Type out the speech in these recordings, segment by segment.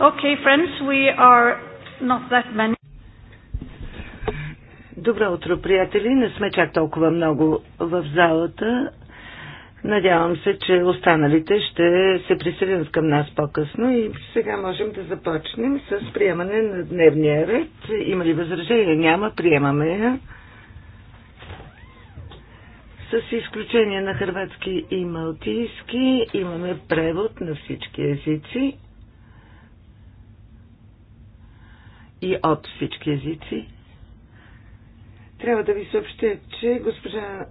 Okay, friends, we are not that many. Добро утро, приятели. Не сме чак толкова много в залата. Надявам се, че останалите ще се присъединят към нас по-късно и сега можем да започнем с приемане на дневния ред. Има ли възражение? Няма. Приемаме я. С изключение на хрватски и малтийски имаме превод на всички езици. и от всички езици. Трябва да ви съобщя, че госпожа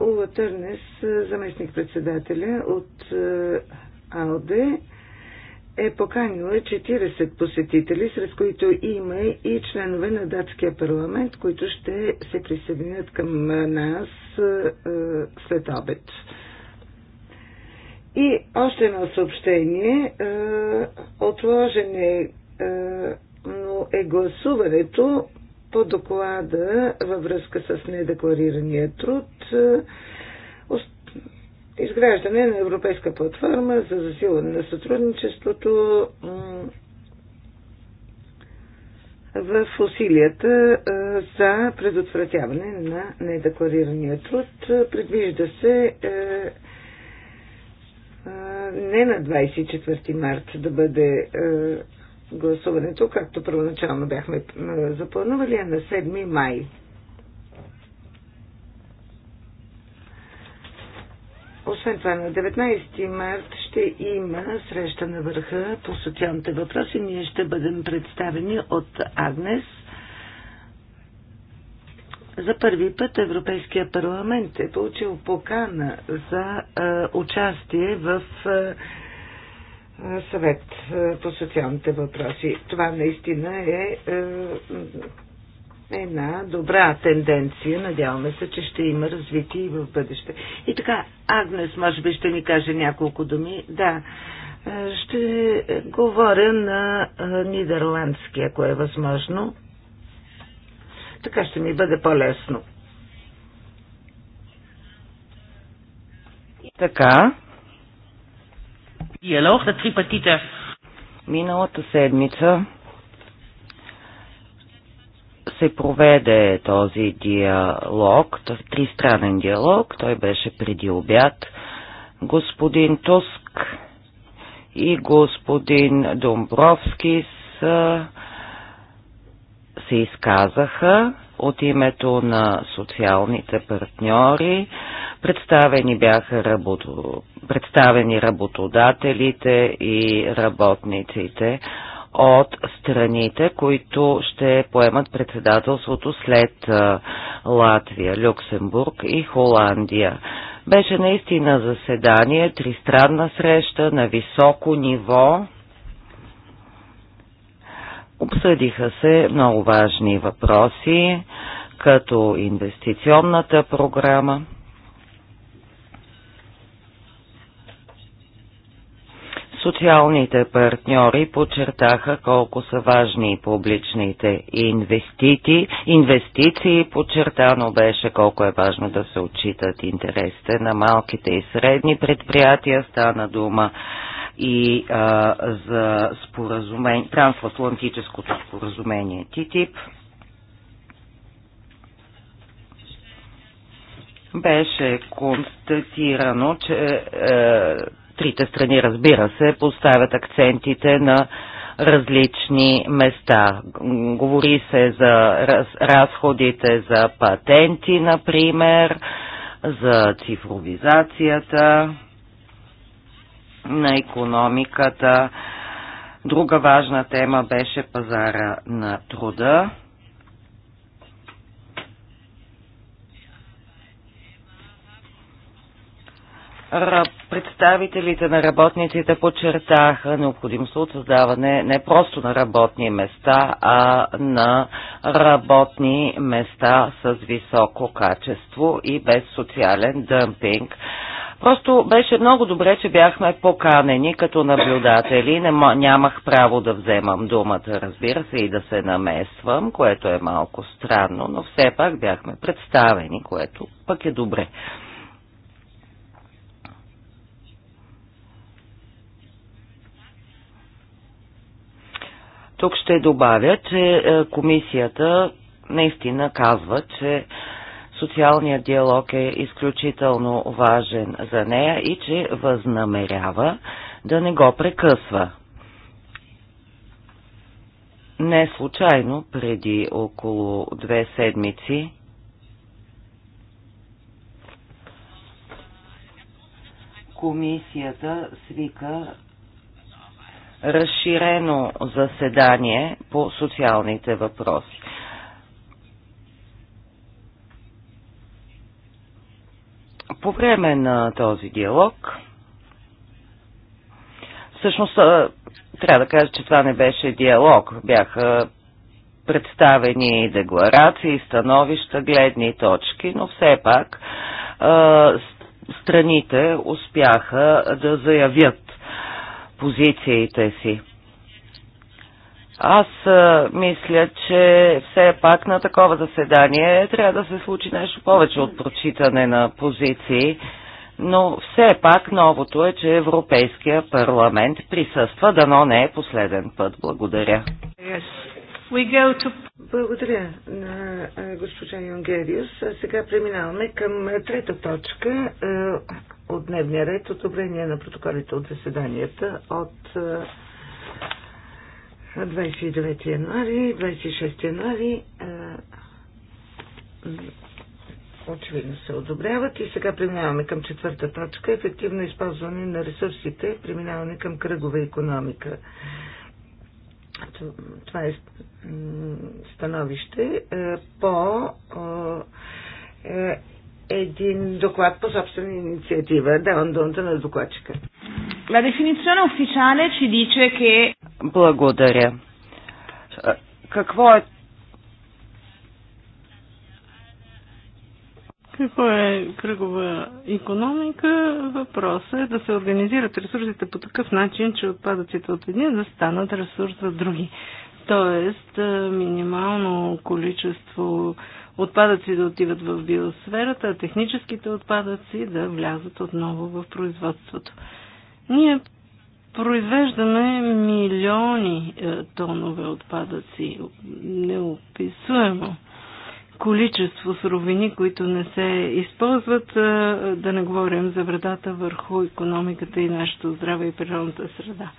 Ула Търнес, заместник-председателя от АОДЕ, е поканила 40 посетители, сред които има и членове на датския парламент, които ще се присъединят към нас след обед. И още едно съобщение. Отложен е е гласуването по доклада във връзка с недекларирания труд е, изграждане на европейска платформа за засилване на сътрудничеството в усилията е, за предотвратяване на недекларирания труд. Предвижда се е, не на 24 март да бъде гласуването, както първоначално бяхме е, запланували, е на 7 май. Освен това, на 19 март ще има среща на върха по социалните въпроси. Ние ще бъдем представени от Агнес. За първи път Европейския парламент е получил покана за а, е, участие в а, е, съвет по социалните въпроси. Това наистина е, е една добра тенденция. Надяваме се, че ще има развитие и в бъдеще. И така, Агнес, може би ще ни каже няколко думи. Да, е, ще говоря на е, нидерландски, ако е възможно. Така ще ми бъде по-лесно. Така, Диалог на трипатита. Миналата седмица се проведе този диалог, тристранен диалог. Той беше преди обяд. Господин Туск и господин Домбровски са, се изказаха от името на социалните партньори. Представени бяха работо... представени работодателите и работниците от страните, които ще поемат председателството след Латвия, Люксембург и Холандия. Беше наистина заседание, тристранна среща на високо ниво, Обсъдиха се много важни въпроси, като инвестиционната програма, Социалните партньори подчертаха колко са важни публичните инвестити. инвестиции. Подчертано беше колко е важно да се отчитат интересите на малките и средни предприятия. Стана дума и а, за споразумение, трансатлантическото споразумение ТИТИП. Беше констатирано, че а, е, трите страни, разбира се, поставят акцентите на различни места. Говори се за раз, разходите за патенти, например, за цифровизацията на економиката. Друга важна тема беше пазара на труда. Представителите на работниците подчертаха необходимост от създаване не просто на работни места, а на работни места с високо качество и без социален дъмпинг. Просто беше много добре, че бяхме поканени като наблюдатели. Не, нямах право да вземам думата, разбира се, и да се намесвам, което е малко странно, но все пак бяхме представени, което пък е добре. Тук ще добавя, че е, комисията наистина казва, че социалният диалог е изключително важен за нея и че възнамерява да не го прекъсва. Не случайно, преди около две седмици, комисията свика разширено заседание по социалните въпроси. По време на този диалог, всъщност трябва да кажа, че това не беше диалог, бяха представени декларации, становища, гледни точки, но все пак страните успяха да заявят позициите си. Аз а, мисля, че все пак на такова заседание трябва да се случи нещо повече от прочитане на позиции, но все пак новото е, че Европейския парламент присъства, дано не е последен път. Благодаря. Благодаря на госпожа Юнгериус. Сега преминаваме към трета точка от дневния ред, одобрение на протоколите от заседанията от 29 януари, 26 януари очевидно се одобряват. И сега преминаваме към четвърта точка. Ефективно използване на ресурсите, преминаване към кръгова економика. Това е становище по е, един доклад по собствена инициатива. Давам думата на докладчика. La definizione ufficiale ci dice che... Благодаря. Какво е какво е кръгова економика, въпросът е да се организират ресурсите по такъв начин, че отпадъците от едни да станат ресурс за други. Тоест, минимално количество отпадъци да отиват в биосферата, а техническите отпадъци да влязат отново в производството. Ние произвеждаме милиони е, тонове отпадъци, неописуемо количество суровини, които не се използват, е, да не говорим за вредата върху економиката и нашето здраве и природната среда.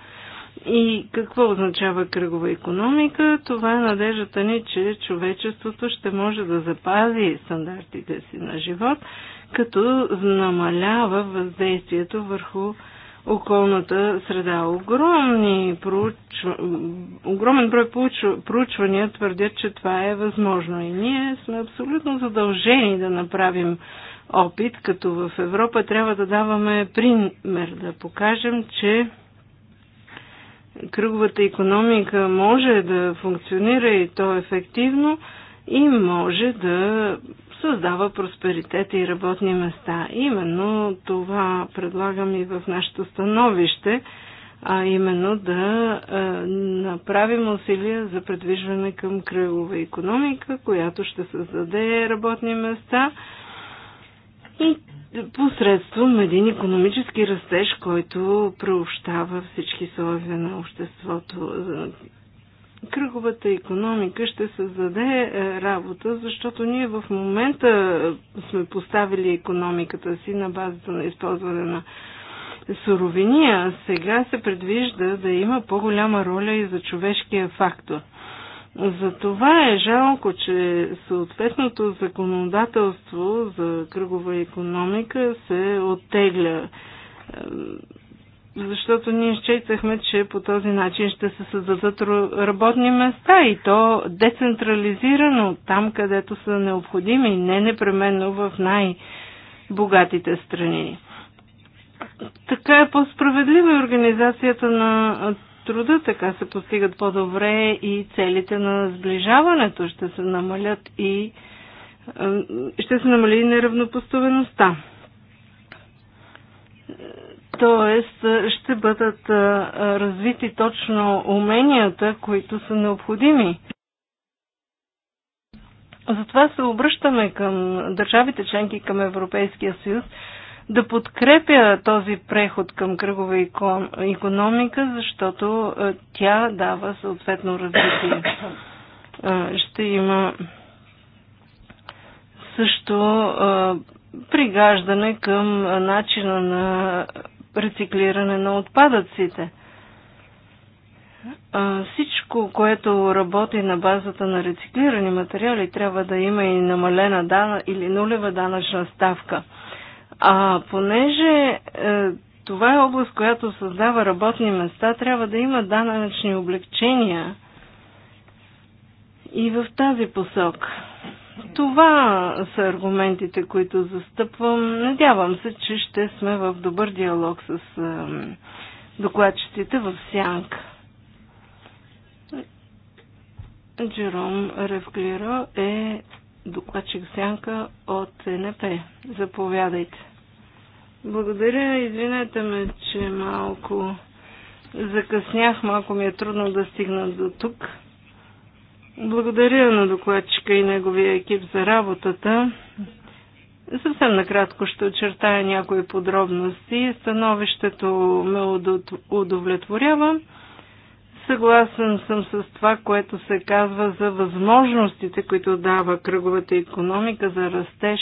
И какво означава кръгова економика? Това е надеждата ни, че човечеството ще може да запази стандартите си на живот, като намалява въздействието върху околната среда. Огромни проуч... Огромен брой проучвания твърдят, че това е възможно и ние сме абсолютно задължени да направим опит, като в Европа трябва да даваме пример, да покажем, че кръговата економика може да функционира и то ефективно и може да създава просперитет и работни места. Именно това предлагам и в нашето становище, а именно да направим усилия за предвижване към кръгова економика, която ще създаде работни места и посредством един економически растеж, който преобщава всички слоеве на обществото. Кръговата економика ще създаде е, работа, защото ние в момента сме поставили економиката си на базата на използване на суровини, а сега се предвижда да има по-голяма роля и за човешкия фактор. Затова е жалко, че съответното законодателство за кръгова економика се оттегля защото ние изчетахме, че по този начин ще се създадат работни места и то децентрализирано там, където са необходими, не непременно в най-богатите страни. Така е по-справедлива организацията на труда, така се постигат по-добре и целите на сближаването ще се намалят и е, ще се намали и неравнопоставеността. Е, тоест, е, ще бъдат развити точно уменията, които са необходими. Затова се обръщаме към държавите членки, към Европейския съюз, да подкрепя този преход към кръгова економика, защото е, тя дава съответно развитие. Е, ще има също е, пригаждане към начина на рециклиране на отпадъците. Всичко, което работи на базата на рециклирани материали, трябва да има и намалена дана или нулева данъчна ставка – а понеже е, това е област, която създава работни места, трябва да има данъчни облегчения и в тази посок. Това са аргументите, които застъпвам. Надявам се, че ще сме в добър диалог с е, докладчиците в Сянка. Джером Ревклиро е докладчик Сянка от е НП. Заповядайте. Благодаря, извинете ме, че малко закъснях, малко ми е трудно да стигна до тук. Благодаря на докладчика и неговия екип за работата. Съвсем накратко ще очертая някои подробности. Становището ме удовлетворява. Съгласен съм с това, което се казва за възможностите, които дава кръговата економика за растеж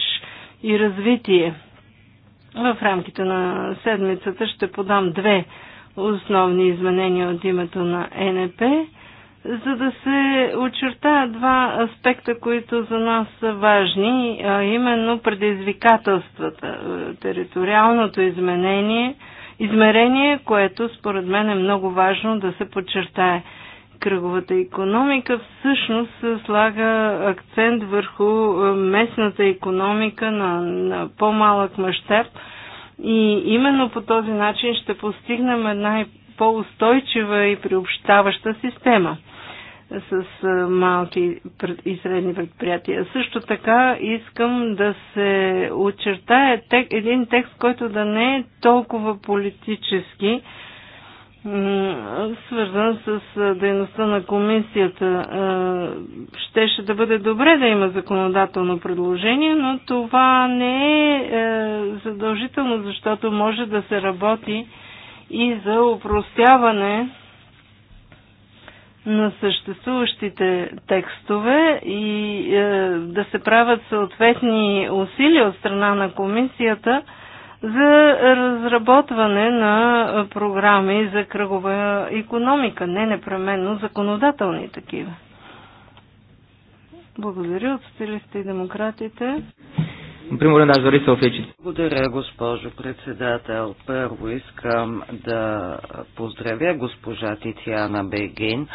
и развитие. В рамките на седмицата ще подам две основни изменения от името на НП, за да се очертаят два аспекта, които за нас са важни, а именно предизвикателствата, е, териториалното изменение, измерение, което според мен е много важно да се подчертае – кръговата економика всъщност слага акцент върху е, местната економика на, на по-малък мащаб и именно по този начин ще постигнем една по-устойчива и приобщаваща система с е, малки и средни предприятия. Също така искам да се очертае един текст, който да не е толкова политически, свързан с дейността на комисията. Щеше да бъде добре да има законодателно предложение, но това не е задължително, защото може да се работи и за упростяване на съществуващите текстове и да се правят съответни усилия от страна на комисията – за разработване на програми за кръгова економика, не непременно законодателни такива. Благодаря от социалистите и демократите. În primul rând, aș dori să Благодаря, госпожо председател. Първо искам да поздравя госпожа Тициана Бегин,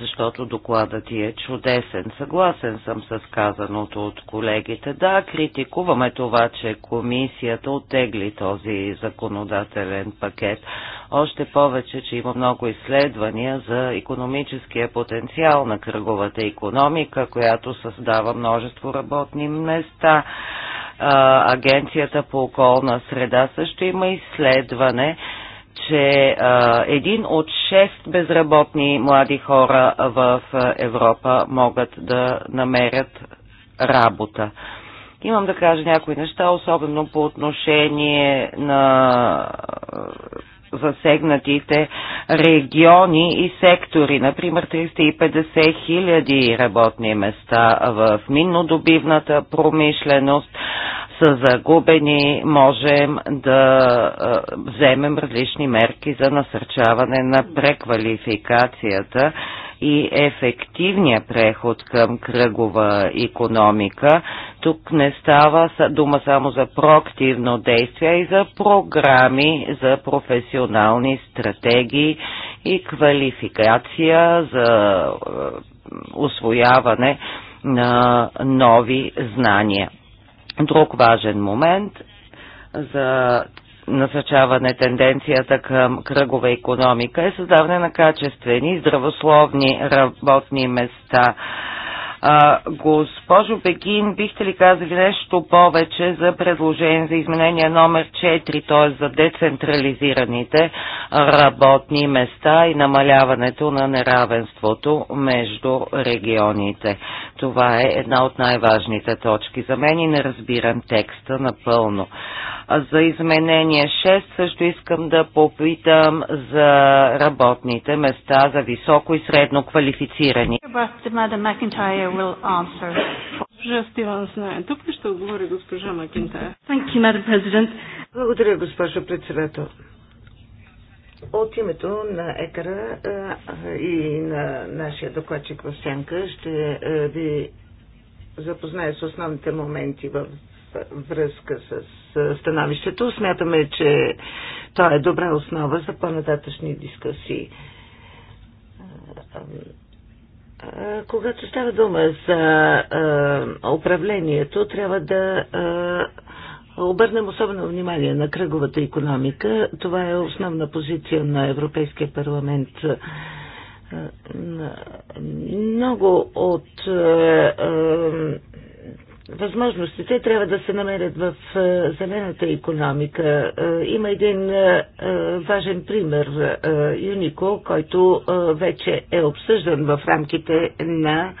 защото докладът ти е чудесен. Съгласен съм с казаното от колегите. Да, критикуваме това, че комисията оттегли този законодателен пакет. Още повече, че има много изследвания за економическия потенциал на кръговата економика, която създава множество работни места а, Агенцията по околна среда също има изследване, че а, един от шест безработни млади хора в Европа могат да намерят работа. Имам да кажа някои неща, особено по отношение на засегнатите региони и сектори. Например, 350 хиляди работни места в миннодобивната промишленост са загубени. Можем да вземем различни мерки за насърчаване на преквалификацията и ефективния преход към кръгова економика. Тук не става дума само за проактивно действие, а и за програми, за професионални стратегии и квалификация за е, освояване на нови знания. Друг важен момент за насъчаване тенденцията към кръгова економика е създаване на качествени, здравословни работни места. А, госпожо Пекин, бихте ли казали нещо повече за предложение за изменение номер 4, т.е. за децентрализираните работни места и намаляването на неравенството между регионите? Това е една от най-важните точки. За мен и не разбирам текста напълно. За изменение 6 също искам да попитам за работните места за високо и средно квалифицирани. Тук ще отговори госпожа Благодаря, госпожа председател. От името на а, и на нашия докладчик в Сянка ще ви запозная с основните моменти в връзка с становището. Смятаме, че това е добра основа за по-нататъчни дискусии. Когато става дума за управлението, трябва да обърнем особено внимание на кръговата економика. Това е основна позиция на Европейския парламент. Е, много от е, е, възможностите трябва да се намерят в зелената економика. Има един важен пример, Юнико, който вече е обсъждан в рамките на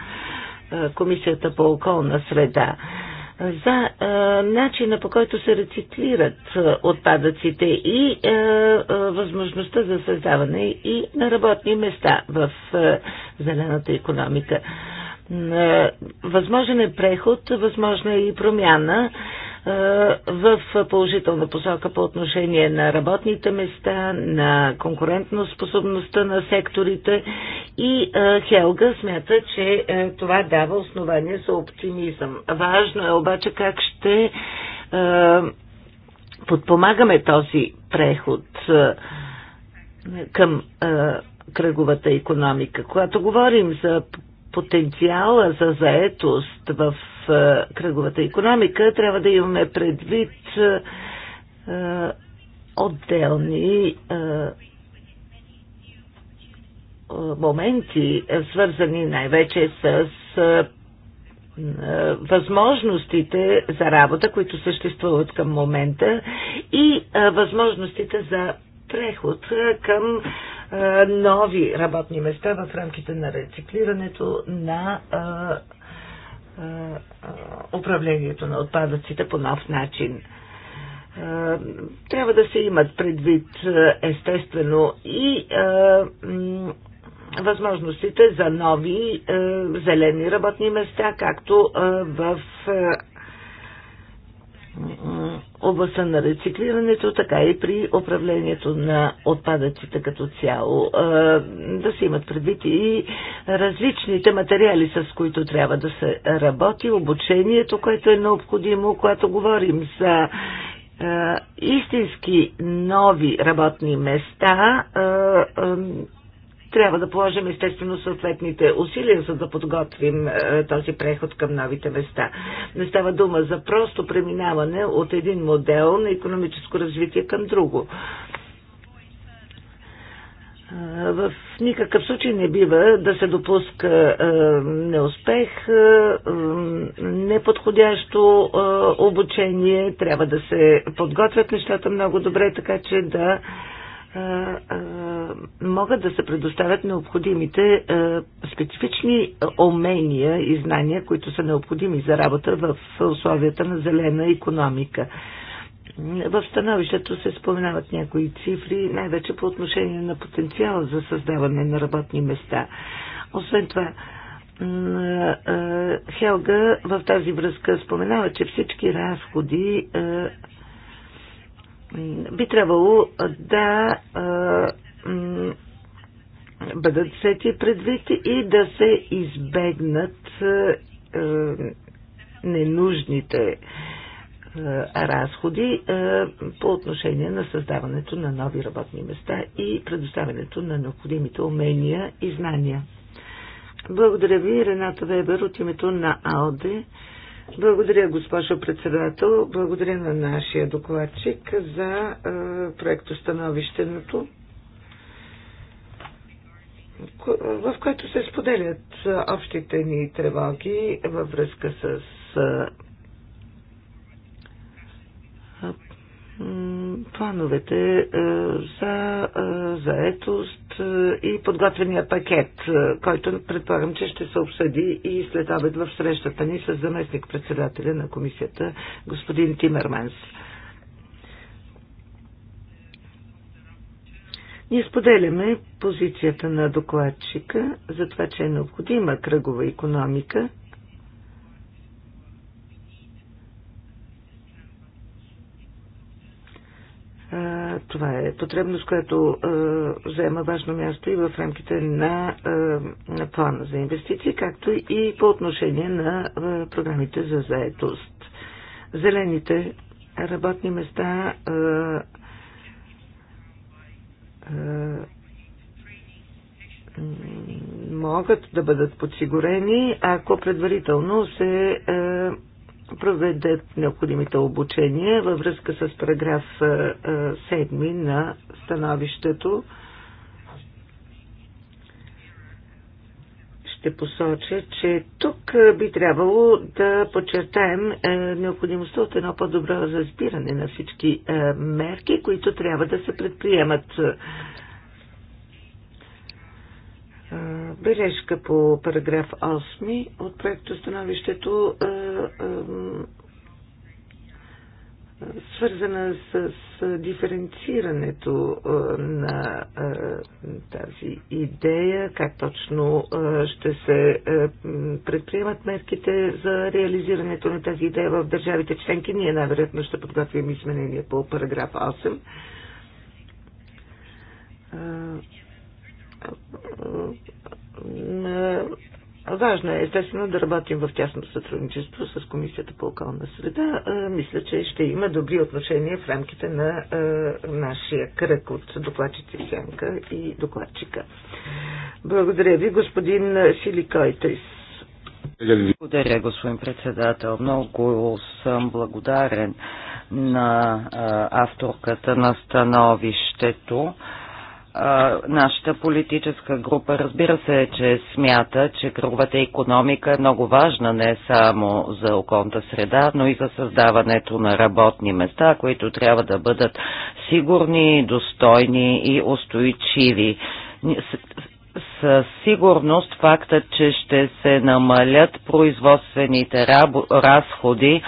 Комисията по околна среда за а, начина по който се рециклират а, отпадъците и а, а, възможността за създаване и на работни места в а, зелената економика. А, възможен е преход, възможна е и промяна в положителна посока по отношение на работните места, на конкурентноспособността на секторите и Хелга смята, че това дава основание за оптимизъм. Важно е обаче как ще подпомагаме този преход към кръговата економика. Когато говорим за потенциала за заетост в кръговата економика, трябва да имаме предвид отделни моменти, е, свързани най-вече с възможностите за работа, които съществуват към момента и възможностите за преход към нови работни места в рамките на рециклирането на управлението на отпадъците по нов начин. Трябва да се имат предвид естествено и възможностите за нови зелени работни места, както в областта на рециклирането, така и при управлението на отпадъците като цяло. Да се имат предвид и различните материали, с които трябва да се работи, обучението, което е необходимо, когато говорим за истински нови работни места, трябва да положим естествено съответните усилия, за да подготвим е, този преход към новите места. Не става дума за просто преминаване от един модел на економическо развитие към друго. Е, в никакъв случай не бива да се допуска е, неуспех, неподходящо обучение. Трябва да се подготвят нещата много добре, така че да могат да се предоставят необходимите специфични умения и знания, които са необходими за работа в условията на зелена економика. В становището се споменават някои цифри, най-вече по отношение на потенциала за създаване на работни места. Освен това, Хелга в тази връзка споменава, че всички разходи би трябвало да бъдат сети предвид и да се избегнат ненужните разходи по отношение на създаването на нови работни места и предоставянето на необходимите умения и знания. Благодаря ви, Рената Вебер, от името на АОДЕ. Благодаря, госпожо председател. Благодаря на нашия докладчик за е, проектостановището, в което се споделят е, общите ни тревоги във връзка с е, плановете е, за е, заетост е, и подготвения пакет, който предполагам, че ще се обсъди и след обед в срещата ни с заместник-председателя на комисията, господин Тимерманс. Ние споделяме позицията на докладчика за това, че е необходима кръгова економика – това е потребност, която е, заема важно място и в рамките на, е, на плана за инвестиции, както и по отношение на е, програмите за заетост. Зелените работни места е, е, могат да бъдат подсигурени, ако предварително се е, проведат необходимите обучения във връзка с параграф 7 на становището. ще посоча, че тук би трябвало да подчертаем необходимостта от едно по-добро разбиране на всички мерки, които трябва да се предприемат бележка по параграф 8 от проекто становището, свързана с диференцирането на тази идея, как точно ще се предприемат мерките за реализирането на тази идея в държавите членки. Ние най-вероятно ще подготвим изменения по параграф 8 Важно е, естествено, да работим в тясно сътрудничество с Комисията по околна среда. Мисля, че ще има добри отношения в рамките на нашия кръг от докладчици Сянка и докладчика. Благодаря ви, господин Силикойтрис. Благодаря, господин председател. Много съм благодарен на авторката на становището а, нашата политическа група разбира се, че смята, че кръговата економика е много важна не само за околната среда, но и за създаването на работни места, които трябва да бъдат сигурни, достойни и устойчиви. Със сигурност фактът, че ще се намалят производствените разходи,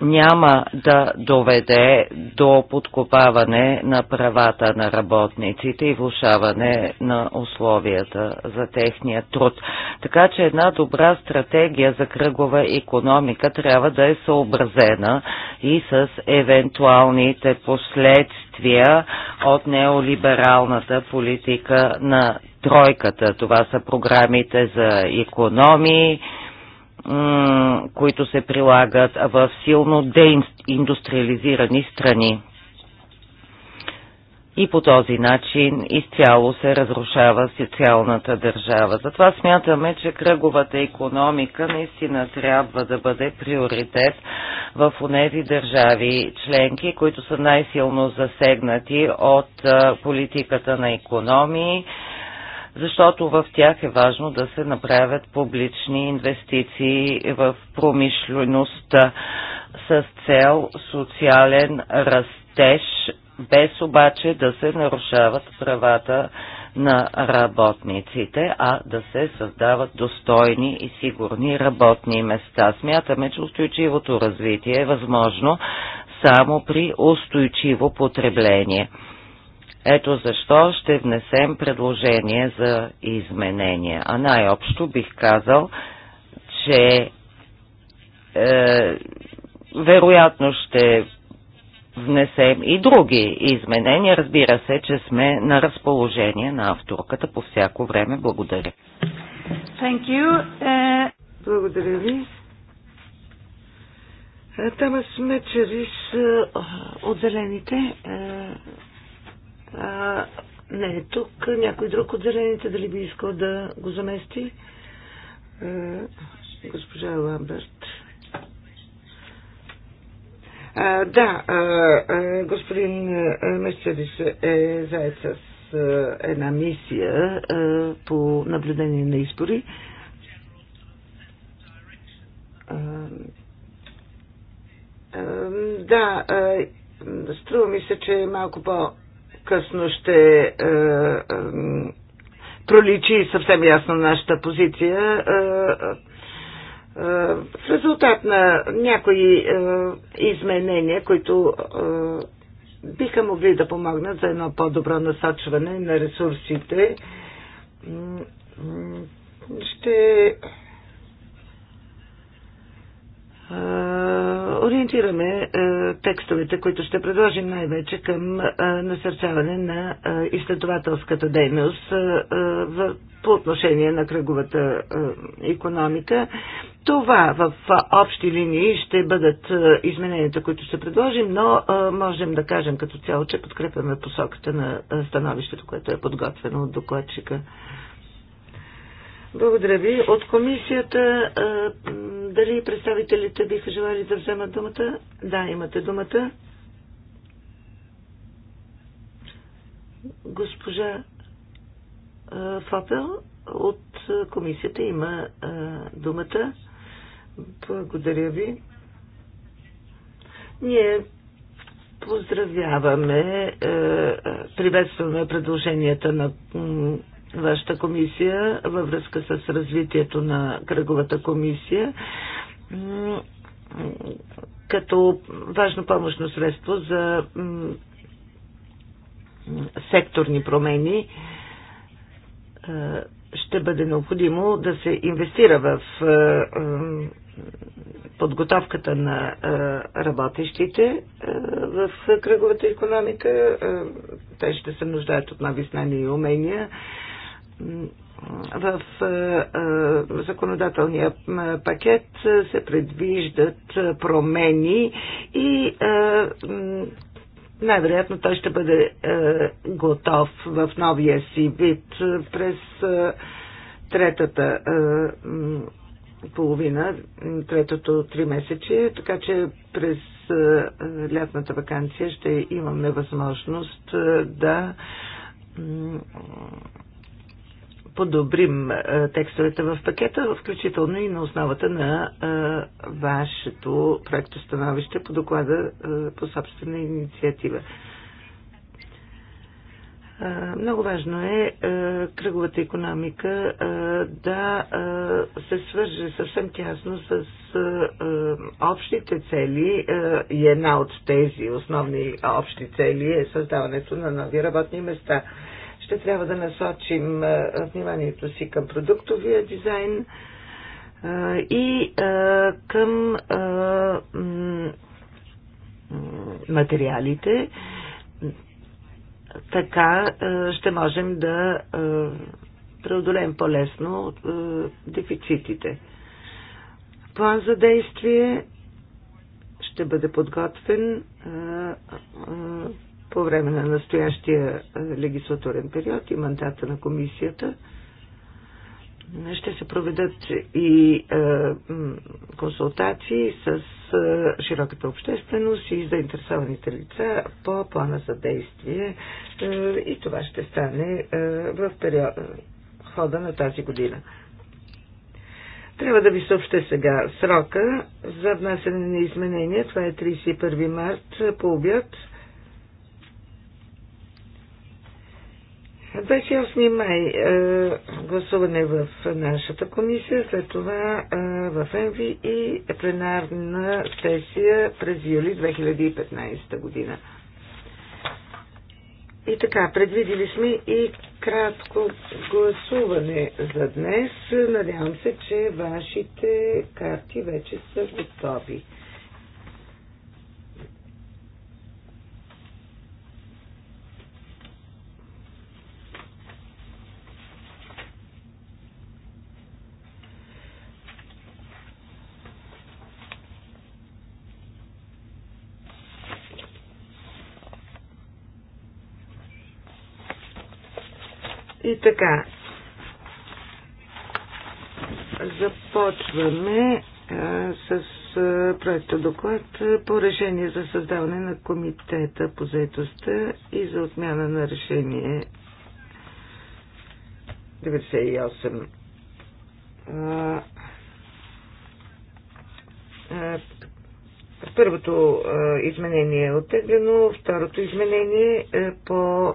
няма да доведе до подкопаване на правата на работниците и влушаване на условията за техния труд. Така че една добра стратегия за кръгова економика трябва да е съобразена и с евентуалните последствия от неолибералната политика на тройката. Това са програмите за економии, които се прилагат в силно деиндустриализирани страни. И по този начин изцяло се разрушава социалната държава. Затова смятаме, че кръговата економика наистина трябва да бъде приоритет в тези държави членки, които са най-силно засегнати от политиката на економии защото в тях е важно да се направят публични инвестиции в промишлеността с цел социален растеж, без обаче да се нарушават правата на работниците, а да се създават достойни и сигурни работни места. Смятаме, че устойчивото развитие е възможно само при устойчиво потребление. Ето защо ще внесем предложение за изменения. А най-общо бих казал, че е, вероятно ще внесем и други изменения. Разбира се, че сме на разположение на авторката по всяко време. Благодаря. Thank you. Uh... Благодаря ви. Е, Тамас Мечерис е, от отделените. Uh а, не е тук. Някой друг от зелените дали би искал да го замести? А, госпожа Ламберт. А, да, а, а, господин Месерис е заед с а, една мисия а, по наблюдение на избори. да, а, струва ми се, че е малко по- късно ще е, е, проличи съвсем ясно нашата позиция. Е, е, е, в резултат на някои е, изменения, които е, биха могли да помогнат за едно по-добро насочване на ресурсите, ще е, ориентираме е, текстовете, които ще предложим най-вече към е, насърчаване на изследователската дейност по отношение на кръговата економика. Това в общи линии ще бъдат измененията, които ще предложим, но можем да кажем като цяло, че подкрепяме посоката на становището, което е подготвено от докладчика. Благодаря ви. От комисията, дали представителите биха желали да вземат думата? Да, имате думата. Госпожа Фапел от комисията има думата. Благодаря ви. Ние поздравяваме, приветстваме предложенията на вашата комисия във връзка с развитието на кръговата комисия като важно помощно средство за секторни промени е, ще бъде необходимо да се инвестира в е, подготовката на е, работещите в кръговата економика. Те ще се нуждаят от нови знания и умения в законодателния пакет се предвиждат промени и най-вероятно той ще бъде готов в новия си вид през третата половина, третото три месече, така че през лятната вакансия ще имаме възможност да подобрим е, текстовете в пакета, включително и на основата на е, вашето проекто становище по доклада е, по собствена инициатива. Много важно е кръговата економика да се свърже съвсем тясно с общите цели и една от тези основни общи цели е създаването на нови работни места – ще трябва да насочим вниманието си към продуктовия дизайн и към материалите. Така ще можем да преодолеем по-лесно дефицитите. План за действие ще бъде подготвен по време на настоящия легислатурен период и мандата на комисията ще се проведат и е, консултации с е, широката общественост и заинтересованите лица по плана за действие е, и това ще стане е, в период, хода на тази година. Трябва да ви съобща сега срока за внасяне на изменения. Това е 31 март по обяд. 28 май е, гласуване в нашата комисия, след това е, в ЕНВИ и пленарна сесия през юли 2015 година. И така, предвидили сме и кратко гласуване за днес. Надявам се, че вашите карти вече са готови. така, започваме а, с проекта доклад по решение за създаване на комитета по заедостта и за отмяна на решение 98. А, Първото изменение е оттеглено, второто изменение е по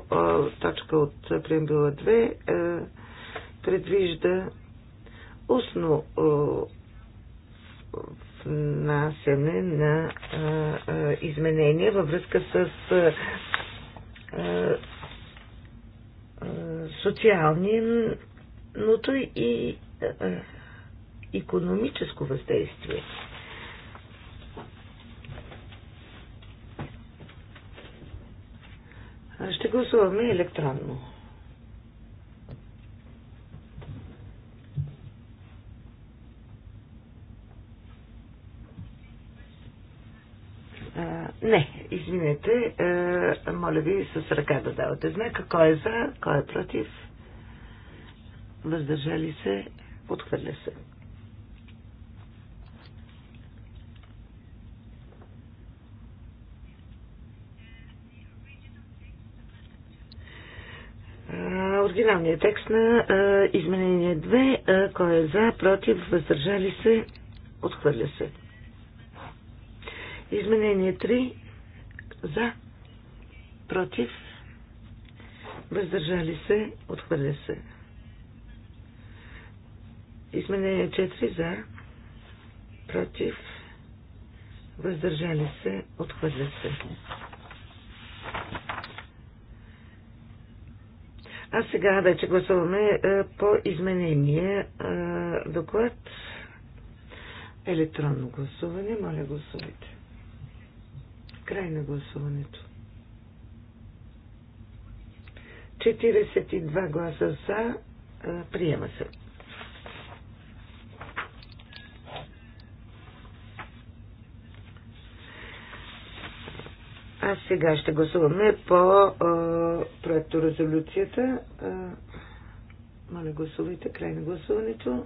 точка от преамбюла 2 предвижда устно внасяне на изменения във връзка с социалното и економическо въздействие. Ще гласуваме електронно. не, извинете, моля ви с ръка да давате знак. Кой е за, кой е против? Въздържали се, отхвърля се. оригиналния текст на а, изменение 2. А, кой е за, против, въздържали се, отхвърля се. Изменение 3. За, против, въздържали се, отхвърля се. Изменение 4. За, против, въздържали се, отхвърля се. А сега вече гласуваме е, по изменение доклад. Електронно гласуване. Моля, гласувайте. Край на гласуването. 42 гласа за. Е, приема се. Аз сега ще гласуваме по а, проекто резолюцията. А, моля, гласувайте. Край на гласуването.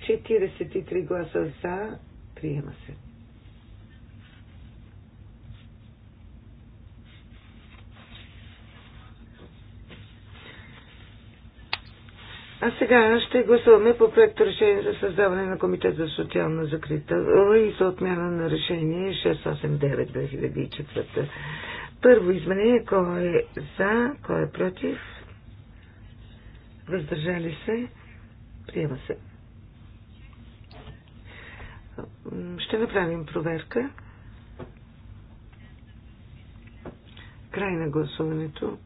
43 гласа за. Приема се. А сега ще гласуваме по проекта решение за създаване на Комитет за социална закрита и за отмяна на решение 689-2004. Първо изменение, кой е за, кой е против, въздържали се, приема се. Ще направим проверка. Край на гласуването.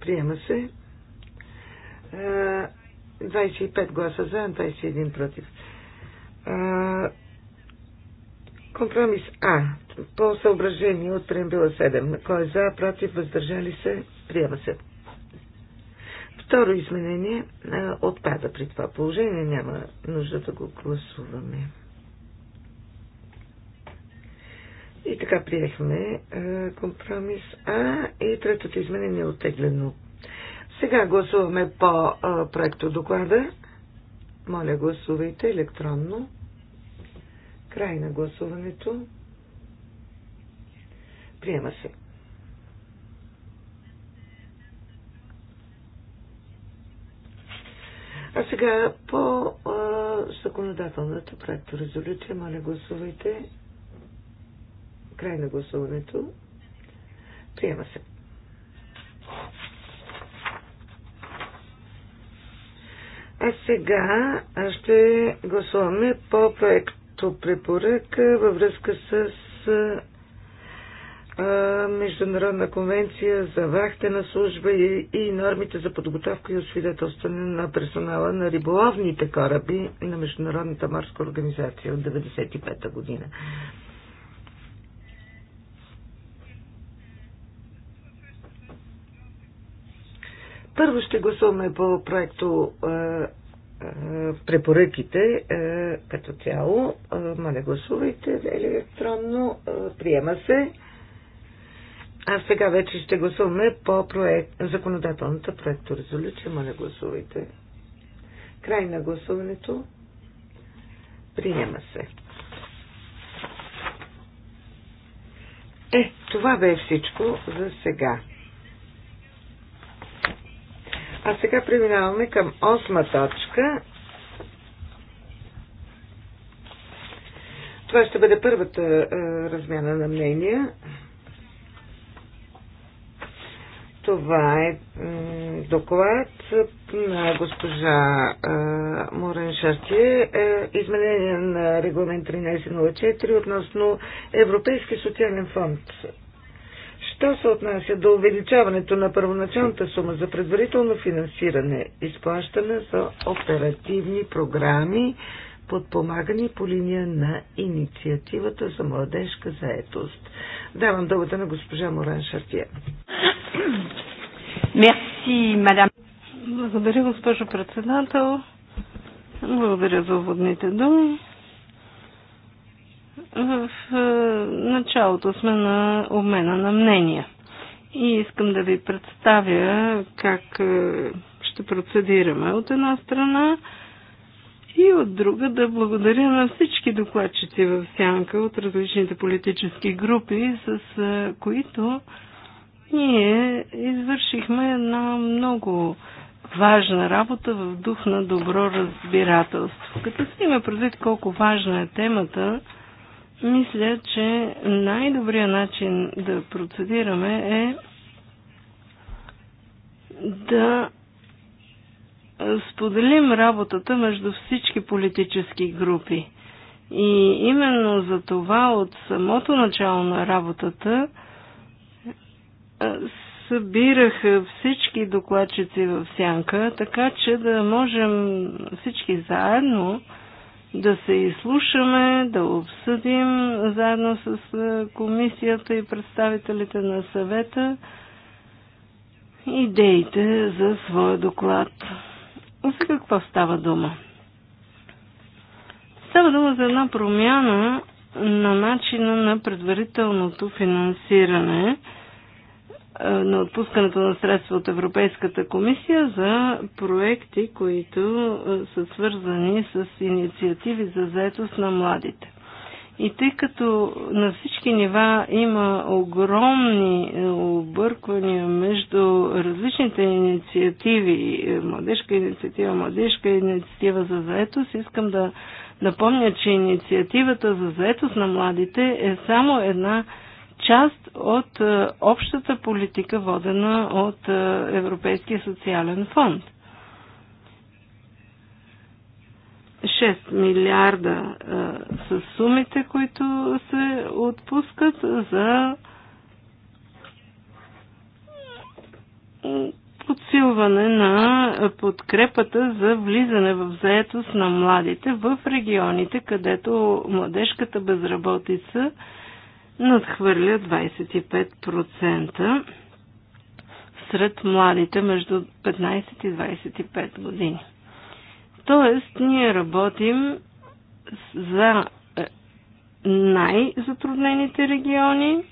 Приема се. 25 е, гласа за, 21 против. Е, компромис А. По съображение от преамбила 7. Кой е за, против, въздържали се, приема се. Второ изменение е, отпада при това положение. Няма нужда да го гласуваме. И така приехме а, е, компромис А и третото изменение е оттеглено. Сега гласуваме по а, е, проекто доклада. Моля, гласувайте електронно. Край на гласуването. Приема се. А сега по а, е, законодателната резолюция, моля гласувайте. Край на гласуването. Приема се. А сега ще гласуваме по проекто препоръка във връзка с Международна конвенция за вахтена служба и, и нормите за подготовка и освидетелстване на персонала на риболовните кораби на Международната морска организация от 1995 година. Първо ще гласуваме по проекто е, е, препоръките е, като цяло. Моля, гласувайте електронно. Приема се. А сега вече ще гласуваме по проект, законодателната резолюция. Моля, гласувайте. Край на гласуването. Приема се. Е, това бе всичко за сега. А сега преминаваме към осма точка. Това ще бъде първата а, е, размяна на мнения. Това е доклад на госпожа е, Морен Шартие, е, изменение на регламент 1304 относно Европейски социален фонд Що се отнася до увеличаването на първоначалната сума за предварително финансиране, изплащане за оперативни програми, подпомагани по линия на инициативата за младежка заетост. Давам думата на госпожа Моран Шартия. Мерси, мадам. Благодаря, госпожо председател. Благодаря за уводните думи в е, началото сме на обмена на мнения. И искам да ви представя как е, ще процедираме от една страна и от друга да благодаря на всички докладчици в сянка от различните политически групи, с е, които ние извършихме една много важна работа в дух на добро разбирателство. Като си има предвид колко важна е темата, мисля, че най-добрият начин да процедираме е да споделим работата между всички политически групи. И именно за това от самото начало на работата събираха всички докладчици в сянка, така че да можем всички заедно да се изслушаме, да обсъдим заедно с е, комисията и представителите на съвета идеите за своя доклад. За какво става дума? Става дума за една промяна на начина на предварителното финансиране – е, на отпускането на средства от Европейската комисия за проекти, които е, са свързани с инициативи за заетост на младите. И тъй като на всички нива има огромни е, обърквания между различните инициативи, младежка инициатива, младежка инициатива за заетост, искам да напомня, че инициативата за заетост на младите е само една част от е, общата политика, водена от е, Европейския социален фонд. 6 милиарда е, са сумите, които се отпускат за подсилване на подкрепата за влизане в заетост на младите в регионите, където младежката безработица надхвърля 25% сред младите между 15 и 25 години. Тоест, ние работим за е, най-затруднените региони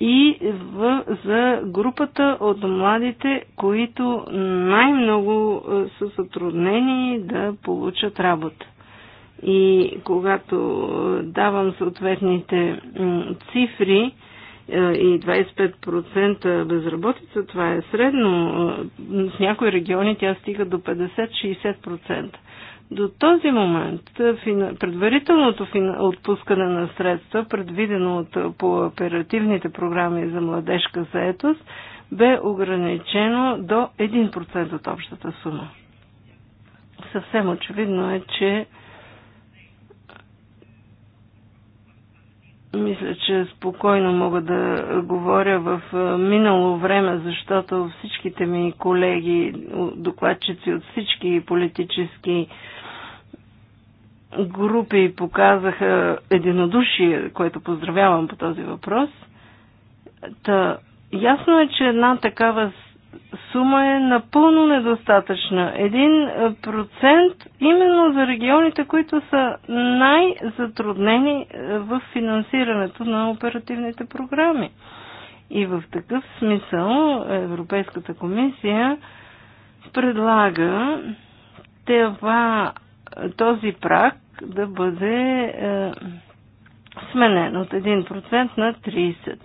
и в, за групата от младите, които най-много е, са затруднени да получат работа. И когато давам съответните цифри и 25% безработица, това е средно, в някои региони тя стига до 50-60%. До този момент предварителното отпускане на средства, предвидено от, по оперативните програми за младежка заетост, бе ограничено до 1% от общата сума. Съвсем очевидно е, че Мисля, че спокойно мога да говоря в минало време, защото всичките ми колеги, докладчици от всички политически групи показаха единодушие, което поздравявам по този въпрос. Та, ясно е, че една такава сума е напълно недостатъчна. Един е, процент именно за регионите, които са най-затруднени е, в финансирането на оперативните програми. И в такъв смисъл Европейската комисия предлага това, този прак да бъде е, сменен от 1% на 30%.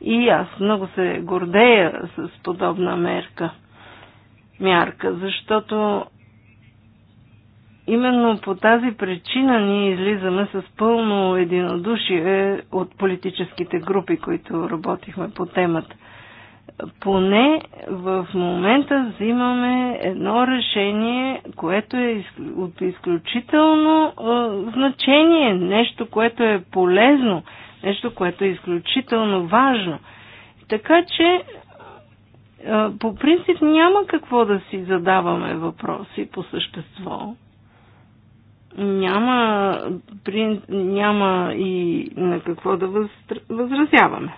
И аз много се гордея с подобна мерка, мярка, защото именно по тази причина ние излизаме с пълно единодушие от политическите групи, които работихме по темата. Поне в момента взимаме едно решение, което е от изключително значение, нещо, което е полезно, Нещо, което е изключително важно. Така че по принцип няма какво да си задаваме въпроси по същество. Няма, няма и на какво да възразяваме.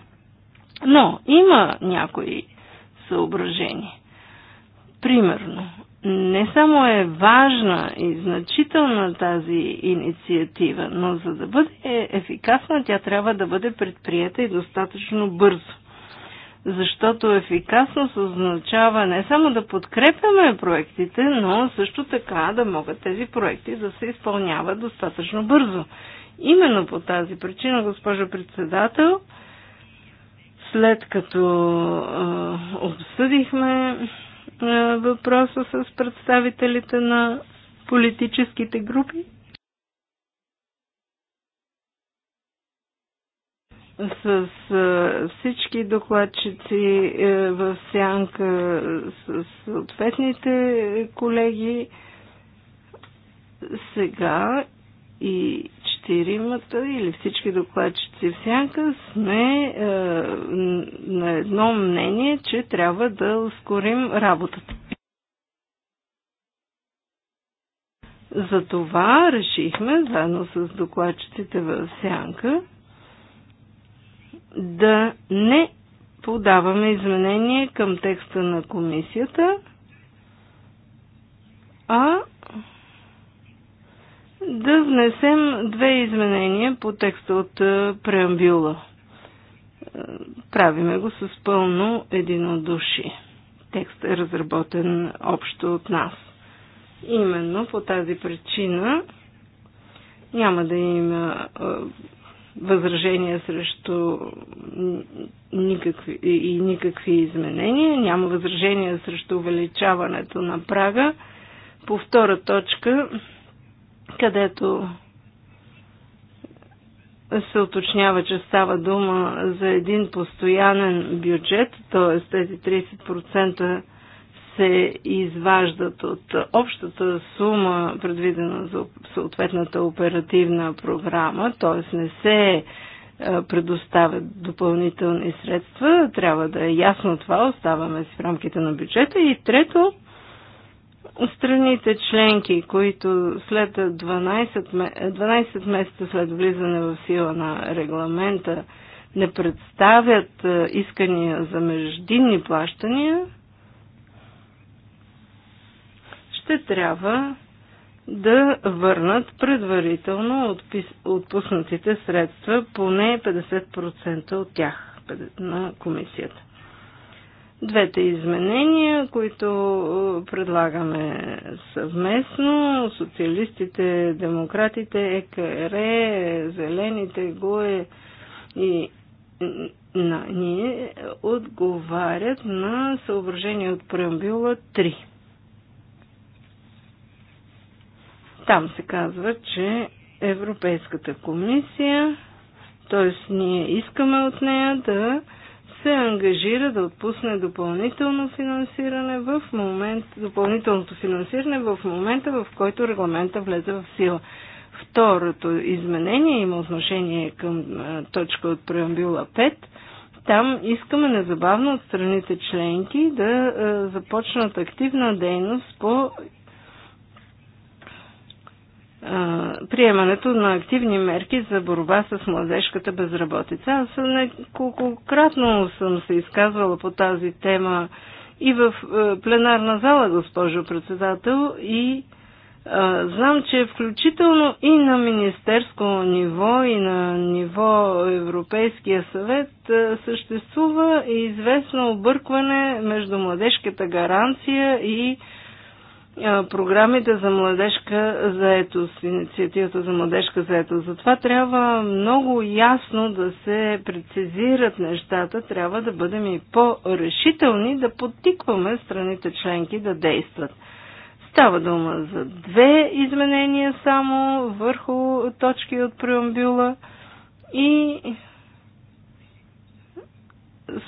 Но има някои съображения. Примерно, не само е важна и значителна тази инициатива, но за да бъде ефикасна, тя трябва да бъде предприета и достатъчно бързо. Защото ефикасност означава не само да подкрепяме проектите, но също така да могат тези проекти да се изпълняват достатъчно бързо. Именно по тази причина, госпожо председател, след като е, обсъдихме е, въпроса с представителите на политическите групи. С е, всички докладчици е, в сянка, с съответните колеги. Сега и четиримата или всички докладчици в сянка сме е, на едно мнение, че трябва да ускорим работата. Затова решихме, заедно с докладчиците в сянка, да не подаваме изменение към текста на комисията, а да внесем две изменения по текста от е, преамбюла. Е, правиме го с пълно единодушие. Текстът е разработен общо от нас. Именно по тази причина няма да има е, възражения срещу никакви, и никакви изменения, няма възражения срещу увеличаването на прага. По втора точка където се уточнява, че става дума за един постоянен бюджет, т.е. тези 30% се изваждат от общата сума, предвидена за съответната оперативна програма, т.е. не се е, предоставят допълнителни средства. Трябва да е ясно това, оставаме си в рамките на бюджета. И трето, страните членки, които след 12, 12 месеца след влизане в сила на регламента не представят е, искания за междинни плащания, ще трябва да върнат предварително отпуснатите средства, поне 50% от тях на комисията. Двете изменения, които е, предлагаме съвместно, социалистите, демократите, ЕКРЕ, зелените, ГОЕ и на ние отговарят на съображение от преамбюла 3. Там се казва, че Европейската комисия, т.е. ние искаме от нея да се ангажира да отпусне допълнително финансиране в момент, допълнителното финансиране в момента, в който регламента влезе в сила. Второто изменение има отношение към точка от преамбюла 5. Там искаме незабавно от страните членки да започнат активна дейност по приемането на активни мерки за борба с младежката безработица. Аз неколкократно съм се изказвала по тази тема и в е, пленарна зала, госпожо председател, и а, знам, че включително и на министерско ниво, и на ниво Европейския съвет е, съществува известно объркване между младежката гаранция и програмите за младежка заетост, инициативата за младежка заетост. Затова трябва много ясно да се прецизират нещата, трябва да бъдем и по-решителни, да подтикваме страните членки да действат. Става дума за две изменения само върху точки от преамбюла и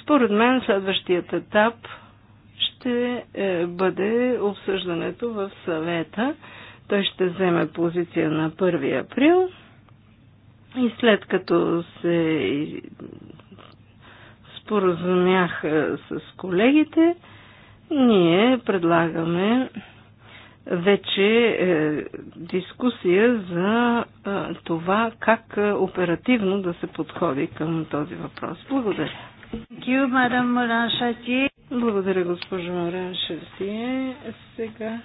според мен следващият етап – ще е, бъде обсъждането в съвета. Той ще вземе позиция на 1 април и след като се споразумях с колегите, ние предлагаме вече е, дискусия за е, това как е, оперативно да се подходи към този въпрос. Благодаря. Благодаря, госпожо Марен Шерсие. Сега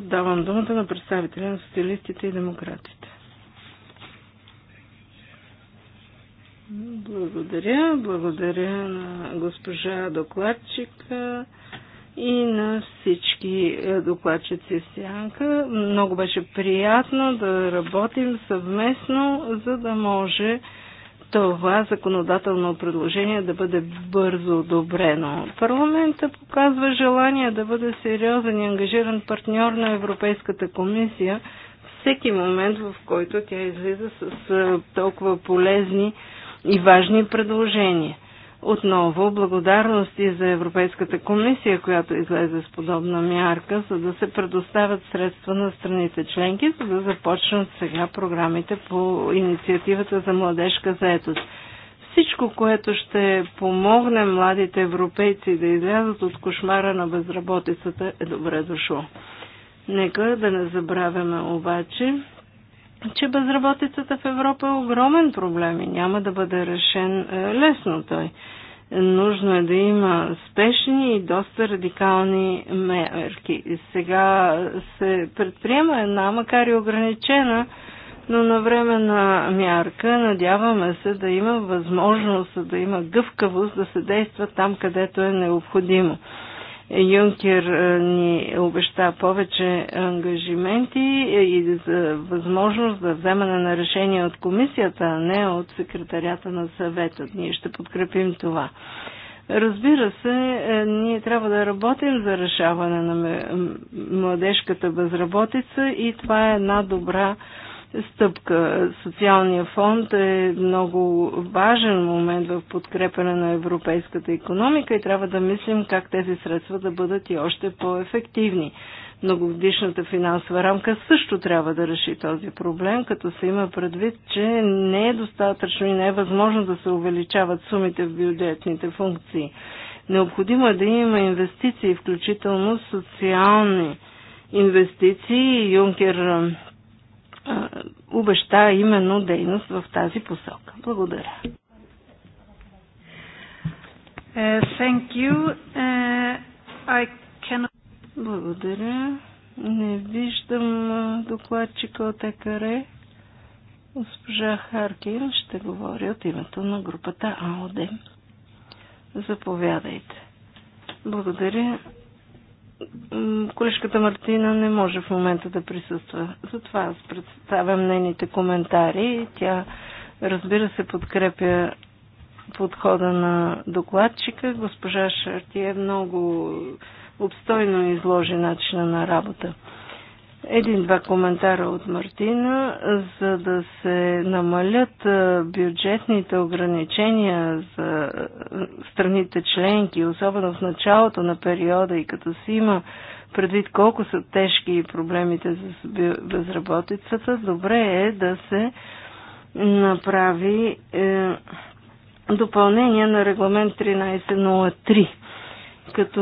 давам думата на представителя на социалистите и демократите. Благодаря. Благодаря на госпожа докладчика и на всички е, докладчици в Сянка. Много беше приятно да работим съвместно, за да може това законодателно предложение да бъде бързо одобрено. Парламента показва желание да бъде сериозен и ангажиран партньор на Европейската комисия всеки момент, в който тя излиза с толкова полезни и важни предложения. Отново благодарности за Европейската комисия, която излезе с подобна мярка, за да се предоставят средства на страните членки, за да започнат сега програмите по инициативата за младежка заетост. Всичко, което ще помогне младите европейци да излязат от кошмара на безработицата, е добре дошло. Нека да не забравяме обаче, че безработицата в Европа е огромен проблем и няма да бъде решен е, лесно той. Нужно е да има спешни и доста радикални мерки. Сега се предприема една, макар и ограничена, но на време на мярка. Надяваме се да има възможност, да има гъвкавост да се действа там, където е необходимо. Юнкер е, ни обеща повече ангажименти и за възможност за вземане на решение от комисията, а не от секретарята на съвета. Ние ще подкрепим това. Разбира се, е, ние трябва да работим за решаване на младежката безработица и това е една добра стъпка. Социалния фонд е много важен момент в подкрепане на европейската економика и трябва да мислим как тези средства да бъдат и още по-ефективни. Многогодишната финансова рамка също трябва да реши този проблем, като се има предвид, че не е достатъчно и не е възможно да се увеличават сумите в бюджетните функции. Необходимо е да има инвестиции, включително социални инвестиции. Юнкер обеща именно дейност в тази посока. Благодаря. Е, thank you. Е, I cannot... Благодаря. Не виждам докладчика от ЕКР. Госпожа Харкин ще говори от името на групата АОД. Заповядайте. Благодаря колежката Мартина не може в момента да присъства. Затова аз представям нейните коментари. Тя, разбира се, подкрепя подхода на докладчика. Госпожа Шартия е много обстойно изложи начина на работа. Един-два коментара от Мартина, за да се намалят бюджетните ограничения за страните членки, особено в началото на периода и като си има предвид колко са тежки проблемите с безработицата, добре е да се направи е, допълнение на регламент 1303 като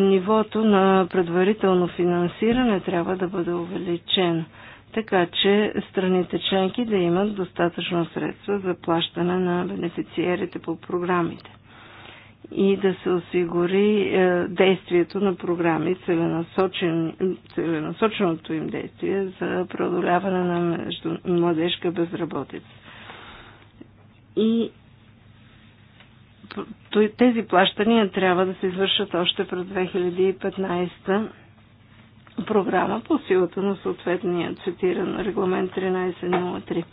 нивото на предварително финансиране трябва да бъде увеличено, така че страните членки да имат достатъчно средства за плащане на бенефициерите по програмите и да се осигури е, действието на програми, целенасоченото им действие за преодоляване на младежка безработица. И тези плащания трябва да се извършат още през 2015 програма по силата на съответния цитиран регламент 1303.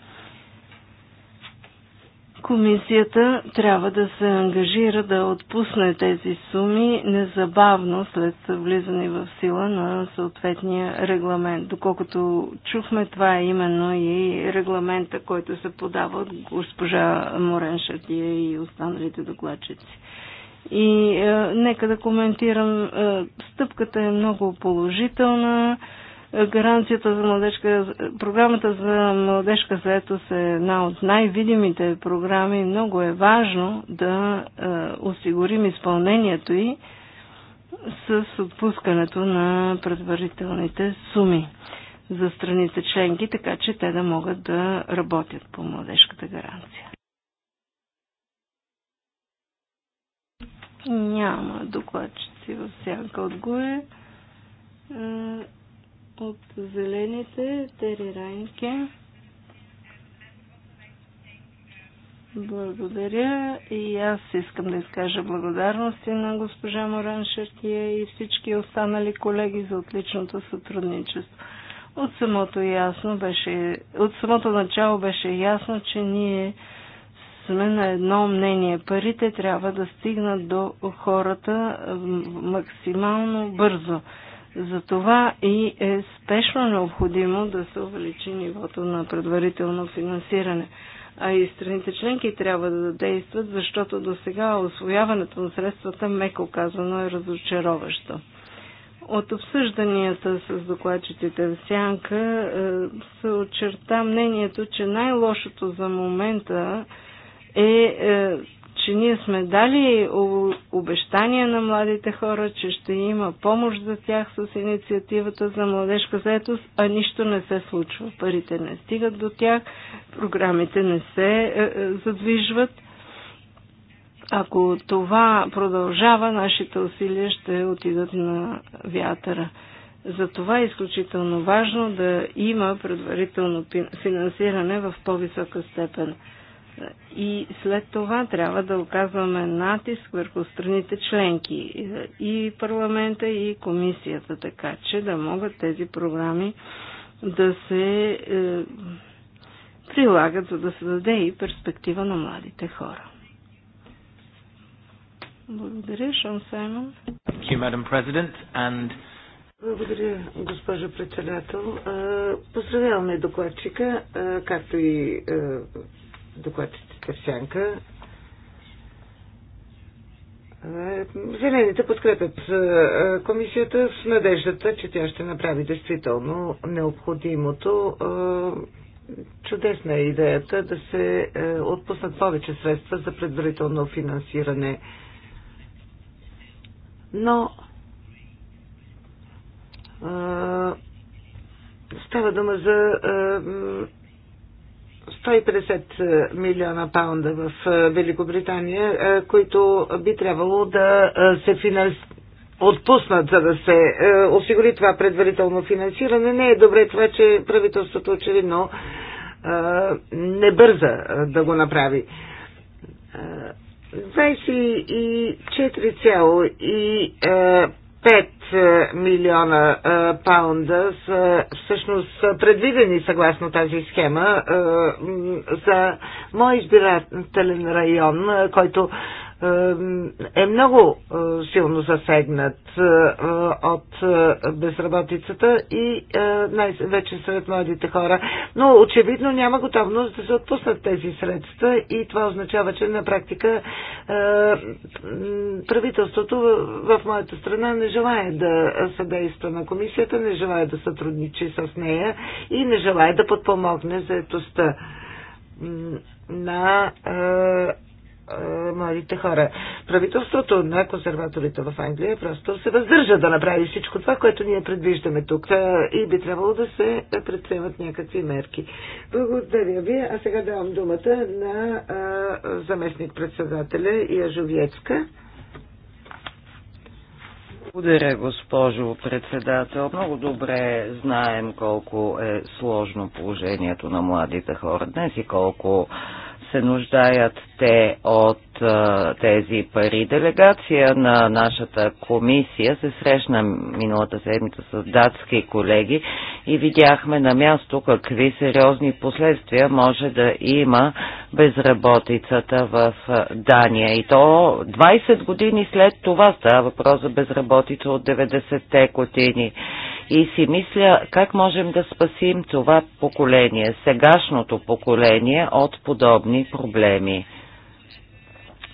Комисията трябва да се ангажира да отпусне тези суми незабавно след влизане в сила на съответния регламент. Доколкото чухме, това е именно и регламента, който се подава от госпожа Морен Шатия и останалите докладчици. И е, нека да коментирам, е, стъпката е много положителна. Е, Гаранцията за младежка, програмата за младежка заетост е една от най-видимите програми. Много е важно да е, осигурим изпълнението и с отпускането на предварителните суми за страните членки, така че те да могат да работят по младежката гаранция. Няма докладчици в сянка от ГУЕ. Е, от зелените Тери Райнки. Благодаря и аз искам да изкажа благодарности на госпожа Моран Шартия и всички останали колеги за отличното сътрудничество. От самото, ясно беше, от самото начало беше ясно, че ние сме на едно мнение. Парите трябва да стигнат до хората максимално бързо. Затова и е спешно необходимо да се увеличи нивото на предварително финансиране. А и страните членки трябва да действат, защото до сега освояването на средствата, меко казано, е разочароващо. От обсъжданията с докладчиците в Сянка е, се очерта мнението, че най-лошото за момента е, е че ние сме дали обещания на младите хора, че ще има помощ за тях с инициативата за младежка заетост, а нищо не се случва. Парите не стигат до тях, програмите не се е, е, задвижват. Ако това продължава, нашите усилия ще отидат на вятъра. Затова е изключително важно да има предварително финансиране в по-висока степен и след това трябва да оказваме натиск върху страните членки и парламента и комисията, така че да могат тези програми да се е, прилагат, за да се даде и перспектива на младите хора. Благодаря, Шон Саймон. Благодаря, госпожо председател. Е, поздравяваме докладчика, е, както и е, докладчиците сте сянка. Зелените подкрепят е, комисията с надеждата, че тя ще направи действително необходимото. Е, чудесна е идеята да се е, отпуснат повече средства за предварително финансиране. Но става дума за 150 е, милиона паунда в е, Великобритания, е, които би трябвало да се финансират отпуснат, за да се е, осигури това предварително финансиране. Не е добре това, че правителството очевидно е, не бърза е, да го направи. 24,5 5 е, милиона е, паунда са всъщност предвидени съгласно тази схема е, за мой избирателен район, който е много е, силно засегнат е, от е, безработицата и най-вече сред младите хора. Но очевидно няма готовност да се отпуснат тези средства и това означава, че на практика правителството в моята страна не желая да съдейства на комисията, не желая да сътрудничи с нея и не желая да подпомогне заетостта на младите хора. Правителството на консерваторите в Англия просто се въздържа да направи всичко това, което ние предвиждаме тук и би трябвало да се предприемат някакви мерки. Благодаря ви. А сега давам думата на заместник-председателя Жовецка. Благодаря, госпожо председател. Много добре знаем колко е сложно положението на младите хора днес и колко се нуждаят те от тези пари. Делегация на нашата комисия се срещна миналата седмица с датски колеги и видяхме на място какви сериозни последствия може да има безработицата в Дания. И то 20 години след това става въпрос за безработица от 90-те години и си мисля как можем да спасим това поколение, сегашното поколение от подобни проблеми.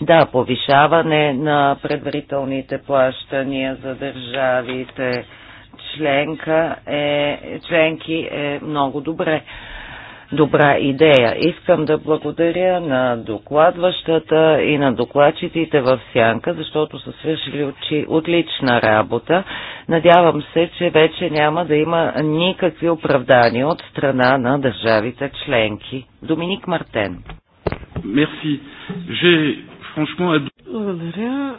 Да, повишаване на предварителните плащания за държавите, членка е, членки е много добре добра идея. Искам да благодаря на докладващата и на докладчиците в Сянка, защото са свършили отлична работа. Надявам се, че вече няма да има никакви оправдания от страна на държавите членки. Доминик Мартен. Мерси. Е- благодаря.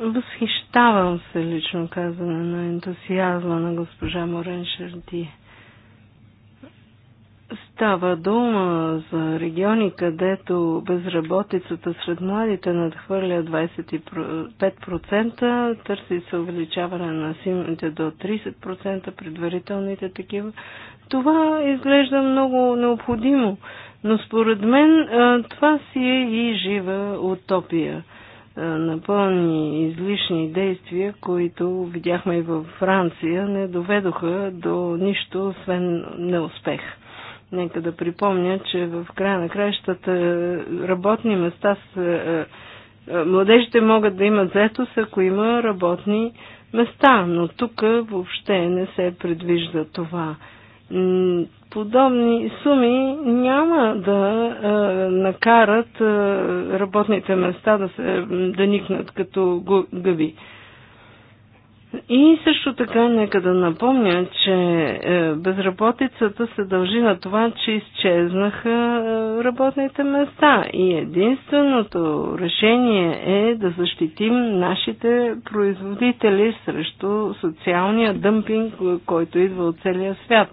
Възхищавам се, лично казано, на ентусиазма на госпожа Морен Шарди. Става дума за региони, където безработицата сред младите надхвърля 25%, търси се увеличаване на силните до 30%, предварителните такива. Това изглежда много необходимо, но според мен това си е и жива утопия напълни излишни действия, които видяхме и във Франция, не доведоха до нищо, освен неуспех. Нека да припомня, че в края на краищата е, работни места с е, е, младежите могат да имат заетост, ако има работни места, но тук въобще не се предвижда това. Подобни суми няма да накарат работните места да се да никнат като гъби. И също така нека да напомня, че е, безработицата се дължи на това, че изчезнаха е, работните места. И единственото решение е да защитим нашите производители срещу социалния дъмпинг, който идва от целия свят.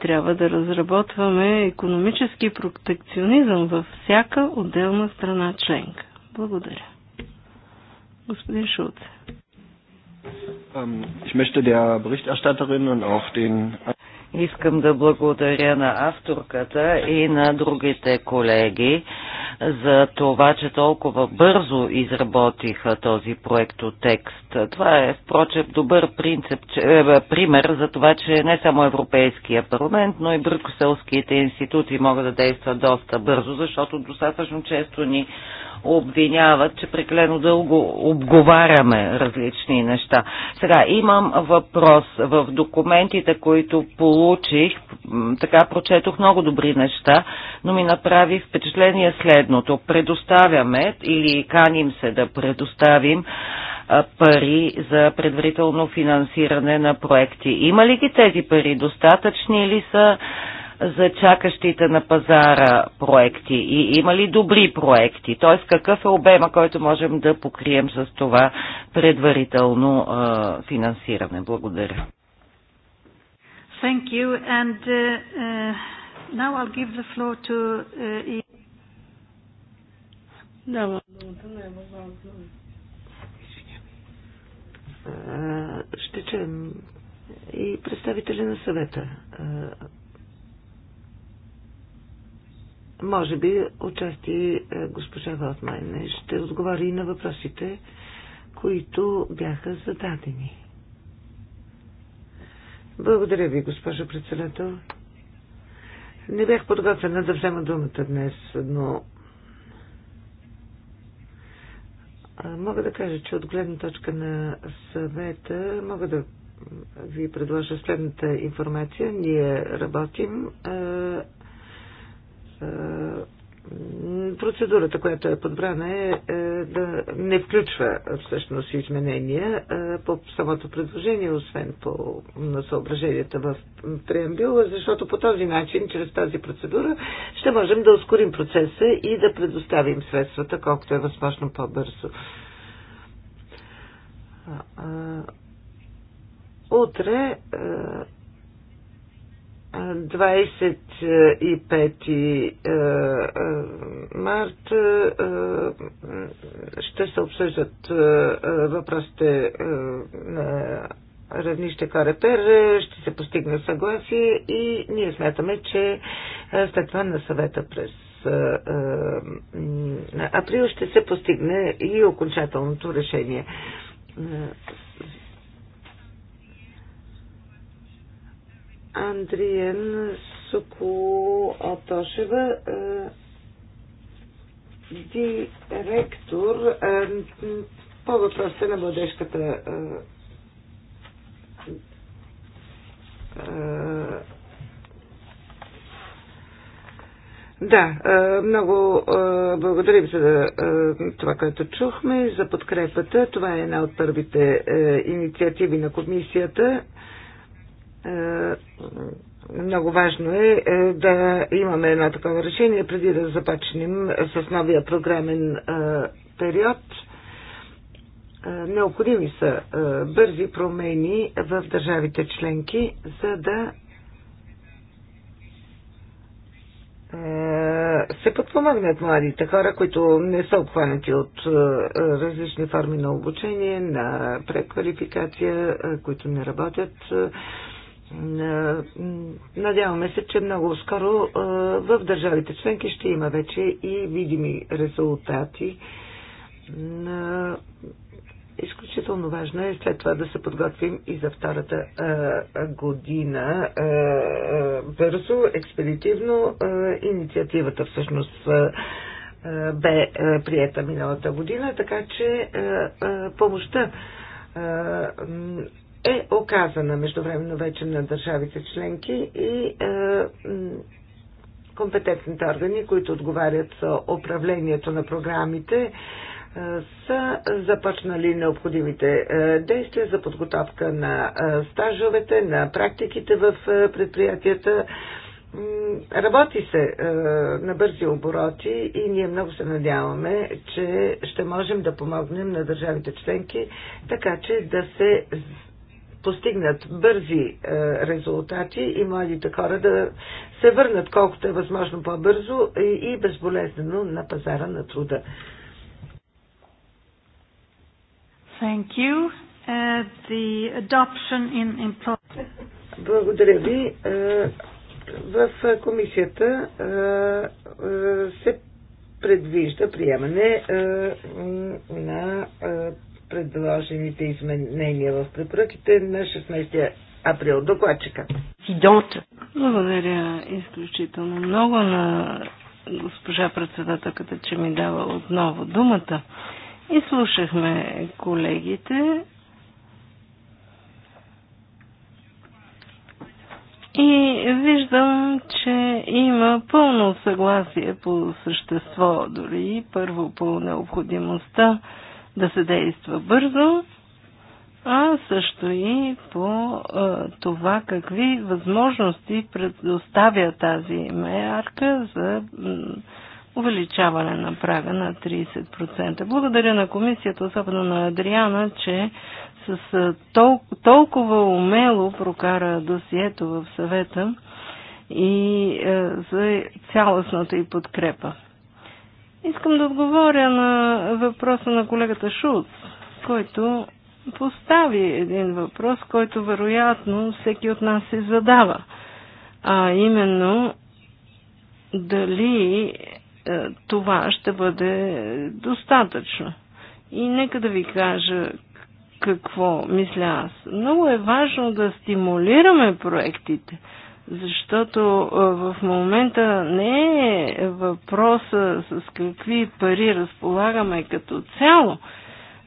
Трябва да разработваме економически протекционизъм във всяка отделна страна членка. Благодаря. Господин Шулце. Ähm, Искам да благодаря на авторката и на другите колеги за това, че толкова бързо изработиха този проект от текст. Това е, впрочем, добър принцип, че, е, пример за това, че не само Европейския парламент, но и брюкселските институции могат да действат доста бързо, защото достатъчно често ни обвиняват, че преклено дълго обговаряме различни неща. Сега имам въпрос. В документите, които получих, така прочетох много добри неща, но ми направи впечатление следното. Предоставяме или каним се да предоставим пари за предварително финансиране на проекти. Има ли ги тези пари? Достатъчни или са? за чакащите на пазара проекти и има ли добри проекти? Т.е. какъв е обема, който можем да покрием с това предварително а, финансиране? Благодаря. Thank you. And, uh, uh, now I'll give the floor to uh, e- е, Ще чуем и представители на съвета е, може би отчасти е, госпожа Валтмайн ще отговори и на въпросите, които бяха зададени. Благодаря ви, госпожо председател. Не бях подготвена да взема думата днес, но мога да кажа, че от гледна точка на съвета мога да ви предложа следната информация. Ние работим е, процедурата, която е подбрана е, е, да не включва всъщност изменения е, по самото предложение, освен по на съображенията в преамбюла, защото по този начин, чрез тази процедура, ще можем да ускорим процеса и да предоставим средствата колкото е възможно по-бързо. Утре 25 е, е, март е, ще се обсъждат въпросите на равнище Корепер, ще се постигне съгласие и ние смятаме, че след това на съвета през април ще се постигне и окончателното решение. Андриен Суко Атошева, е, директор е, по въпросите на младежката е, да, много благодарим за това, което чухме, за подкрепата. Това е една от първите инициативи на комисията е, много важно е, е да имаме едно такова решение преди да започнем с новия програмен е, период. Необходими са бързи промени в държавите членки, за да се подпомогнат младите хора, които не са обхванати от различни форми на обучение, на преквалификация, които не работят е, надяваме се, че много скоро е, в държавите членки ще има вече и видими резултати. Е, изключително важно е след това да се подготвим и за втората година бързо, експедитивно. инициативата всъщност бе приета миналата година, така че помощта е оказана междувременно вече на държавите членки и е, компетентните органи, които отговарят за управлението на програмите, е, са започнали необходимите е, действия за подготовка на стажовете, на практиките в предприятията. Работи се на бързи обороти и ние много се надяваме, че ще можем да помогнем на държавите членки, така че да се постигнат бързи е, резултати и младите хора да се върнат колкото е възможно по-бързо и безболезнено на пазара на труда. Thank you. Uh, the adoption in Благодаря ви. Е, в комисията е, се предвижда приемане на предложените изменения в препоръките на 16 април. Докладчика. Благодаря изключително много на госпожа председателката, че ми дава отново думата. И слушахме колегите. И виждам, че има пълно съгласие по същество, дори първо по необходимостта да се действа бързо, а също и по а, това какви възможности предоставя тази мерка за увеличаване на прага на 30%. Благодаря на комисията, особено на Адриана, че с тол- толкова умело прокара досието в съвета и е, за цялостната и подкрепа. Искам да отговоря на въпроса на колегата Шулц, който постави един въпрос, който вероятно всеки от нас се задава. А именно, дали е, това ще бъде достатъчно. И нека да ви кажа какво мисля аз. Много е важно да стимулираме проектите – защото в момента не е въпроса с какви пари разполагаме като цяло,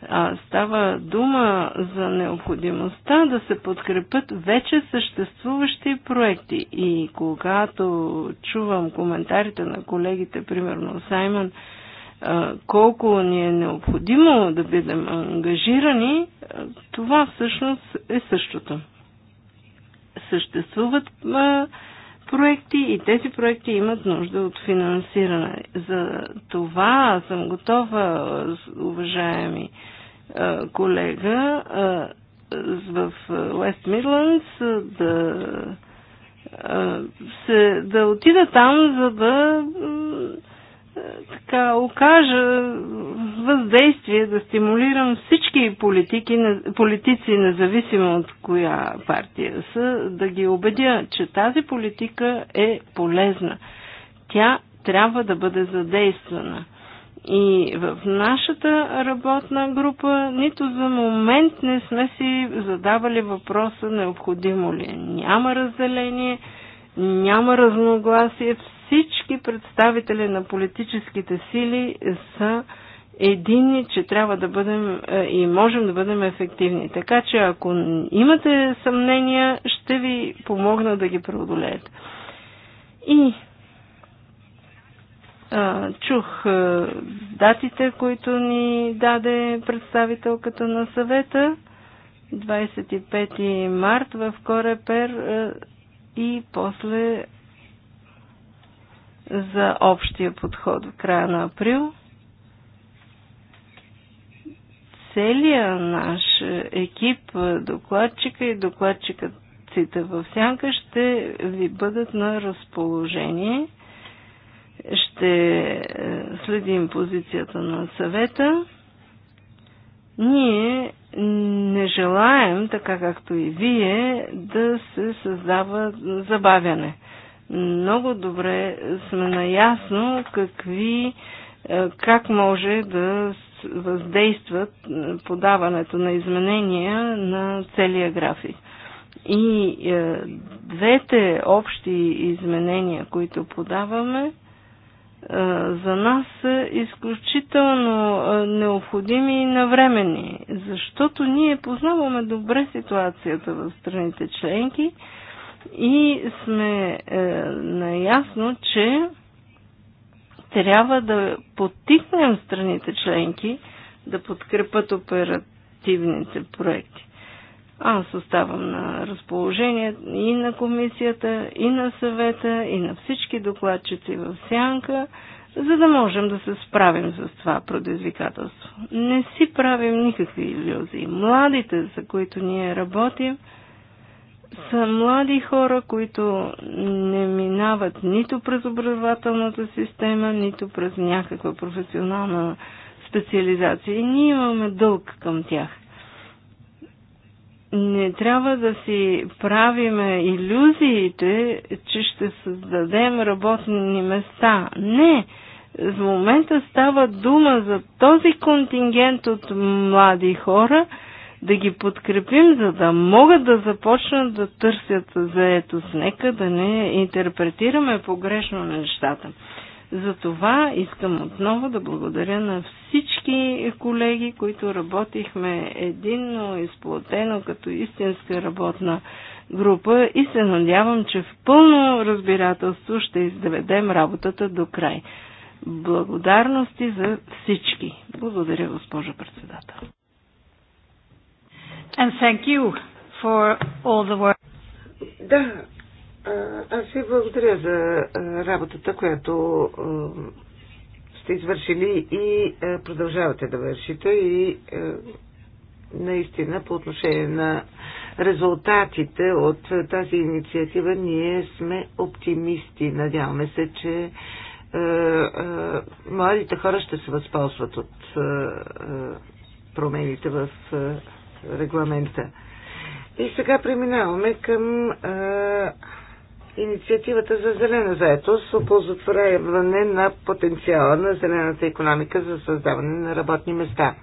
а става дума за необходимостта да се подкрепят вече съществуващи проекти. И когато чувам коментарите на колегите, примерно Саймон, колко ни е необходимо да бъдем ангажирани, това всъщност е същото съществуват а, проекти и тези проекти имат нужда от финансиране. За това съм готова, уважаеми а, колега, а, в Уест Мидландс да се, да отида там, за да така окажа въздействие да стимулирам всички политики, политици, независимо от коя партия са, да ги убедя, че тази политика е полезна. Тя трябва да бъде задействана. И в нашата работна група нито за момент не сме си задавали въпроса необходимо ли. Е. Няма разделение, няма разногласие, всички представители на политическите сили са едини, че трябва да бъдем е, и можем да бъдем ефективни. Така че ако имате съмнения, ще ви помогна да ги преодолеете. И а, чух а, е, датите, които ни даде представителката на съвета. 25 март в Корепер а, е, и после за общия подход в края на април. Целият наш екип, докладчика и докладчикът в сянка ще ви бъдат на разположение. Ще е, следим позицията на съвета. Ние не желаем, така както и вие, да се създава забавяне много добре сме наясно какви, е, как може да въздействат е, подаването на изменения на целия график. И е, двете общи изменения, които подаваме, за нас са изключително необходими и навремени, защото ние познаваме добре ситуацията в страните членки и сме е, наясно, че трябва да потихнем страните членки да подкрепят оперативните проекти. Аз оставам на разположение и на комисията, и на съвета, и на всички докладчици в сянка, за да можем да се справим с това предизвикателство. Не си правим никакви иллюзии. Младите, за които ние работим, са млади хора, които не минават нито през образователната система, нито през някаква професионална специализация. И ние имаме дълг към тях. Не трябва да си правиме иллюзиите, че ще създадем работни места. Не! В момента става дума за този контингент от млади хора – да ги подкрепим, за да могат да започнат да търсят заетост. Нека да не интерпретираме погрешно нещата. Затова искам отново да благодаря на всички колеги, които работихме единно, изплатено, като истинска работна група и се надявам, че в пълно разбирателство ще издаведем работата до край. Благодарности за всички. Благодаря, госпожо председател. And thank you for all the work. Да, аз ви благодаря за работата, която сте извършили и продължавате да вършите и наистина по отношение на резултатите от тази инициатива ние сме оптимисти. Надяваме се, че младите хора ще се възползват от промените в регламента. И сега преминаваме към а, инициативата за зелена заетост, оползотворяване на потенциала на зелената економика за създаване на работни места.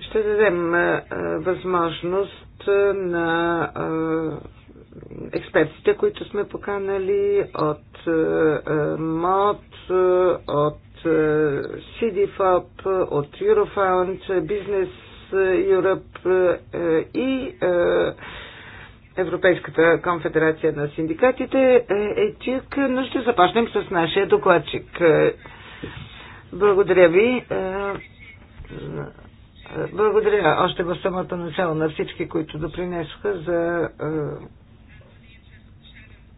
Ще дадем а, възможност на а, експертите, които сме поканали от МОД, от CDFOP, от Eurofound, Business Europe е, и е, Европейската конфедерация на синдикатите. ЕТИК, е, но ще започнем с нашия докладчик. Благодаря ви. Благодаря още в самото начало на всички, които допринесоха за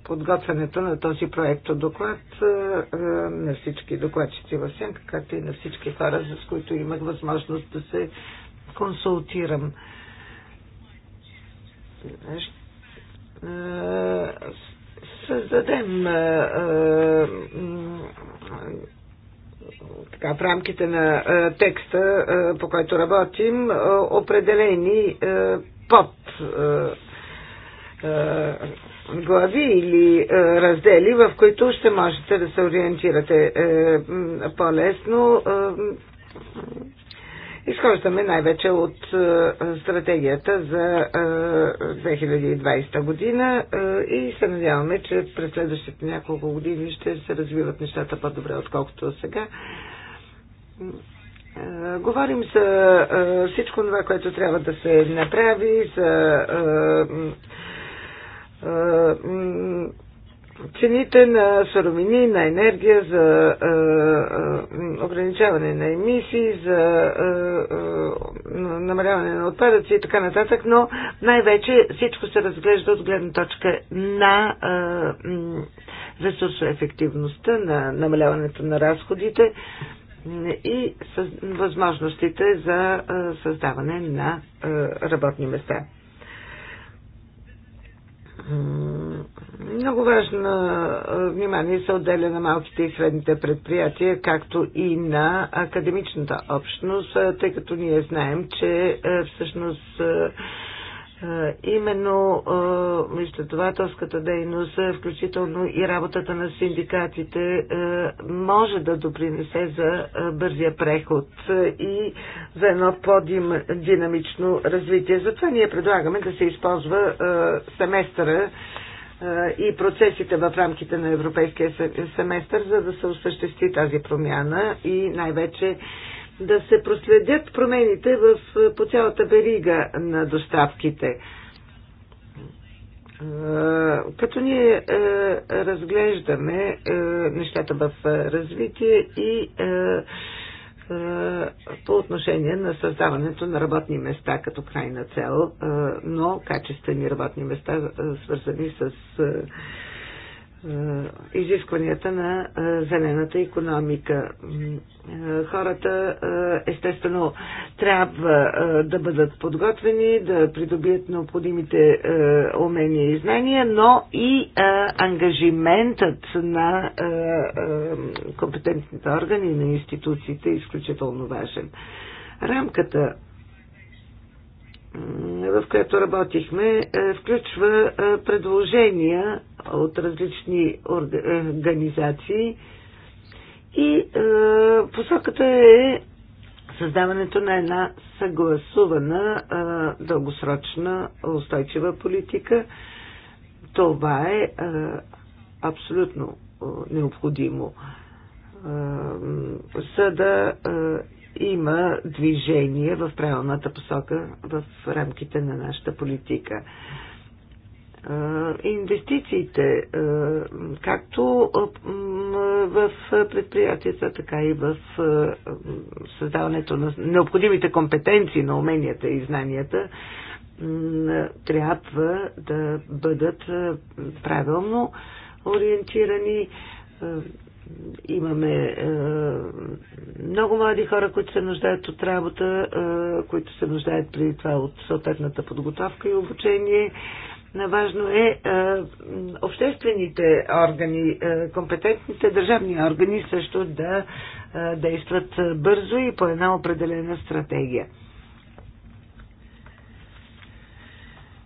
подготвянето на този проект доклад е, е, на всички докладчици в Сенка, както и на всички хора, с които имах възможност да се консултирам. Е, създадем така, в рамките на текста, по който работим, определени под глави или раздели, в които ще можете да се ориентирате е, по-лесно. Изхождаме най-вече от стратегията за 2020 година и се надяваме, че през следващите няколко години ще се развиват нещата по-добре, отколкото сега. Говорим за всичко това, което трябва да се направи, за цените на суровини, на енергия, за а, а, ограничаване на емисии, за а, а, намаляване на отпадъци и така нататък, но най-вече всичко се разглежда от гледна точка на а, ресурсоефективността, на намаляването на разходите и възможностите за създаване на работни места. Много важно внимание се отделя на малките и средните предприятия, както и на академичната общност, тъй като ние знаем, че всъщност именно изследователската дейност, включително и работата на синдикатите, може да допринесе за бързия преход и за едно по-динамично развитие. Затова ние предлагаме да се използва семестъра и процесите в рамките на европейския семестър, за да се осъществи тази промяна и най-вече да се проследят промените в, по цялата верига на доставките. Като ние разглеждаме нещата в развитие и по отношение на създаването на работни места като крайна цел, но качествени работни места, свързани с е, изискванията на е, зелената економика. Е, хората естествено трябва да бъдат подготвени, да придобият необходимите умения и знания, но и ангажиментът на компетентните органи и на институциите е изключително важен. Рамката в която работихме, е, включва е, предложения от различни е, организации и посоката е създаването на една съгласувана дългосрочна устойчива политика. Това е абсолютно необходимо за да има движение в правилната посока в рамките на нашата политика. Инвестициите, както в предприятията, така и в създаването на необходимите компетенции на уменията и знанията, трябва да бъдат правилно ориентирани Имаме е, много млади хора, които се нуждаят от работа, е, които се нуждаят преди това от съответната подготовка и обучение. Важно е, е обществените органи, компетентните държавни органи също да действат бързо и по една определена стратегия.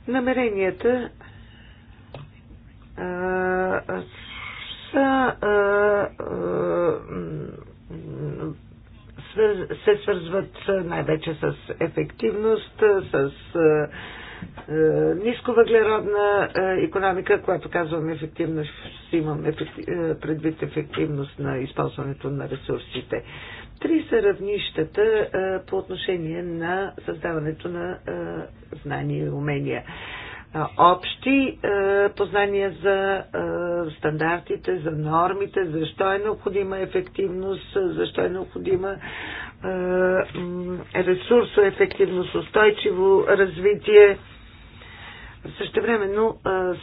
намеренията се свързват най-вече с ефективност, с нисковъглеродна економика, която казвам ефективност, имам предвид ефективност на използването на ресурсите. Три са равнищата по отношение на създаването на знания и умения общи познания за стандартите, за нормите, защо е необходима ефективност, защо е необходима ресурсо ефективност, устойчиво развитие. Също времено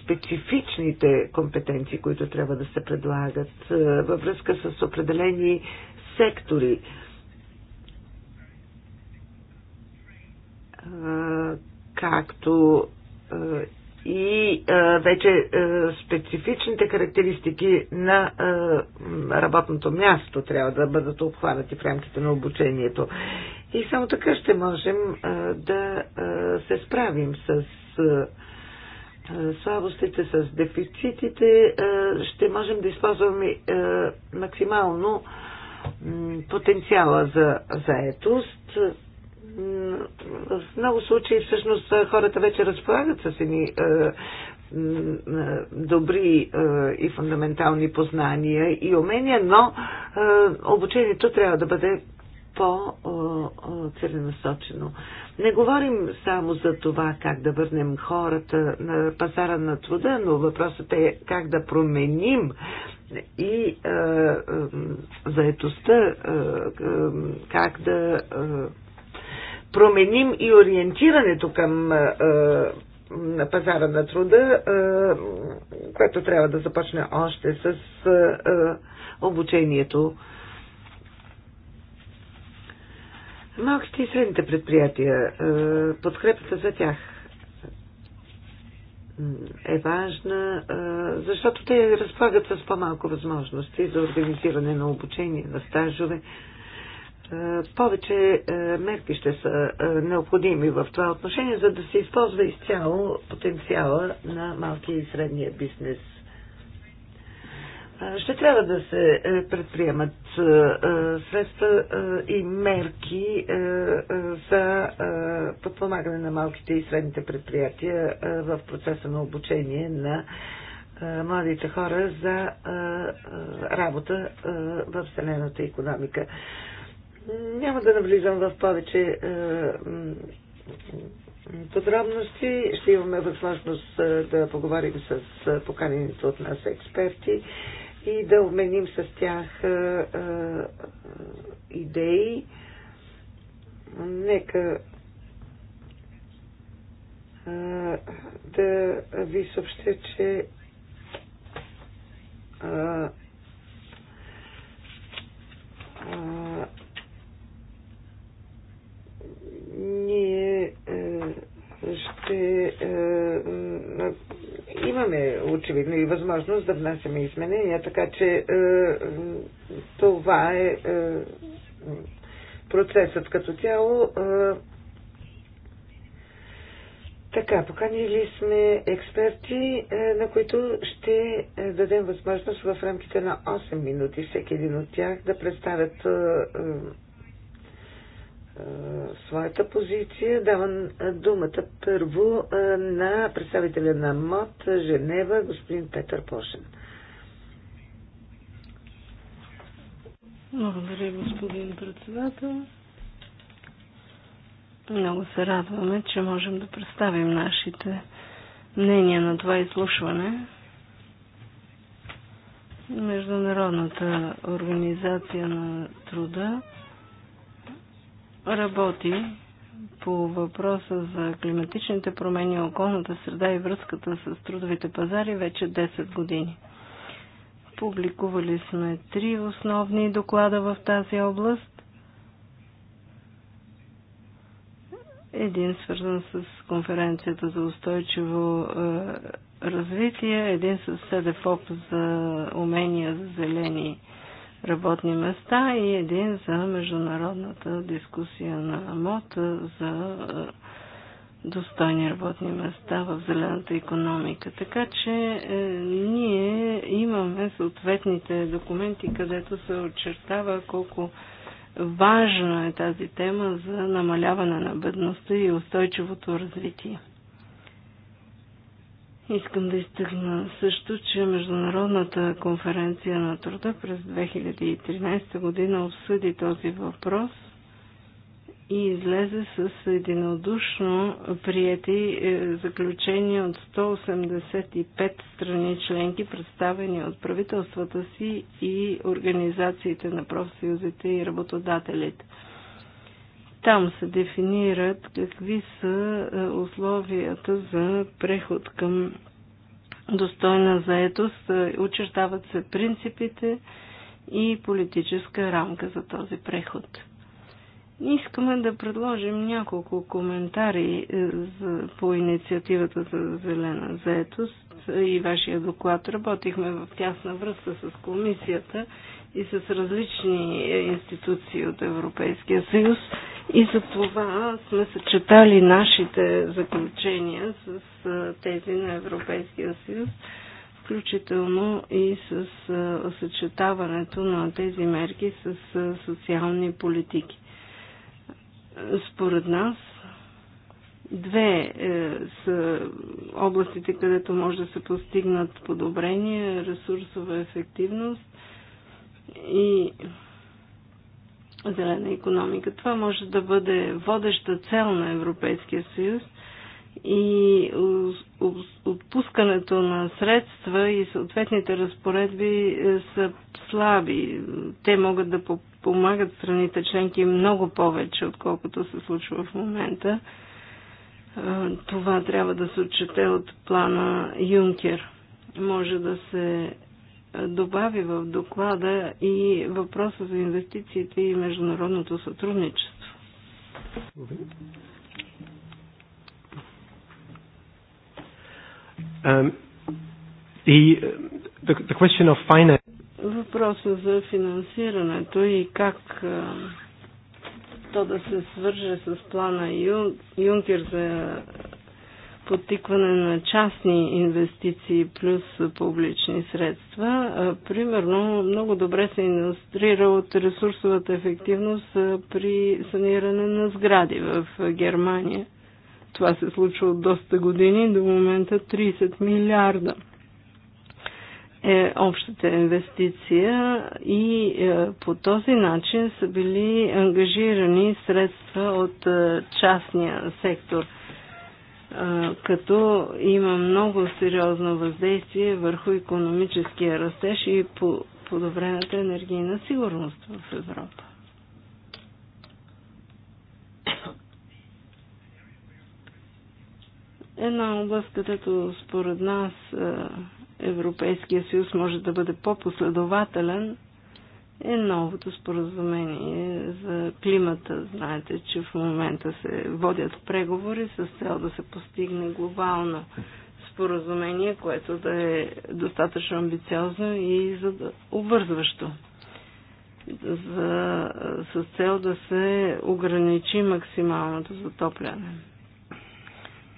специфичните компетенции, които трябва да се предлагат във връзка с определени сектори. Както и е, вече е, специфичните характеристики на е, работното място трябва да бъдат обхванати в рамките на обучението. И само така ще можем да се справим с слабостите, с дефицитите, ще можем да използваме максимално потенциала за заетост в много случаи всъщност хората вече разполагат с едни добри и фундаментални познания и умения, но обучението трябва да бъде по-целенасочено. Не говорим само за това как да върнем хората на пазара на труда, но въпросът е как да променим и е, е, заетостта, е, е, как да е, променим и ориентирането към е, е, на пазара на труда, е, което трябва да започне още с обучението. Малките и средните предприятия, подкрепата за тях е важна, защото те разполагат с по-малко възможности за организиране на обучение, на стажове. Е, повече е, мерки ще са е, необходими в това отношение, за да се използва изцяло потенциала на малкия и средния бизнес. Ще трябва да се предприемат средства и мерки за подпомагане на малките и средните предприятия в процеса на обучение на младите хора за работа в селената економика. Няма да навлизам в повече е, подробности. Ще имаме възможност е, да поговорим с е, поканените от нас експерти и да обменим с тях идеи. Нека да ви съобщя, че а, а, ще е, имаме очевидно и възможност да внасяме изменения, така че е, това е, е процесът като цяло. Е, така, поканили сме експерти, е, на които ще е, дадем възможност в рамките на 8 минути всеки един от тях да представят е, своята позиция. Давам думата първо на представителя на МОД Женева, господин Петър Пошен. Благодаря, господин председател. Много се радваме, че можем да представим нашите мнения на това изслушване. Международната организация на труда работи по въпроса за климатичните промени, околната среда и връзката с трудовите пазари вече 10 години. Публикували сме три основни доклада в тази област. Един свързан с конференцията за устойчиво е, развитие, един с СДФОП за умения за зелени работни места и един за международната дискусия на МОД за е, достойни работни места в зелената економика. Така че е, ние имаме съответните документи, където се очертава колко важна е тази тема за намаляване на бедността и устойчивото развитие. Искам да изтъкна също, че Международната конференция на труда през 2013 година обсъди този въпрос и излезе с единодушно приети е, заключения от 185 страни членки, представени от правителствата си и организациите на профсъюзите и работодателите – там се дефинират какви са е, условията за преход към достойна заетост, е, очертават се принципите и политическа рамка за този преход. Искаме да предложим няколко коментари е, по инициативата за зелена заетост и вашия доклад. Работихме в тясна връзка с комисията и с различни е, институции от Европейския съюз. И за това сме съчетали нашите заключения с е, тези на Европейския съюз, включително и с е, съчетаването на тези мерки с социални политики. Според нас, две е, са областите, където може да се постигнат подобрения ресурсова ефективност и зелена економика. Това може да бъде водеща цел на Европейския съюз и отпускането на средства и съответните разпоредби е, са слаби. Те могат да помагат страните членки много повече, отколкото се случва в момента. Е, това трябва да се отчете от плана Юнкер. Може да се добави в доклада и въпроса за инвестициите и международното сътрудничество. Um, въпроса за финансирането и как то да се свърже с плана Юнкер за потикване на частни инвестиции плюс публични средства. Примерно, много добре се иллюстрира от ресурсовата ефективност при саниране на сгради в Германия. Това се случва от доста години, до момента 30 милиарда е общата инвестиция и е, по този начин са били ангажирани средства от е, частния сектор – като има много сериозно въздействие върху економическия растеж и по подобрената енергийна сигурност в Европа. Една област, където според нас Европейския съюз може да бъде по-последователен е новото споразумение за климата. Знаете, че в момента се водят преговори с цел да се постигне глобално споразумение, което да е достатъчно амбициозно и за да, обвързващо. За, с цел да се ограничи максималното затопляне.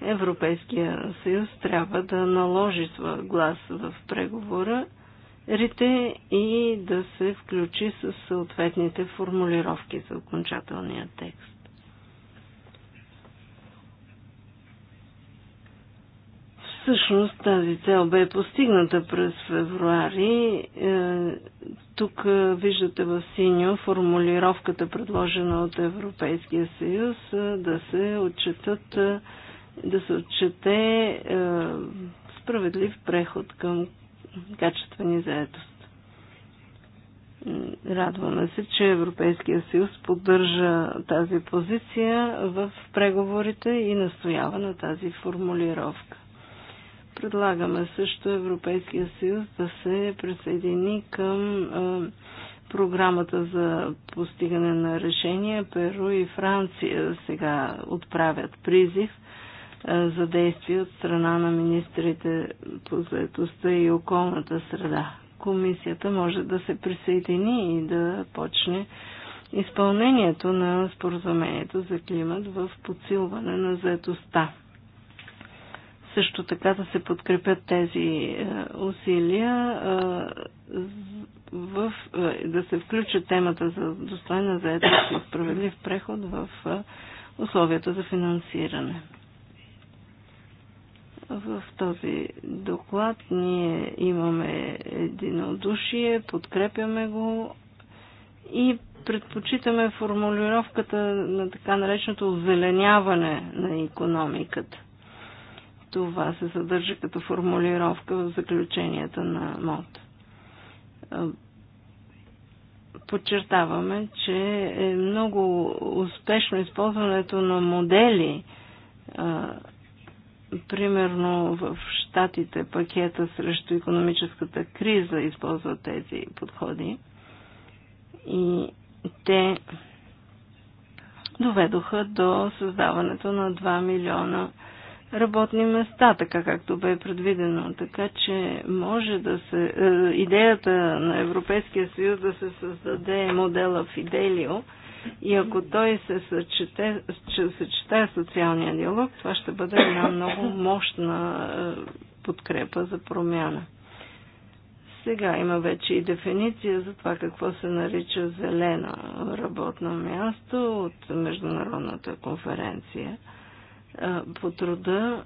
Европейския съюз трябва да наложи своя глас в преговора и да се включи с съответните формулировки за окончателния текст. Всъщност тази цел бе постигната през февруари. Е, тук виждате в синьо формулировката, предложена от Европейския съюз, е, да се отчетат е, да се отчете справедлив преход към качествени заедост. Радваме се, че Европейския съюз поддържа тази позиция в преговорите и настоява на тази формулировка. Предлагаме също Европейския съюз да се присъедини към програмата за постигане на решения. Перу и Франция сега отправят призив – за действие от страна на министрите по заедостта и околната среда. Комисията може да се присъедини и да почне изпълнението на споразумението за климат в подсилване на заедостта. Също така да се подкрепят тези е, усилия е, в, е, да се включи темата за достойна заедост и справедлив преход в условията за финансиране. В този доклад ние имаме единодушие, подкрепяме го и предпочитаме формулировката на така нареченото озеленяване на економиката. Това се съдържа като формулировка в заключенията на МОД. Подчертаваме, че е много успешно използването на модели Примерно в Штатите пакета срещу економическата криза използва тези подходи и те доведоха до създаването на 2 милиона работни места, така както бе предвидено. Така че може да се... Е, идеята на Европейския съюз да се създаде модела Фиделио – и ако той се съчете, че съчетае социалния диалог, това ще бъде една много мощна е, подкрепа за промяна. Сега има вече и дефиниция за това какво се нарича зелено работно място от Международната конференция е, по труда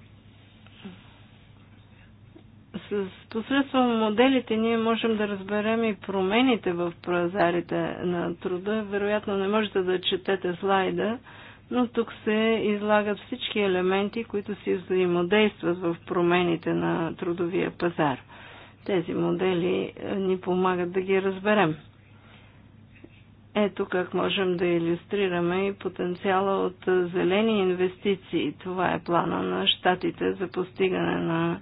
посредством моделите ние можем да разберем и промените в пазарите на труда. Вероятно не можете да четете слайда, но тук се излагат всички елементи, които си взаимодействат в промените на трудовия пазар. Тези модели е, ни помагат да ги разберем. Ето как можем да иллюстрираме и потенциала от е, зелени инвестиции. Това е плана на щатите за постигане на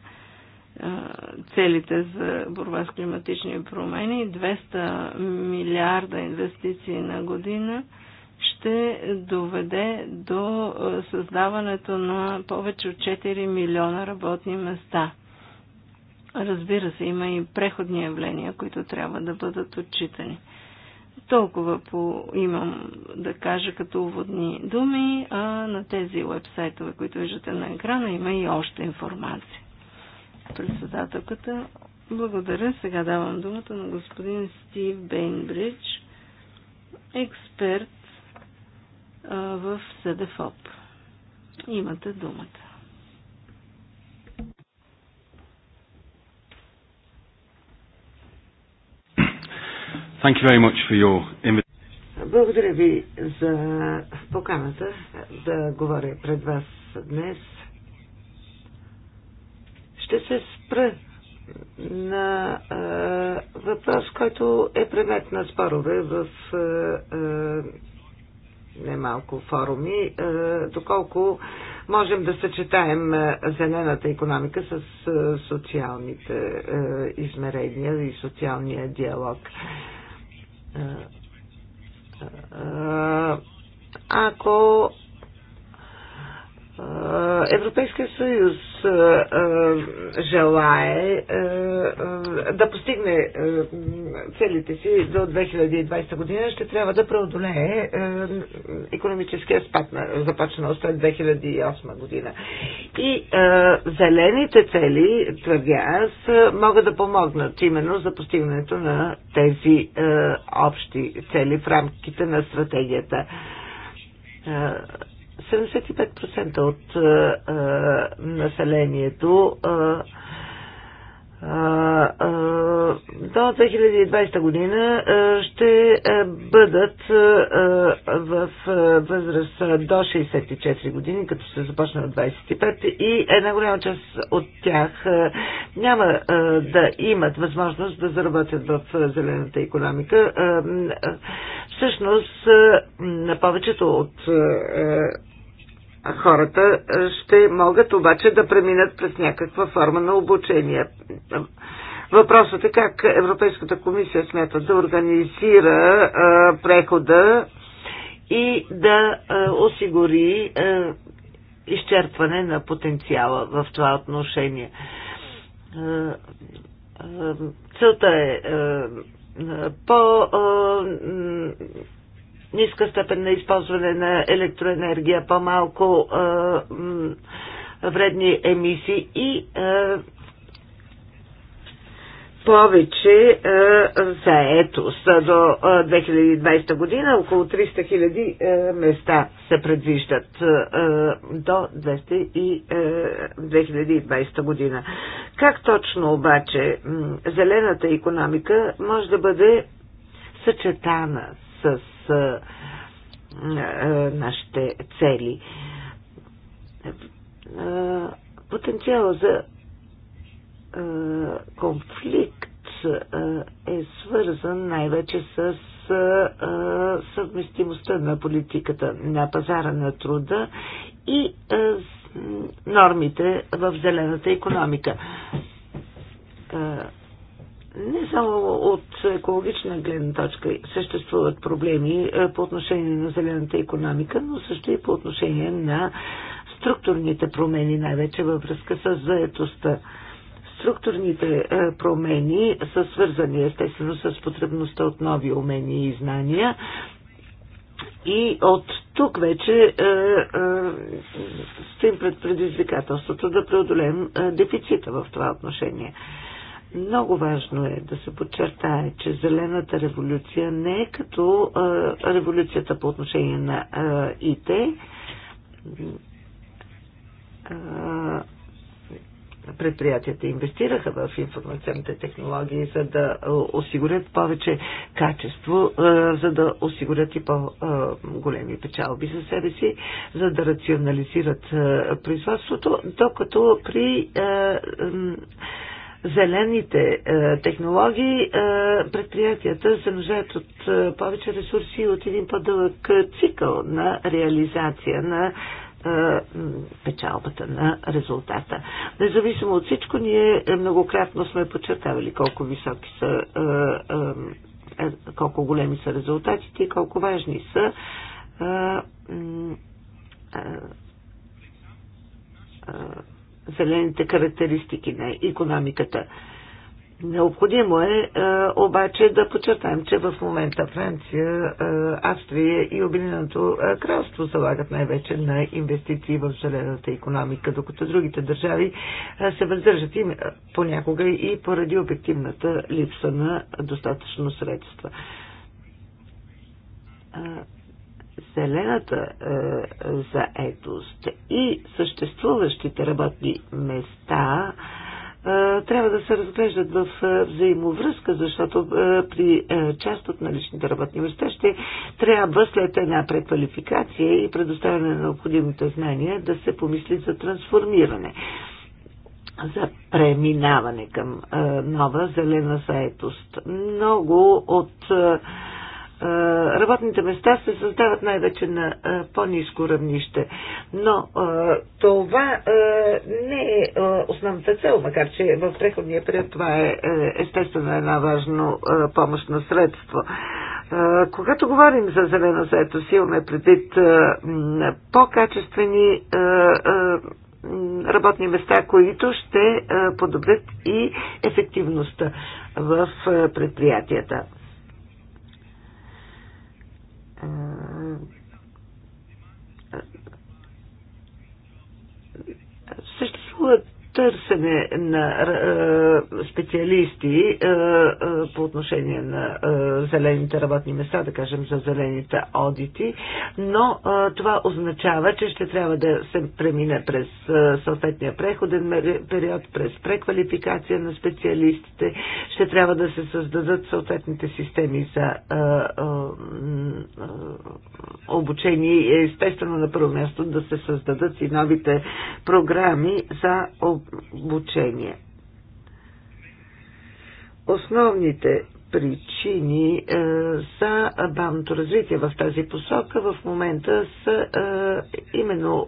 целите за борба с климатични промени, 200 милиарда инвестиции на година ще доведе до създаването на повече от 4 милиона работни места. Разбира се, има и преходни явления, които трябва да бъдат отчитани. Толкова по, имам да кажа като уводни думи, а на тези вебсайтове, които виждате на екрана, има и още информация председателката. Благодаря. Сега давам думата на господин Стив Бейнбридж, експерт а, в СДФОП. Имате думата. Thank you very much for your Благодаря ви за поканата да говоря пред вас днес ще се спра на а, въпрос, който е предмет на спорове в а, а, немалко форуми, а, доколко можем да съчетаем зелената економика с а, социалните а, измерения и социалния диалог. А, а, ако е, Европейския съюз е, е, желае да постигне целите си до 2020 година, ще трябва да преодолее економическия спад, започнал след 2008 година. И зелените цели, твърдя аз, могат да помогнат именно за постигането на тези общи цели в рамките на стратегията 75% от е, е, населението е, до 2020 година ще бъдат в възраст до 64 години, като се започне от 25 и една голяма част от тях няма да имат възможност да заработят в зелената економика. Всъщност, на повечето от Хората е, ще могат обаче да преминат през някаква форма на обучение. Въпросът е как Европейската комисия смята да организира а, е, прехода и да а, е, осигури а, изчерпване на потенциала в това отношение. целта е а, по а, ниска степен на използване на електроенергия, по-малко вредни емисии и повече е, заетост. До 2020 година около 300 хиляди е, места се предвиждат е, до 200 и, е, 2020 година. Как точно обаче зелената економика може да бъде съчетана с а, а, нашите цели. А, потенциал за а, конфликт а, е свързан най-вече с а, съвместимостта на политиката на пазара на труда и а, нормите в зелената економика. А, не само от екологична гледна точка съществуват проблеми е, по отношение на зелената економика, но също и по отношение на структурните промени, най-вече във връзка с заетостта. Структурните е, промени са свързани естествено с потребността от нови умения и знания, и от тук вече е, е, стоим пред предизвикателството да преодолеем е, дефицита в това отношение. Е, много важно е да се подчертае, че зелената революция не е като а, революцията по отношение на а, ИТ. А, предприятията инвестираха в информационните технологии, за да осигурят повече качество, за да осигурят и по-големи печалби за себе си, за да рационализират производството, докато при зелените е, технологии, е, предприятията се нуждаят от е, повече ресурси и от един по-дълъг цикъл на реализация на печалбата на резултата. Независимо от всичко, ние многократно сме подчертавали колко високи са, колко големи са резултатите и колко важни са зелените характеристики на економиката. Необходимо е, е обаче да подчертаем, че в момента Франция, е, Австрия и Обединеното е, кралство залагат най-вече на инвестиции в зелената економика, докато другите държави се въздържат им понякога и поради обективната липса на достатъчно средства зелената е, заетост и съществуващите работни места е, трябва да се разглеждат в е, взаимовръзка, защото е, при е, част от наличните работни места ще трябва след една преквалификация и предоставяне на необходимите знания да се помисли за трансформиране за преминаване към е, нова зелена заетост. Много от е, работните места се създават най-вече на по-низко равнище. Но това не е основната цел, макар че в преходния период това е, е естествено една важно помощно средство. Когато говорим за зелена заетост, имаме предвид по-качествени работни места, които ще подобрят и ефективността в предприятията съществуват търсене на е, е, специалисти е, по отношение на зелените работни места, да кажем за зелените одити, но това означава, че ще трябва да се премине през съответния преходен период, през преквалификация на специалистите, ще трябва да се създадат съответните системи за обучение и естествено на първо място да се създадат и новите програми за обучение обучение. Основните причини е, за бавното развитие в тази посока в момента са е, именно е,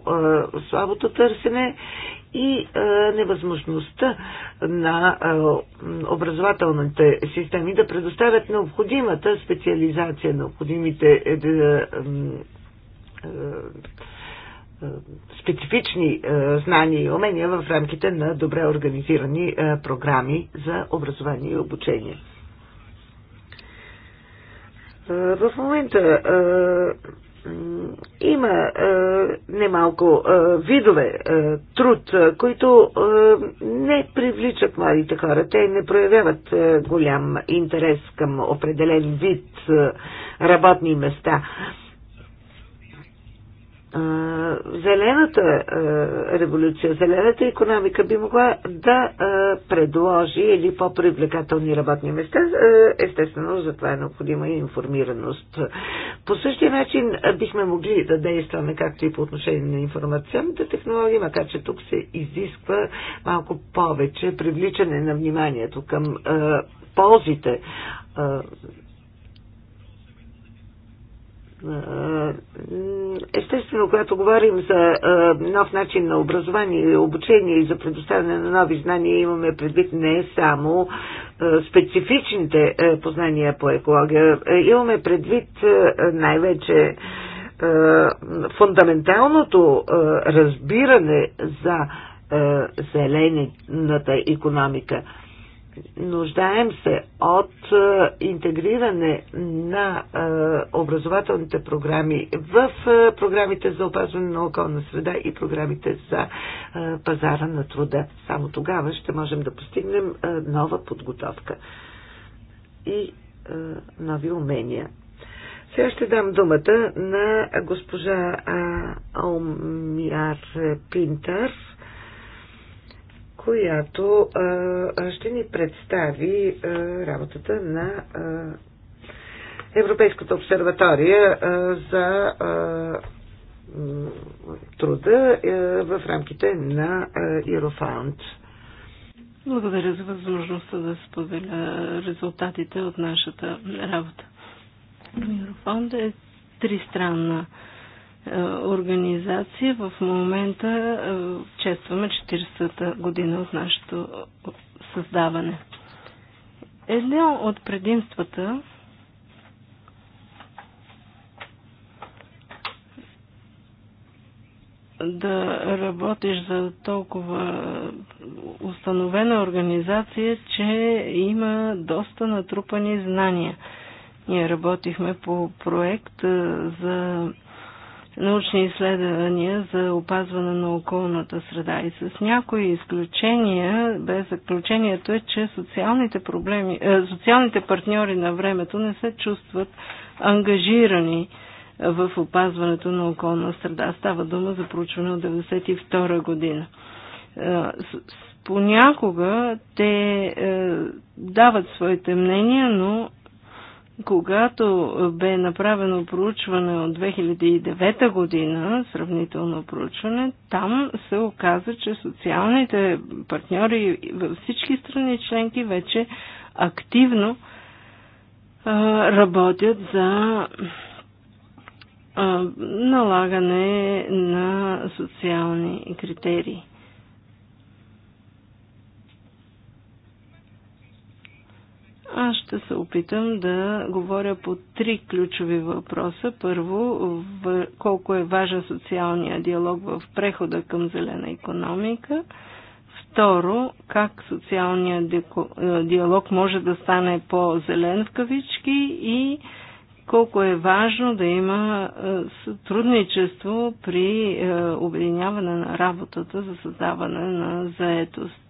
слабото търсене и е, невъзможността на е, образователните системи да предоставят необходимата специализация, необходимите е, е, е, е, специфични е, знания и умения в рамките на добре организирани е, програми за образование и обучение. В момента има немалко видове труд, които не привличат младите хора. Те не проявяват голям интерес към определен вид работни места зелената революция, зелената економика би могла да предложи или по-привлекателни работни места. Естествено, за това е необходима и информираност. По същия начин бихме могли да действаме както и по отношение на информационните технологии, макар че тук се изисква малко повече привличане на вниманието към ползите е, е, естествено, когато говорим за е, нов начин на образование и обучение и за предоставяне на нови знания, имаме предвид не само специфичните познания по екология, имаме предвид най-вече фундаменталното разбиране за зелената економика – нуждаем се от е, интегриране на е, образователните програми в е, програмите за опазване на околна среда и програмите за пазара на труда. Само тогава ще можем да постигнем нова подготовка и нови умения. Сега ще дам думата на госпожа Аумяр Пинтар която ще ни представи работата на Европейската обсерватория за труда в рамките на Eurofound. Благодаря за възможността да споделя резултатите от нашата работа. Еврофонд е тристранна е, организация. В момента е, честваме 40-та година от нашето създаване. Едно от предимствата да работиш за толкова установена организация, че има доста натрупани знания. Ние работихме по проект е, за научни изследвания за опазване на околната среда. И с някои изключения, без заключението е, че социалните, проблеми, е, социалните партньори на времето не се чувстват ангажирани в опазването на околна среда. Става дума за проучване от 1992 година. Е, понякога те е, дават своите мнения, но когато бе направено проучване от 2009 година, сравнително проучване, там се оказа, че социалните партньори във всички страни членки вече активно работят за налагане на социални критерии. Аз ще се опитам да говоря по три ключови въпроса. Първо, в колко е важен социалния диалог в прехода към зелена економика. Второ, как социалният е, диалог може да стане по-зелен в кавички и колко е важно да има е, сътрудничество при е, обединяване на работата за създаване на заетост.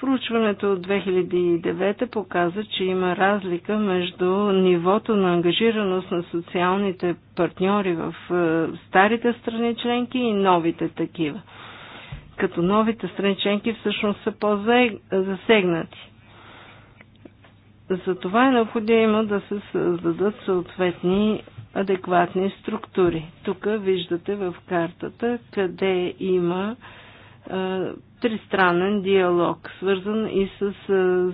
Проучването от 2009 показа, че има разлика между нивото на ангажираност на социалните партньори в е, старите страни членки и новите такива. Като новите страни членки всъщност са по-засегнати. Затова е необходимо да се създадат съответни адекватни структури. Тук виждате в картата къде има е, тристранен диалог, свързан и с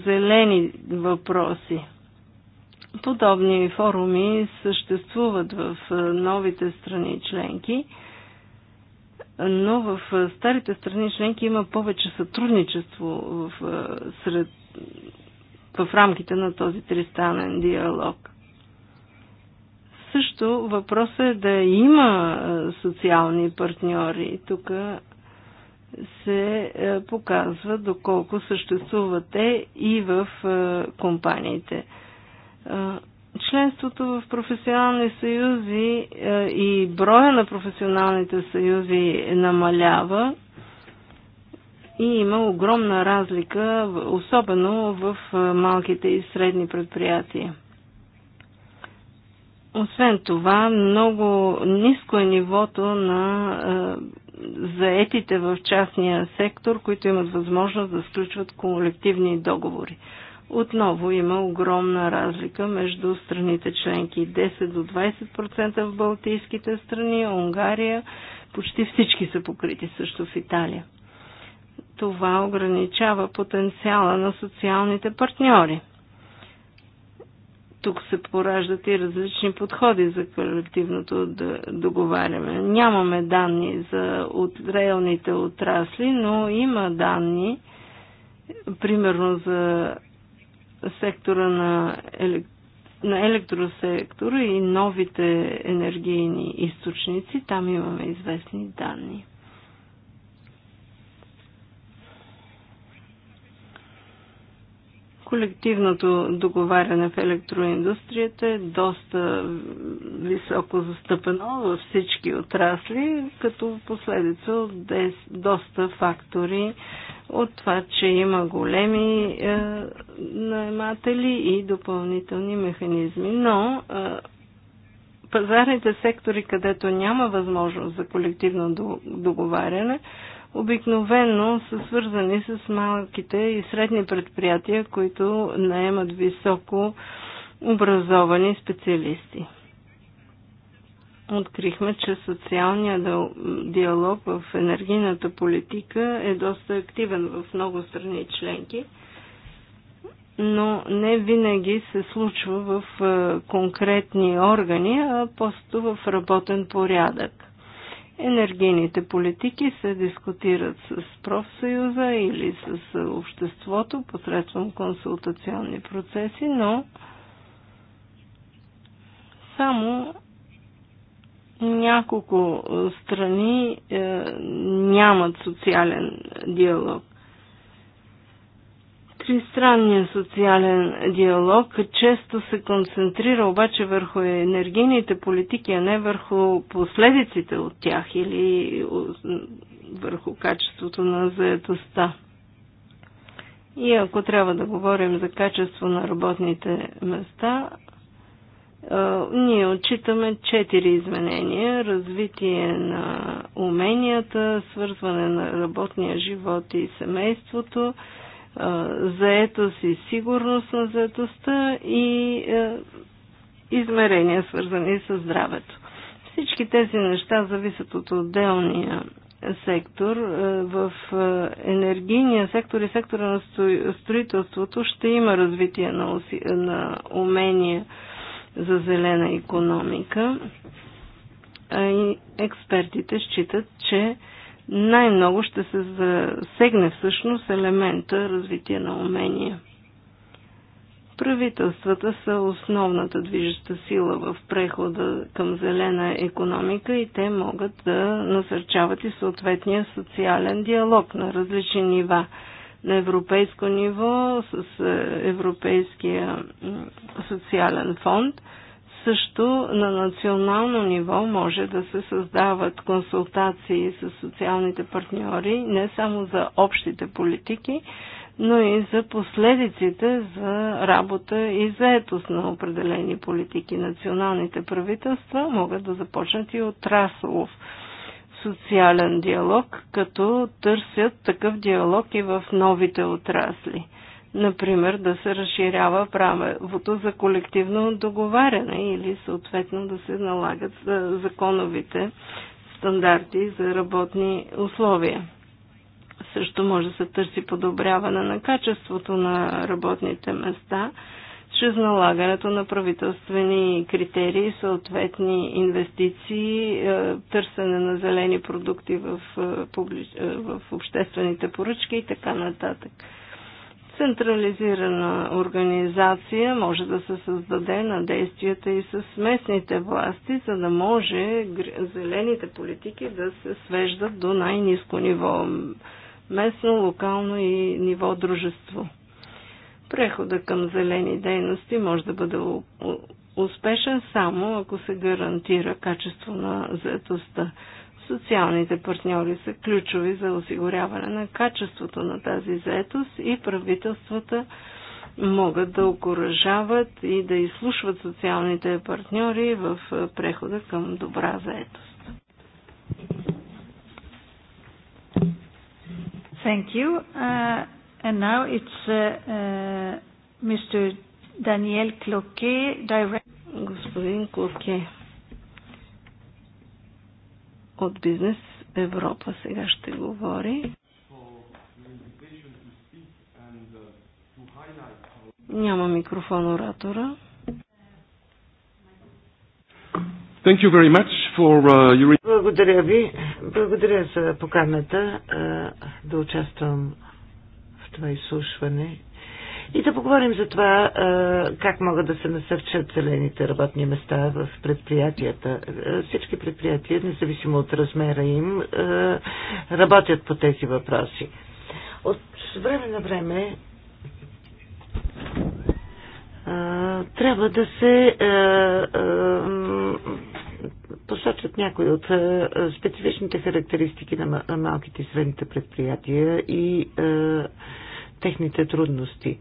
зелени въпроси. Подобни форуми съществуват в новите страни членки, но в старите страни членки има повече сътрудничество в, сред, в рамките на този тристранен диалог също въпросът е да има социални партньори. Тук се е, показва доколко съществуват те и в е, компаниите. Е, членството в професионални съюзи и броя на професионалните съюзи намалява и има огромна разлика, особено в малките и средни предприятия. Освен това, много ниско е нивото на заетите в частния сектор, които имат възможност да сключват колективни договори. Отново има огромна разлика между страните членки 10 до 20% в Балтийските страни, Унгария, почти всички са покрити също в Италия. Това ограничава потенциала на социалните партньори – тук се пораждат и различни подходи за колективното договаряне. Нямаме данни за от реалните отрасли, но има данни, примерно за сектора на, елек... на електросектора и новите енергийни източници. Там имаме известни данни. Колективното договаряне в електроиндустрията е доста високо застъпено във всички отрасли, като последица от доста фактори от това, че има големи е, наематели и допълнителни механизми. Но е, пазарните сектори, където няма възможност за колективно договаряне, обикновено са свързани с малките и средни предприятия, които наемат високо образовани специалисти. Открихме, че социалният диалог в енергийната политика е доста активен в много страни членки, но не винаги се случва в е, конкретни органи, а просто в работен порядък енергийните политики се дискутират с профсъюза или с обществото посредством консултационни процеси, но само няколко страни е, нямат социален диалог тристранния социален диалог често се концентрира обаче върху енергийните политики, а не върху последиците от тях или върху качеството на заедостта. И ако трябва да говорим за качество на работните места, ние отчитаме четири изменения. Развитие на уменията, свързване на работния живот и семейството, заетост и сигурност на заетостта и измерения, свързани с здравето. Всички тези неща зависят от отделния сектор. В енергийния сектор и сектора на строителството ще има развитие на, умения за зелена економика. А и експертите считат, че най-много ще се засегне всъщност елемента развитие на умения. Правителствата са основната движеща сила в прехода към зелена економика и те могат да насърчават и съответния социален диалог на различни нива. На европейско ниво с е, Европейския социален фонд – също на национално ниво може да се създават консултации с социалните партньори, не само за общите политики, но и за последиците за работа и заетост на определени политики. Националните правителства могат да започнат и отраслов социален диалог, като търсят такъв диалог и в новите отрасли. Например, да се разширява правото за колективно договаряне или съответно да се налагат законовите стандарти за работни условия. Също може да се търси подобряване на качеството на работните места чрез налагането на правителствени критерии, съответни инвестиции, търсене на зелени продукти в, в обществените поръчки и така нататък централизирана организация може да се създаде на действията и с местните власти, за да може зелените политики да се свеждат до най-низко ниво местно, локално и ниво дружество. Прехода към зелени дейности може да бъде успешен само ако се гарантира качество на заетостта. Социалните партньори са ключови за осигуряване на качеството на тази заетост и правителствата могат да окоръжават и да изслушват социалните партньори в прехода към добра заетост. Thank you. Uh, and now it's uh, uh, Mr. Daniel Cloquet, director. Господин Клоке, от Бизнес Европа сега ще говори. Няма микрофон оратора. Thank you very much for, uh, your... Благодаря ви. Благодаря за поканата uh, да участвам в това изслушване и да поговорим за това как могат да се насърчат зелените работни места в предприятията. Всички предприятия, независимо от размера им, работят по тези въпроси. От време на време трябва да се посочат някои от специфичните характеристики на малките и средните предприятия и техните трудности.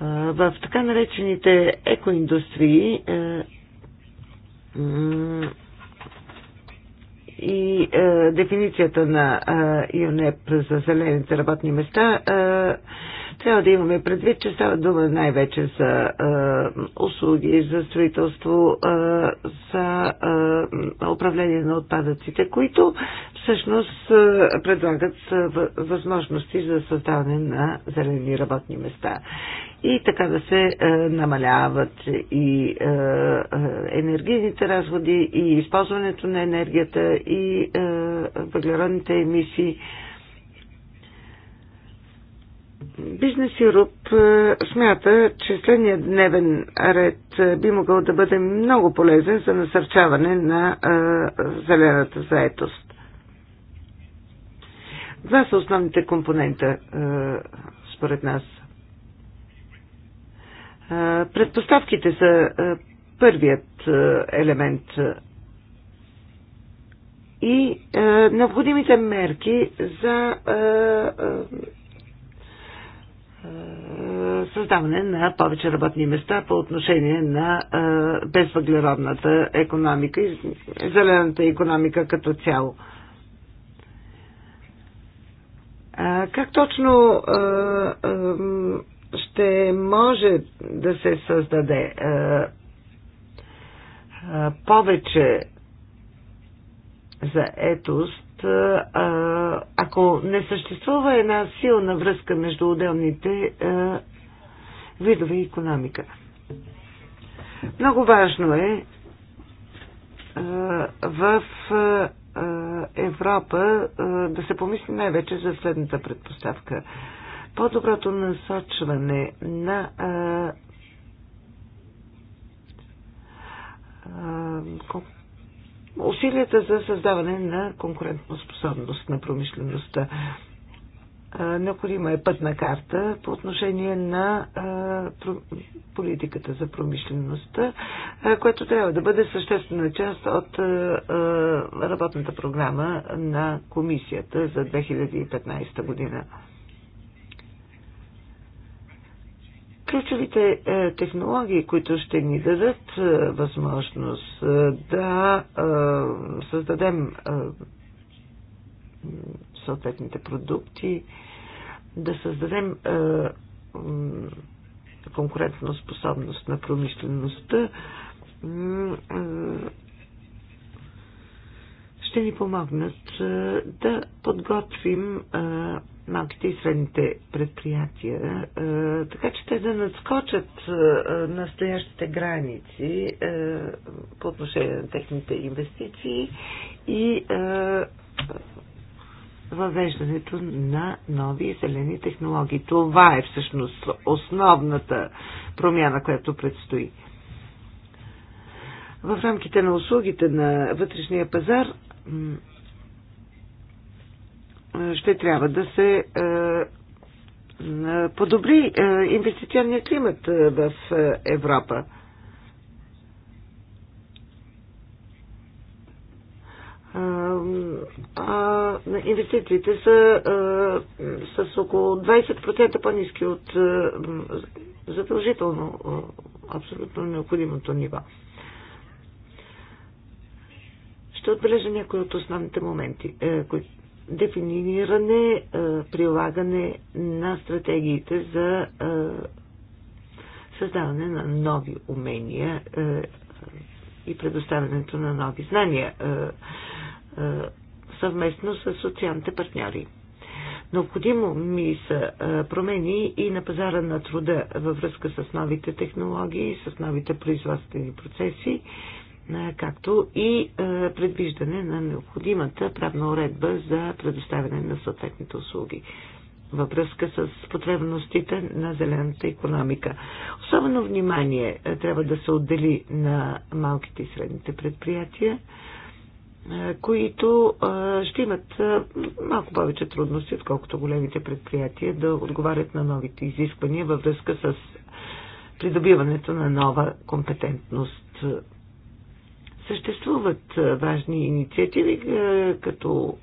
В така наречените екоиндустрии и дефиницията на ЮНЕП за зелените работни места, трябва да имаме предвид, че става дума най-вече за услуги, за строителство, за управление на отпадъците, които всъщност предлагат възможности за създаване на зелени работни места и така да се е, намаляват и е, е, енергийните разходи, и използването на енергията, и въглеродните емисии. Бизнес Юруп смята, че следният дневен ред би могъл да бъде много полезен за насърчаване на зелената заетост. Два са основните компонента, според нас, Предпоставките са първият елемент и необходимите мерки за създаване на повече работни места по отношение на безвъглеродната економика и зелената економика като цяло. Как точно ще може да се създаде е, е, повече за етост, е, ако не съществува една силна връзка между отделните видове економика. Много важно е в Европа да се помисли най-вече за следната предпоставка – по-доброто насочване на а, усилията за създаване на конкурентоспособност на промишлеността. Необходима е пътна карта по отношение на политиката за промишлеността, което трябва да бъде съществена част от работната програма на комисията за 2015 година. ключовите е, технологии, които ще ни дадат е, възможност е, да създадем съответните продукти, да създадем конкурентна способност на промишлеността, ще ни помогнат да подготвим малките и средните предприятия, е, така че те да надскочат е, настоящите граници е, по отношение на техните инвестиции и въвеждането на нови зелени технологии. Това е всъщност основната промяна, която предстои. В рамките на услугите на вътрешния пазар ще трябва да се е, подобри е, инвестиционния климат е, в Европа. а инвестициите са а, с около 20% по-низки от а, задължително а, абсолютно необходимото ниво. Ще отбележа някои от основните моменти, а, които дефиниране, е, прилагане на стратегиите за е, създаване на нови умения е, и предоставянето на нови знания съвместно с социалните партньори. Необходимо ми са промени и на пазара на труда във връзка с новите технологии, с новите производствени процеси е, както и е, предвиждане на необходимата правна уредба за предоставяне на съответните услуги във връзка с потребностите на зелената економика. Особено внимание е, трябва да се отдели на малките и средните предприятия, които ще имат малко повече трудности, отколкото големите предприятия, да отговарят на новите изисквания във връзка с придобиването на нова компетентност Съществуват важни инициативи, като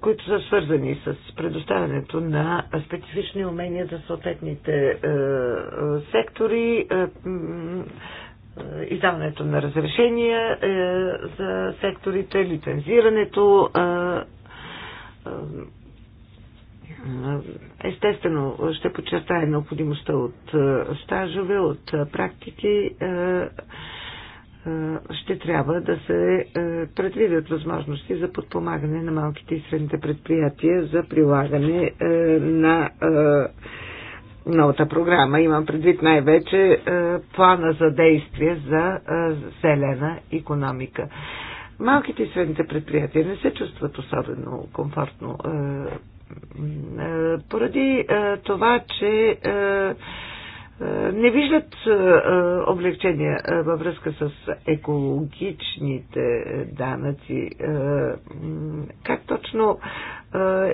които са свързани с предоставянето на специфични умения за съответните сектори, издаването на разрешения за секторите, лицензирането. Естествено, ще подчертая необходимостта от стажове, от практики ще трябва да се предвидят възможности за подпомагане на малките и средните предприятия за прилагане на новата програма. Имам предвид най-вече плана за действие за зелена економика. Малките и средните предприятия не се чувстват особено комфортно поради това, че е, не виждат е, е, облегчения във връзка с екологичните данъци. Как точно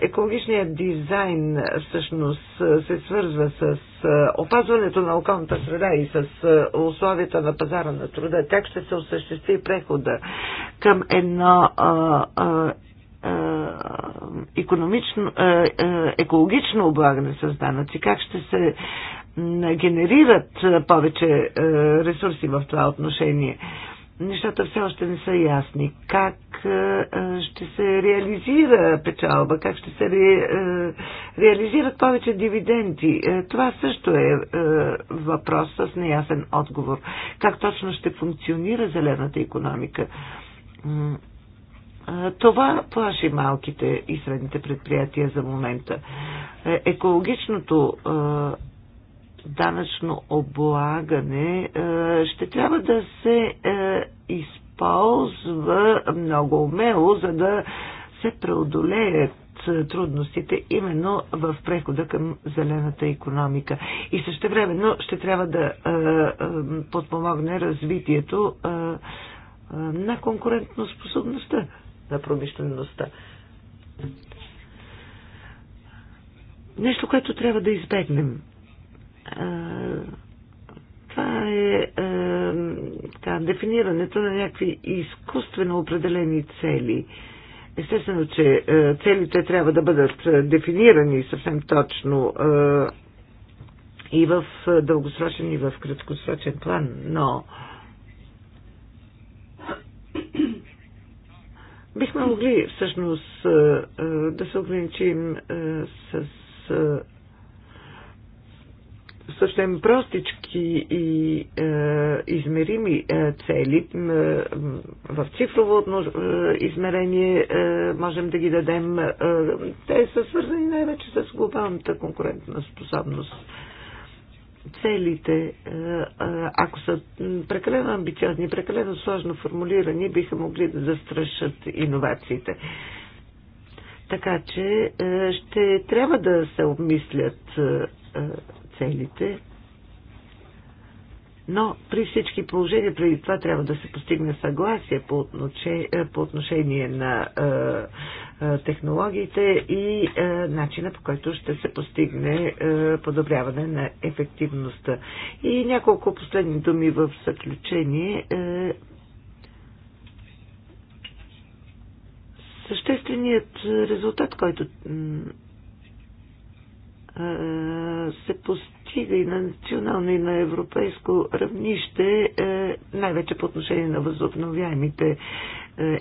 екологичният дизайн всъщност се свързва с опазването на околната среда и с условията на пазара на труда? Как ще се осъществи прехода към едно економично, екологично облагане с данъци, как ще се генерират повече ресурси в това отношение. Нещата все още не са ясни. Как ще се реализира печалба, как ще се ре, реализират повече дивиденти. Това също е въпрос с неясен отговор. Как точно ще функционира зелената економика? Това плаши малките и средните предприятия за момента. Е, екологичното данъчно облагане е, ще трябва да се е, използва много умело, за да се преодолеят трудностите именно в прехода към зелената економика. И също времено ще трябва да е, подпомогне развитието на способността на промишлеността. Нещо, което трябва да избегнем това е, така, дефинирането на някакви изкуствено определени цели. Естествено, че целите трябва да бъдат дефинирани съвсем точно и в дългосрочен, и в краткосрочен план, но бихме могли всъщност да се ограничим с съвсем простички и е, измерими е, цели е, в цифрово е, измерение е, можем да ги дадем. Е, те са свързани най-вече с глобалната конкурентна способност. Целите, е, е, ако са прекалено амбициозни, прекалено сложно формулирани, биха могли да застрашат иновациите. Така че е, ще трябва да се обмислят е, е целите. Но при всички положения, преди това трябва да се постигне съгласие по отношение, по отношение на е, е, технологиите и е, начина по който ще се постигне е, подобряване на ефективността. И няколко последни думи в заключение. Е, същественият резултат, който се постига и на национално и на европейско равнище, най-вече по отношение на възобновяемите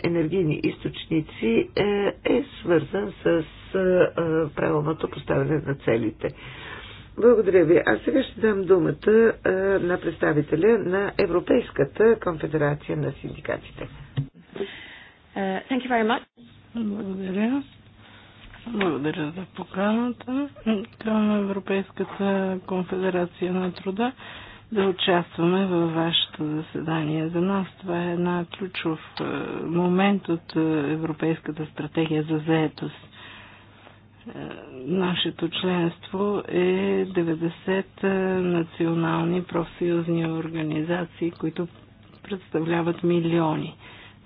енергийни източници, е свързан с правилното поставяне на целите. Благодаря ви. Аз сега ще дам думата на представителя на Европейската конфедерация на синдикатите. Uh, Благодаря. Благодаря за поканата към Европейската конфедерация на труда да участваме във вашето заседание. За нас това е една ключов е, момент от е, Европейската стратегия за заетост. Е, нашето членство е 90 национални профсъюзни организации, които представляват милиони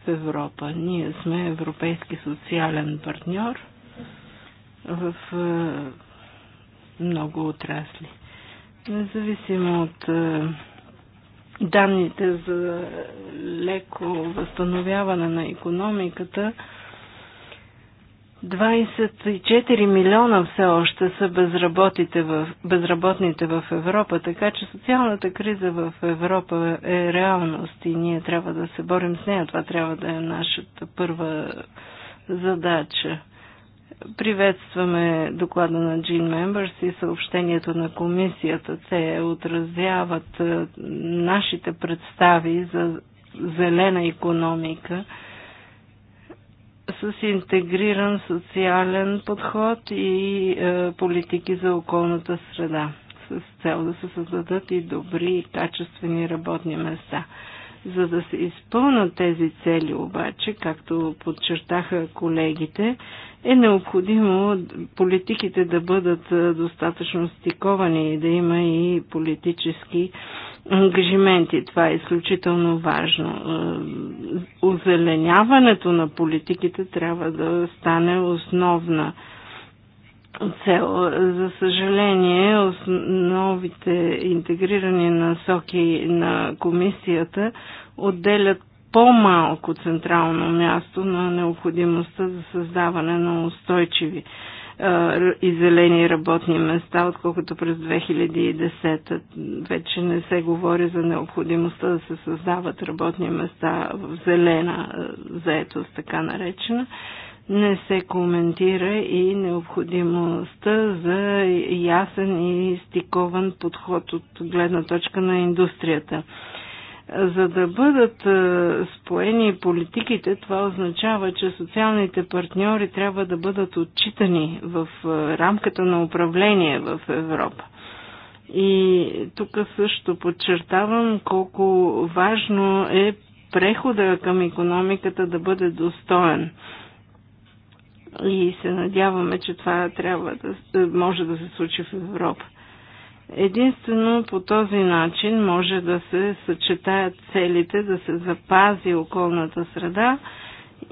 в Европа. Ние сме европейски социален партньор – в е, много отрасли. Независимо от е, данните за леко възстановяване на економиката, 24 милиона все още са в, безработните в Европа, така че социалната криза в Европа е реалност и ние трябва да се борим с нея. Това трябва да е нашата първа задача. Приветстваме доклада на Джин Мембърс и съобщението на комисията. Те отразяват е, нашите представи за зелена економика с интегриран социален подход и е, политики за околната среда, с цел да се създадат и добри и качествени работни места. За да се изпълнат тези цели обаче, както подчертаха колегите, е необходимо политиките да бъдат достатъчно стиковани и да има и политически ангажименти. Това е изключително важно. Озеленяването на политиките трябва да стане основна цел. За съжаление, основите интегрирани насоки на комисията отделят по-малко централно място на необходимостта за създаване на устойчиви и зелени работни места, отколкото през 2010. Вече не се говори за необходимостта да се създават работни места в зелена заетост, така наречена. Не се коментира и необходимостта за ясен и стикован подход от гледна точка на индустрията. За да бъдат е, споени политиките, това означава, че социалните партньори трябва да бъдат отчитани в е, рамката на управление в Европа. И тук също подчертавам колко важно е прехода към економиката да бъде достоен. И се надяваме, че това трябва да е, може да се случи в Европа. Единствено по този начин може да се съчетаят целите, да се запази околната среда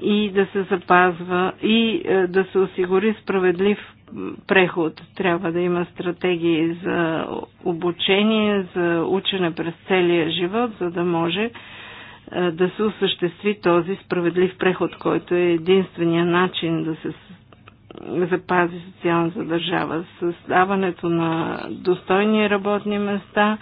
и да се запазва и е, да се осигури справедлив преход. Трябва да има стратегии за обучение, за учене през целия живот, за да може е, да се осъществи този справедлив преход, който е единствения начин да се запази социалната държава. Създаването на достойни работни места,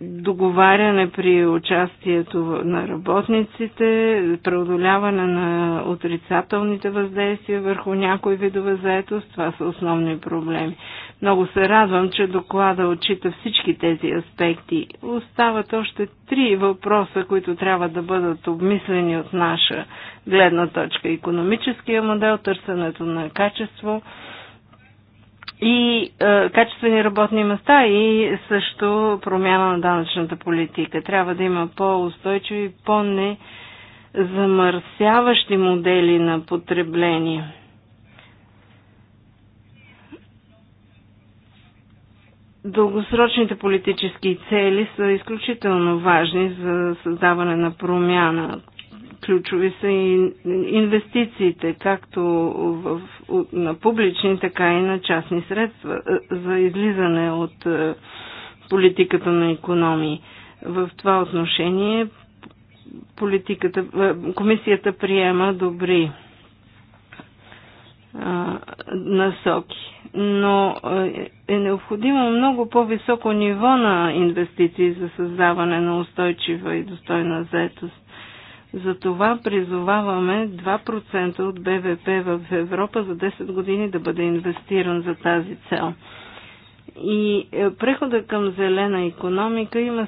договаряне при участието на работниците, преодоляване на отрицателните въздействия върху някои видове заетост, това са основни проблеми. Много се радвам, че доклада отчита всички тези аспекти. Остават още три въпроса, които трябва да бъдат обмислени от наша гледна точка. Економическия модел, търсенето на качество и е, качествени работни места и също промяна на данъчната политика. Трябва да има по-устойчиви, по-не замърсяващи модели на потребление дългосрочните политически цели са изключително важни за създаване на промяна. Ключови са и инвестициите, както в, на публични, така и на частни средства е, за излизане от е, политиката на економии. В това отношение политиката, е, комисията приема добри насоки. Но е необходимо много по-високо ниво на инвестиции за създаване на устойчива и достойна заетост. Затова призоваваме 2% от БВП в Европа за 10 години да бъде инвестиран за тази цел. И е, прехода към зелена економика има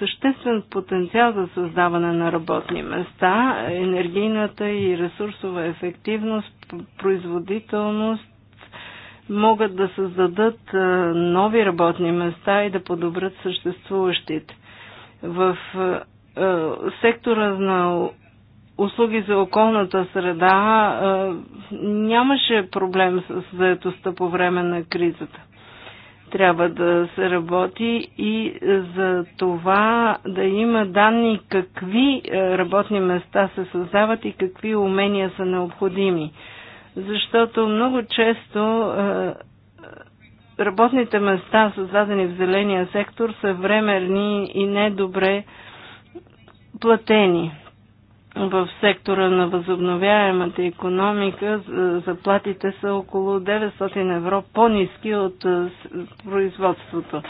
съществен потенциал за създаване на работни места, енергийната и ресурсова ефективност, производителност могат да създадат нови работни места и да подобрят съществуващите. В сектора на услуги за околната среда нямаше проблем с заетостта по време на кризата трябва да се работи и за това да има данни какви е, работни места се създават и какви умения са необходими. Защото много често е, е, работните места, създадени в зеления сектор, са временни и недобре платени в сектора на възобновяемата економика заплатите са около 900 евро по-низки от производството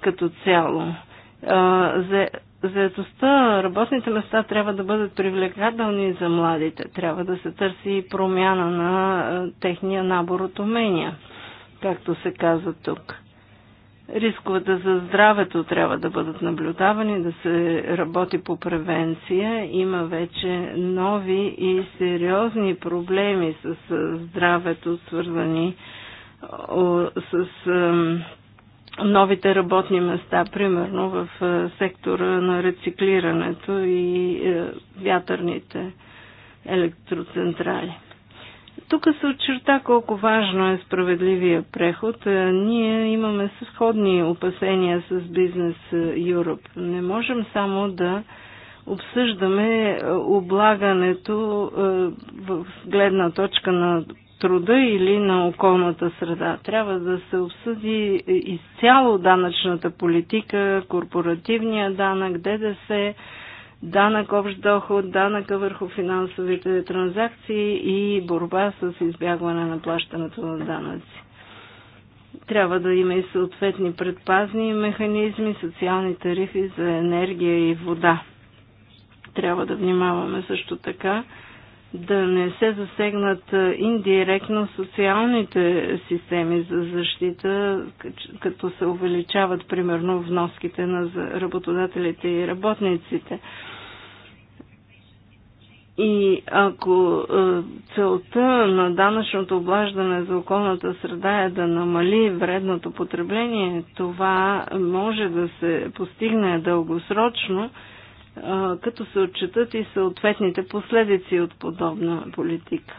като цяло. За заедостта, работните места трябва да бъдат привлекателни за младите. Трябва да се търси и промяна на техния набор от умения, както се казва тук. Рисковете за здравето трябва да бъдат наблюдавани, да се работи по превенция. Има вече нови и сериозни проблеми с здравето, свързани с новите работни места, примерно в сектора на рециклирането и е, вятърните електроцентрали. Тук се очерта колко важно е справедливия преход. Е, ние имаме сходни опасения с бизнес Europe. Е, Не можем само да обсъждаме е, облагането в гледна точка на труда или на околната среда. Трябва да се обсъди изцяло данъчната политика, корпоративния данък, ДДС, данък общ доход, данъка върху финансовите транзакции и борба с избягване на плащането на данъци. Трябва да има и съответни предпазни механизми, социални тарифи за енергия и вода. Трябва да внимаваме също така да не се засегнат индиректно социалните системи за защита, като се увеличават примерно вноските на работодателите и работниците. И ако е, целта на данъчното облаждане за околната среда е да намали вредното потребление, това може да се постигне дългосрочно, е, като се отчитат и съответните последици от подобна политика.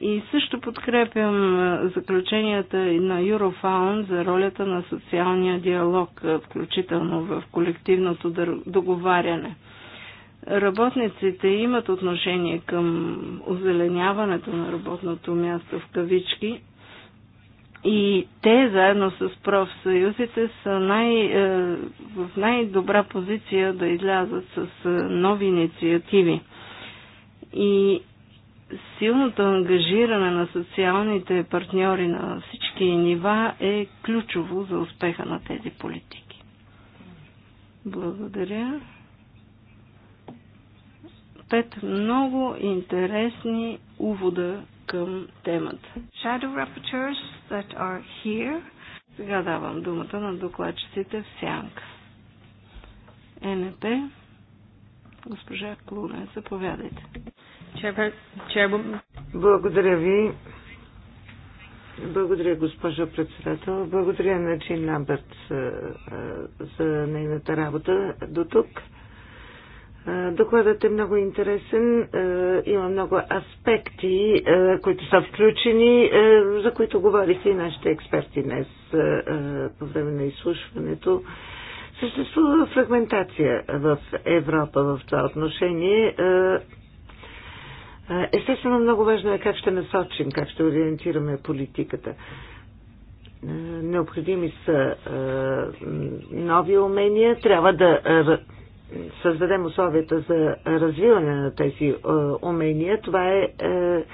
И също подкрепям е, заключенията на Юрофаун за ролята на социалния диалог, включително в колективното договаряне – работниците имат отношение към озеленяването на работното място в кавички и те заедно с профсъюзите са най, е, в най-добра позиция да излязат с е, нови инициативи. И силното ангажиране на социалните партньори на всички нива е ключово за успеха на тези политики. Благодаря пет много интересни увода към темата. Shadow rapporteurs that are here. Сега давам думата на докладчиците в сянка. Е, НП. Госпожа Клуна, заповядайте. Благодаря ви. Благодаря, госпожо председател. Благодаря на Чин Ламберт за нейната работа до тук. Докладът е много интересен. Има много аспекти, които са включени, за които говориха и нашите експерти днес по време на изслушването. Съществува фрагментация в Европа в това отношение. Естествено, много важно е как ще насочим, как ще ориентираме политиката. Необходими са нови умения. Трябва да създадем условията за развиване на тези е, умения, това е, е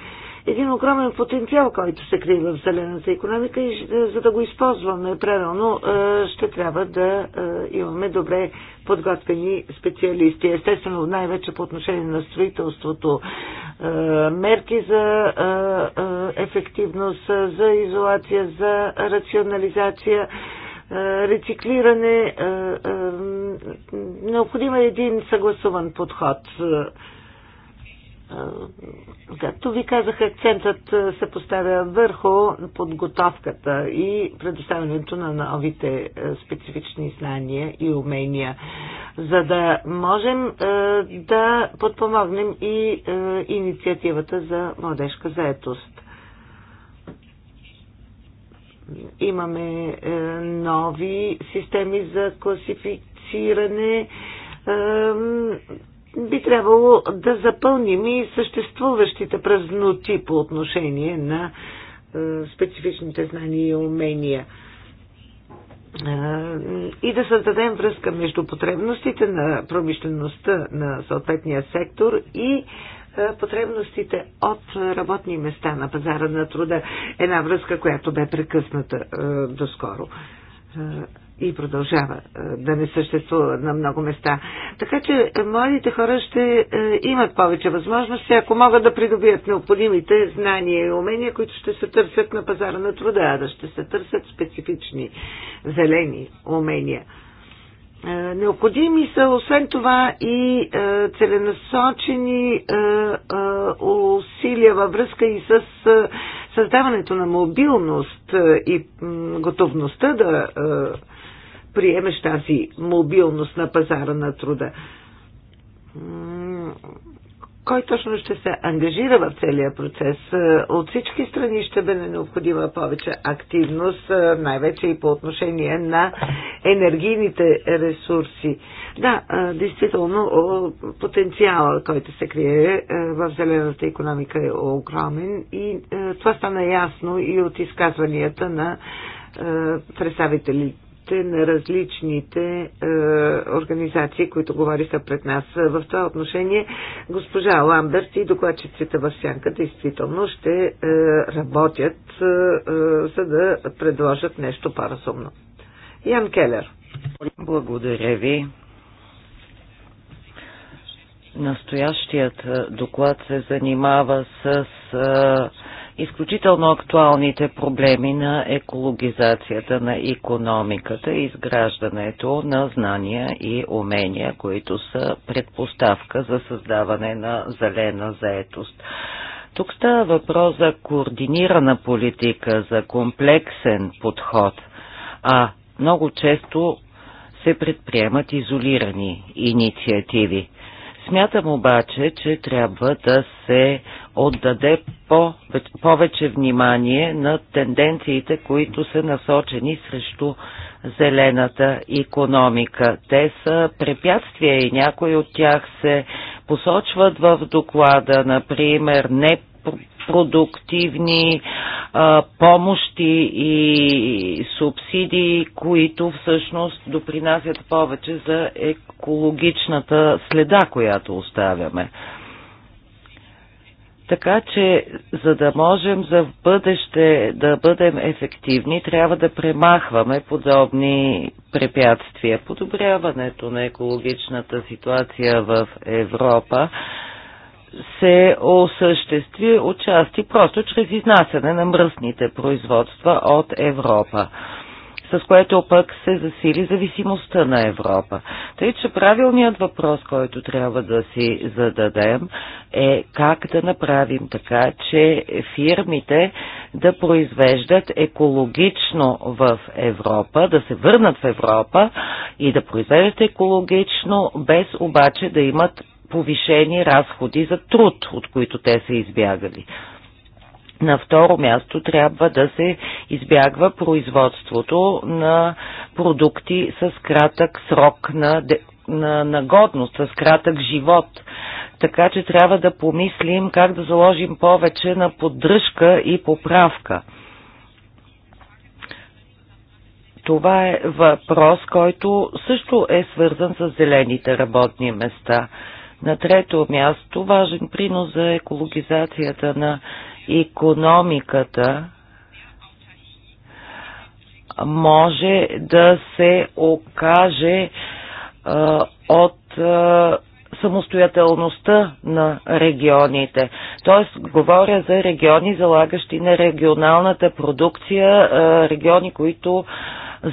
един огромен потенциал, който се крие в зелената економика и за да го използваме правилно, е, ще трябва да имаме добре подготвени специалисти. Естествено, най-вече по отношение на строителството, мерки за ефективност, за изолация, за рационализация рециклиране. Необходим е един съгласуван подход. Както ви казах, акцентът се поставя върху подготовката и предоставянето на новите специфични знания и умения, за да можем да подпомогнем и инициативата за младежка заетост. Имаме е, нови системи за класифициране. Е, би трябвало да запълним и съществуващите празноти по отношение на е, специфичните знания и умения и да създадем връзка между потребностите на промишлеността на съответния сектор и е, потребностите от работни места на пазара на труда. Една връзка, която бе прекъсната е, доскоро е, и продължава да не съществува на много места. Така че младите хора ще имат повече възможности, ако могат да придобият необходимите знания и умения, които ще се търсят на пазара на труда, а да ще се търсят специфични зелени умения. Е, необходими са, освен това, и е, целенасочени е, усилия във връзка и с създаването на мобилност и готовността да приемеш тази мобилност на пазара на труда кой точно ще се ангажира в целия процес. Е, от всички страни ще бъде необходима повече активност, е, най-вече и по отношение на енергийните ресурси. Да, е, действително, потенциала, който се крие в зелената економика е огромен и това стана ясно и от изказванията на представители на различните е, организации, които говориха пред нас. В това отношение госпожа Ламберт и докладчиците в Сянка действително ще е, работят, е, е за да предложат нещо по-разумно. Ян Келер. Благодаря ви. Настоящият е, доклад се занимава с е, изключително актуалните проблеми на екологизацията на економиката и изграждането на знания и умения, които са предпоставка за създаване на зелена заетост. Тук става въпрос за координирана политика, за комплексен подход, а много често се предприемат изолирани инициативи. Смятам обаче, че трябва да се отдаде повече внимание на тенденциите, които са насочени срещу зелената економика. Те са препятствия и някои от тях се посочват в доклада, например не продуктивни а, помощи и субсидии, които всъщност допринасят повече за екологичната следа, която оставяме. Така че, за да можем за в бъдеще да бъдем ефективни, трябва да премахваме подобни препятствия. Подобряването на екологичната ситуация в Европа се осъществи отчасти просто чрез изнасяне на мръсните производства от Европа с което пък се засили зависимостта на Европа. Тъй, че правилният въпрос, който трябва да си зададем е как да направим така, че фирмите да произвеждат екологично в Европа, да се върнат в Европа и да произвеждат екологично, без обаче да имат повишени разходи за труд, от които те са избягали. На второ място трябва да се избягва производството на продукти с кратък срок на, на, на годност, с кратък живот. Така че трябва да помислим как да заложим повече на поддръжка и поправка. Това е въпрос, който също е свързан с зелените работни места. На трето място важен принос за екологизацията на економиката може да се окаже а, от а, самостоятелността на регионите. Тоест, говоря за региони, залагащи на регионалната продукция, региони, които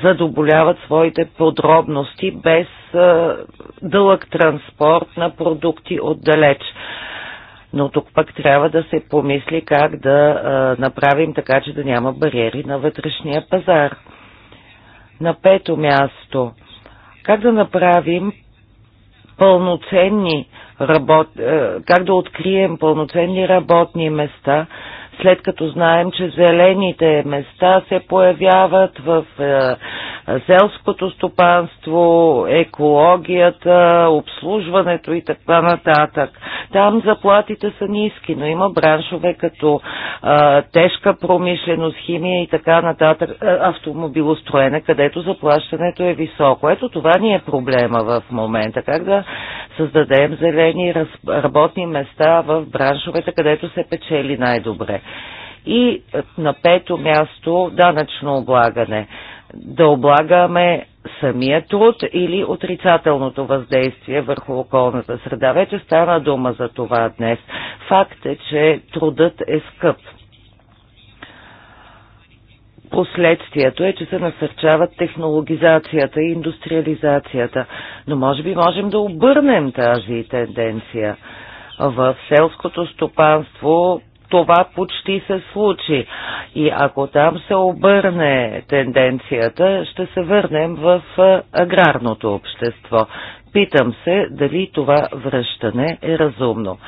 задоболяват своите подробности без дълъг транспорт на продукти отдалеч. Но тук пък трябва да се помисли как да а, направим така, че да няма бариери на вътрешния пазар. На пето място, как да направим пълноценни работ... как да открием пълноценни работни места след като знаем, че зелените места се появяват в е, селското стопанство, екологията, обслужването и така нататък. Там заплатите са ниски, но има браншове като а, е, тежка промишленост, химия и така нататък, е, автомобилостроене, където заплащането е високо. Ето това ни е проблема в момента. Как да създадем зелени работни места в браншовете, където се печели най-добре. И е, на пето място данъчно облагане. Да облагаме самия труд или отрицателното въздействие върху околната среда. Вече стана дума за това днес. Факт е, че трудът е скъп Последствието е, че се насърчават технологизацията и индустриализацията. Но може би можем да обърнем тази тенденция. В селското стопанство това почти се случи. И ако там се обърне тенденцията, ще се върнем в аграрното общество. Питам се дали това връщане е разумно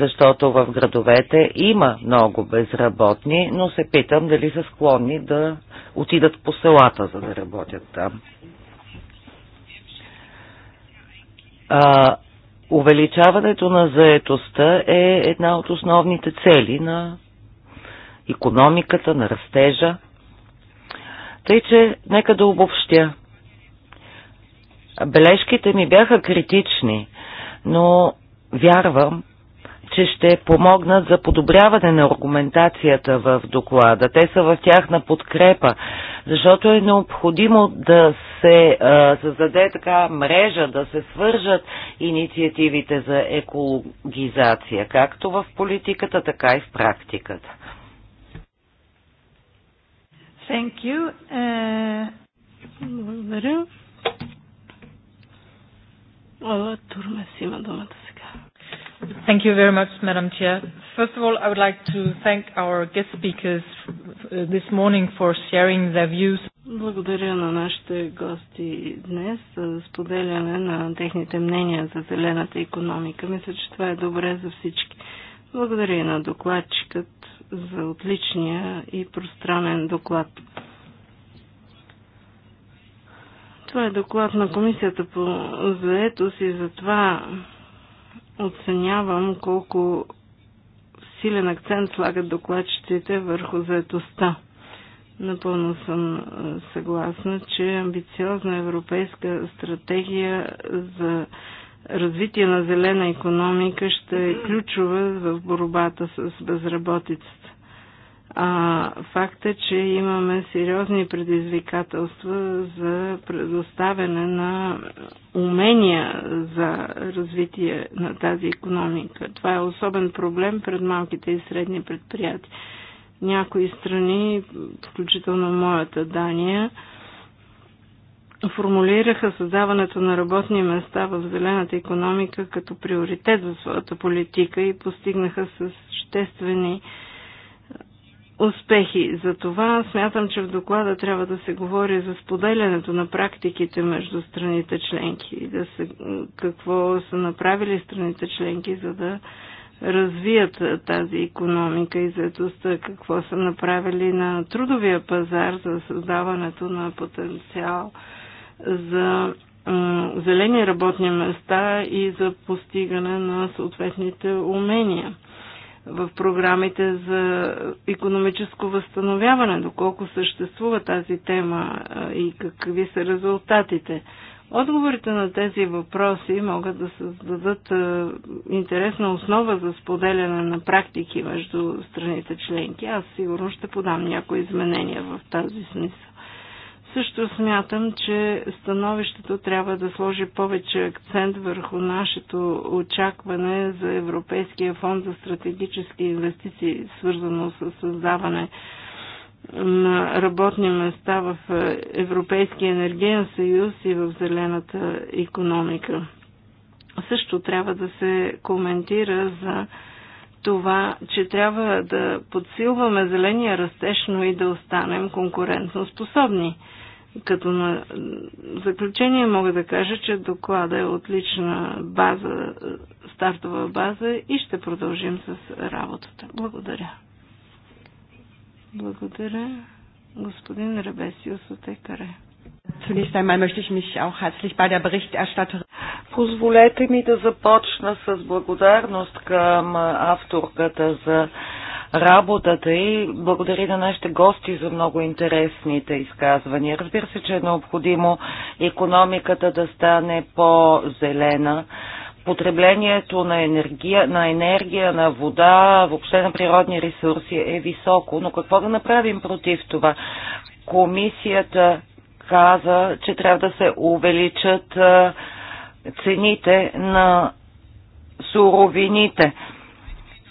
защото в градовете има много безработни, но се питам дали са склонни да отидат по селата, за да работят там. А, увеличаването на заетостта е една от основните цели на економиката, на растежа. Тъй, че нека да обобщя. Бележките ми бяха критични, но вярвам, че ще помогнат за подобряване на аргументацията в доклада. Те са в тяхна подкрепа, защото е необходимо да се а, създаде така мрежа, да се свържат инициативите за екологизация, както в политиката, така и в практиката. Thank you. Uh, благодаря. Турмес има думата Thank you very much, Madam Chair. First of all, I would like to thank our guest speakers uh, this morning for sharing their views. Благодаря на нашите гости днес за споделяне на техните мнения за зелената економика. Мисля, че това е добре за всички. Благодаря и на докладчикът за отличния и пространен доклад. Това е доклад на Комисията по заетост и затова оценявам колко силен акцент слагат докладчиците върху заетостта. Напълно съм е, съгласна, че амбициозна европейска стратегия за развитие на зелена економика ще е ключова в борбата с безработицата а, факта, че имаме сериозни предизвикателства за предоставяне на умения за развитие на тази економика. Това е особен проблем пред малките и средни предприятия. Някои страни, включително моята Дания, формулираха създаването на работни места в зелената економика като приоритет за своята политика и постигнаха съществени ществени успехи. За това смятам, че в доклада трябва да се говори за споделянето на практиките между страните членки и да се, какво са направили страните членки, за да развият тази економика и заедостта, какво са направили на трудовия пазар за създаването на потенциал за зелени работни места и за постигане на съответните умения в програмите за економическо възстановяване, доколко съществува тази тема и какви са резултатите. Отговорите на тези въпроси могат да създадат интересна основа за споделяне на практики между страните членки. Аз сигурно ще подам някои изменения в тази смисъл. Също смятам, че становището трябва да сложи повече акцент върху нашето очакване за Европейския фонд за стратегически инвестиции, свързано с създаване на работни места в Европейския енергиен съюз и в зелената економика. Също трябва да се коментира за това, че трябва да подсилваме зеления растеж, но и да останем конкурентно способни. Като на заключение мога да кажа, че доклада е отлична база, стартова база и ще продължим с работата. Благодаря. Благодаря, господин Ребесиус от Екаре. Zunächst einmal möchte ich mich auch herzlich bei der Berichterstatterin. Позволете ми да започна с благодарност към авторката за работата и благодаря на нашите гости за много интересните изказвания. Разбира се, че е необходимо економиката да стане по-зелена. Потреблението на енергия, на енергия, на вода, въобще на природни ресурси е високо, но какво да направим против това? Комисията каза, че трябва да се увеличат цените на суровините.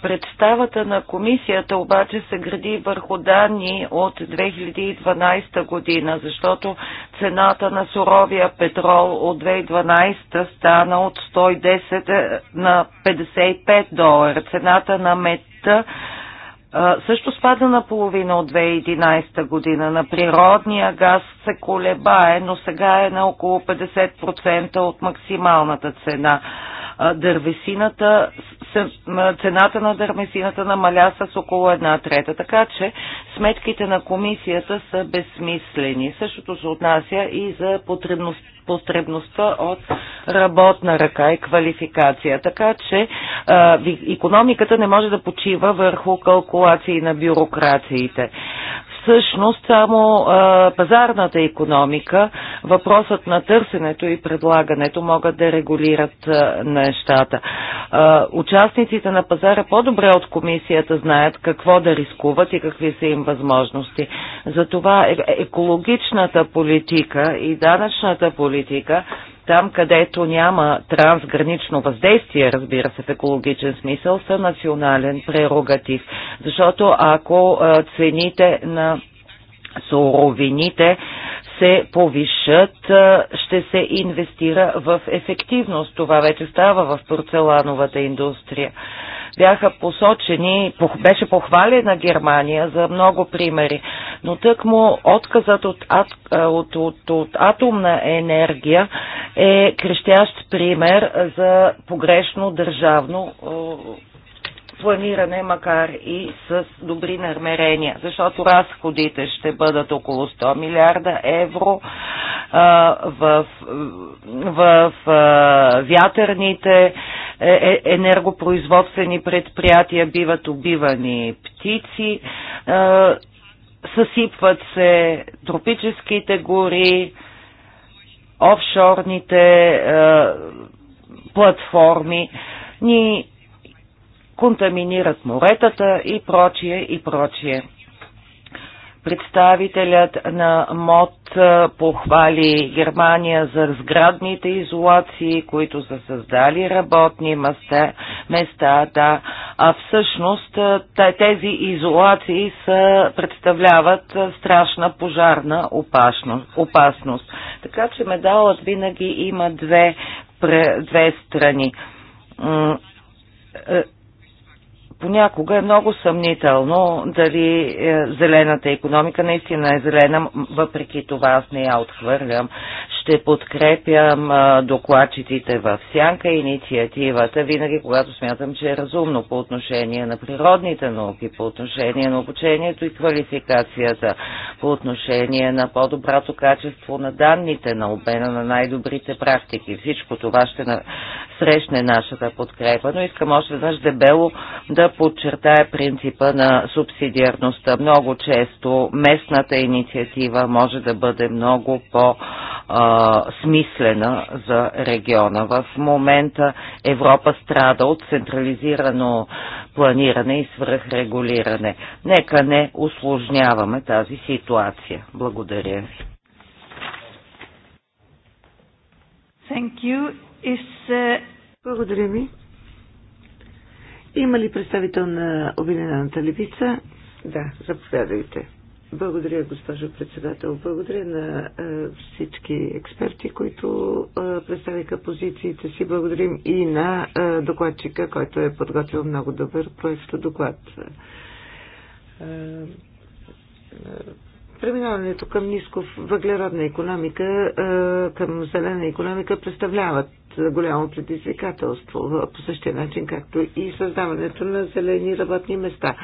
Представата на комисията обаче се гради върху данни от 2012 година, защото цената на суровия петрол от 2012 стана от 110 на 55 долара. Цената на мета също спада на половина от 2011 година. На природния газ се колебае, но сега е на около 50% от максималната цена. Дървесината, цената на дървесината намаля с около една трета, така че сметките на комисията са безсмислени. Същото се отнася и за потребността потребността от работна ръка и квалификация. Така че а, економиката не може да почива върху калкулации на бюрокрациите всъщност само а, пазарната економика, въпросът на търсенето и предлагането могат да регулират а, нещата. А, участниците на пазара по-добре от комисията знаят какво да рискуват и какви са им възможности. Затова е, е, екологичната политика и данъчната политика политика, там където няма трансгранично въздействие, разбира се, в екологичен смисъл, са национален прерогатив. Защото ако цените на суровините се повишат, ще се инвестира в ефективност. Това вече става в порцелановата индустрия бяха посочени, беше похвалена Германия за много примери, но тък му отказът от, от, от, от, от атомна енергия е крещящ пример за погрешно държавно планиране, макар и с добри намерения, защото разходите ще бъдат около 100 милиарда евро в, в, в вятърните е, е, енергопроизводствени предприятия биват убивани птици, съсипват се тропическите гори, офшорните платформи. Ни контаминират моретата и прочие и прочие. Представителят на МОД похвали Германия за сградните изолации, които са създали работни места, места да, а всъщност тези изолации са, представляват страшна пожарна опасност. Така че медалът винаги има две, две страни понякога е много съмнително дали е, зелената економика наистина е зелена, въпреки това аз не я отхвърлям ще подкрепям докладчиците в сянка инициативата, винаги когато смятам, че е разумно по отношение на природните науки, по отношение на обучението и квалификацията, по отношение на по-доброто качество на данните, на обмена на най-добрите практики. Всичко това ще срещне нашата подкрепа, но искам още веднъж дебело да подчертая принципа на субсидиарността. Много често местната инициатива може да бъде много по- а, смислена за региона. В момента Европа страда от централизирано планиране и свръхрегулиране. Нека не усложняваме тази ситуация. Благодаря ви. Thank you. Is, uh... Благодаря ви. Има ли представител на Обединената левица? Да, заповядайте. Благодаря, госпожо председател. Благодаря на всички експерти, които представиха позициите си. Благодарим и на докладчика, който е подготвил много добър проект доклад. Преминаването към ниско въглеродна економика, към зелена економика представляват голямо предизвикателство, по същия начин както и създаването на зелени работни места.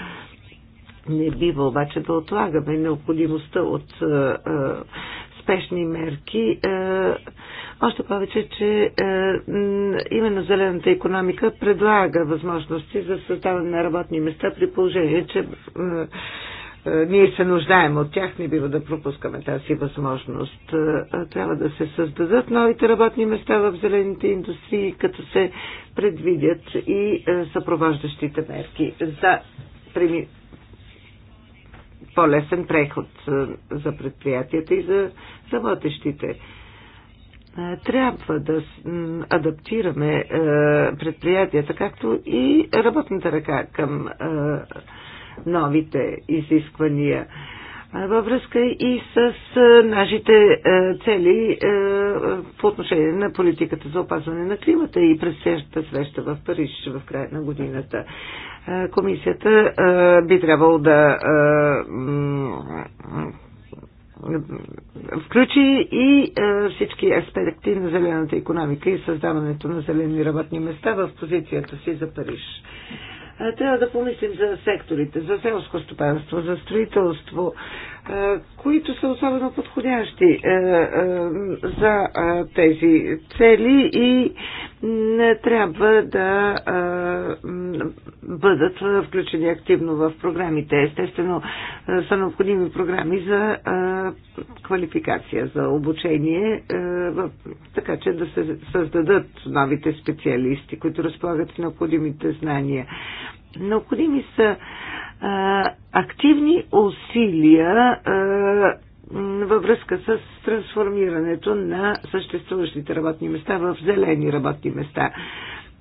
Не бива обаче да отлагаме необходимостта от е, е, спешни мерки. Е, още повече, че именно зелената економика предлага възможности за създаване на работни места при положение, че ние се нуждаем от тях, не бива да пропускаме тази възможност. Трябва да се създадат новите работни места в зелените индустрии, като се предвидят и съпровождащите мерки за по-лесен преход е, за предприятията и за работещите. Е, трябва да адаптираме е, предприятията, както и работната ръка към новите изисквания във връзка и с нашите цели по отношение на политиката за опазване на климата и предстоящата среща в Париж в края на годината. Е, комисията е, би трябвало да е, включи и всички аспекти на зелената економика и създаването на зелени работни места в позицията си за Париж. Трябва да помислим за секторите, за селско стопанство, за строителство, които са особено подходящи за тези цели и не трябва да бъдат включени активно в програмите. Естествено са необходими програми за квалификация, за обучение, така че да се създадат новите специалисти, които разполагат необходимите знания. Необходими са активни усилия във връзка с трансформирането на съществуващите работни места в зелени работни места.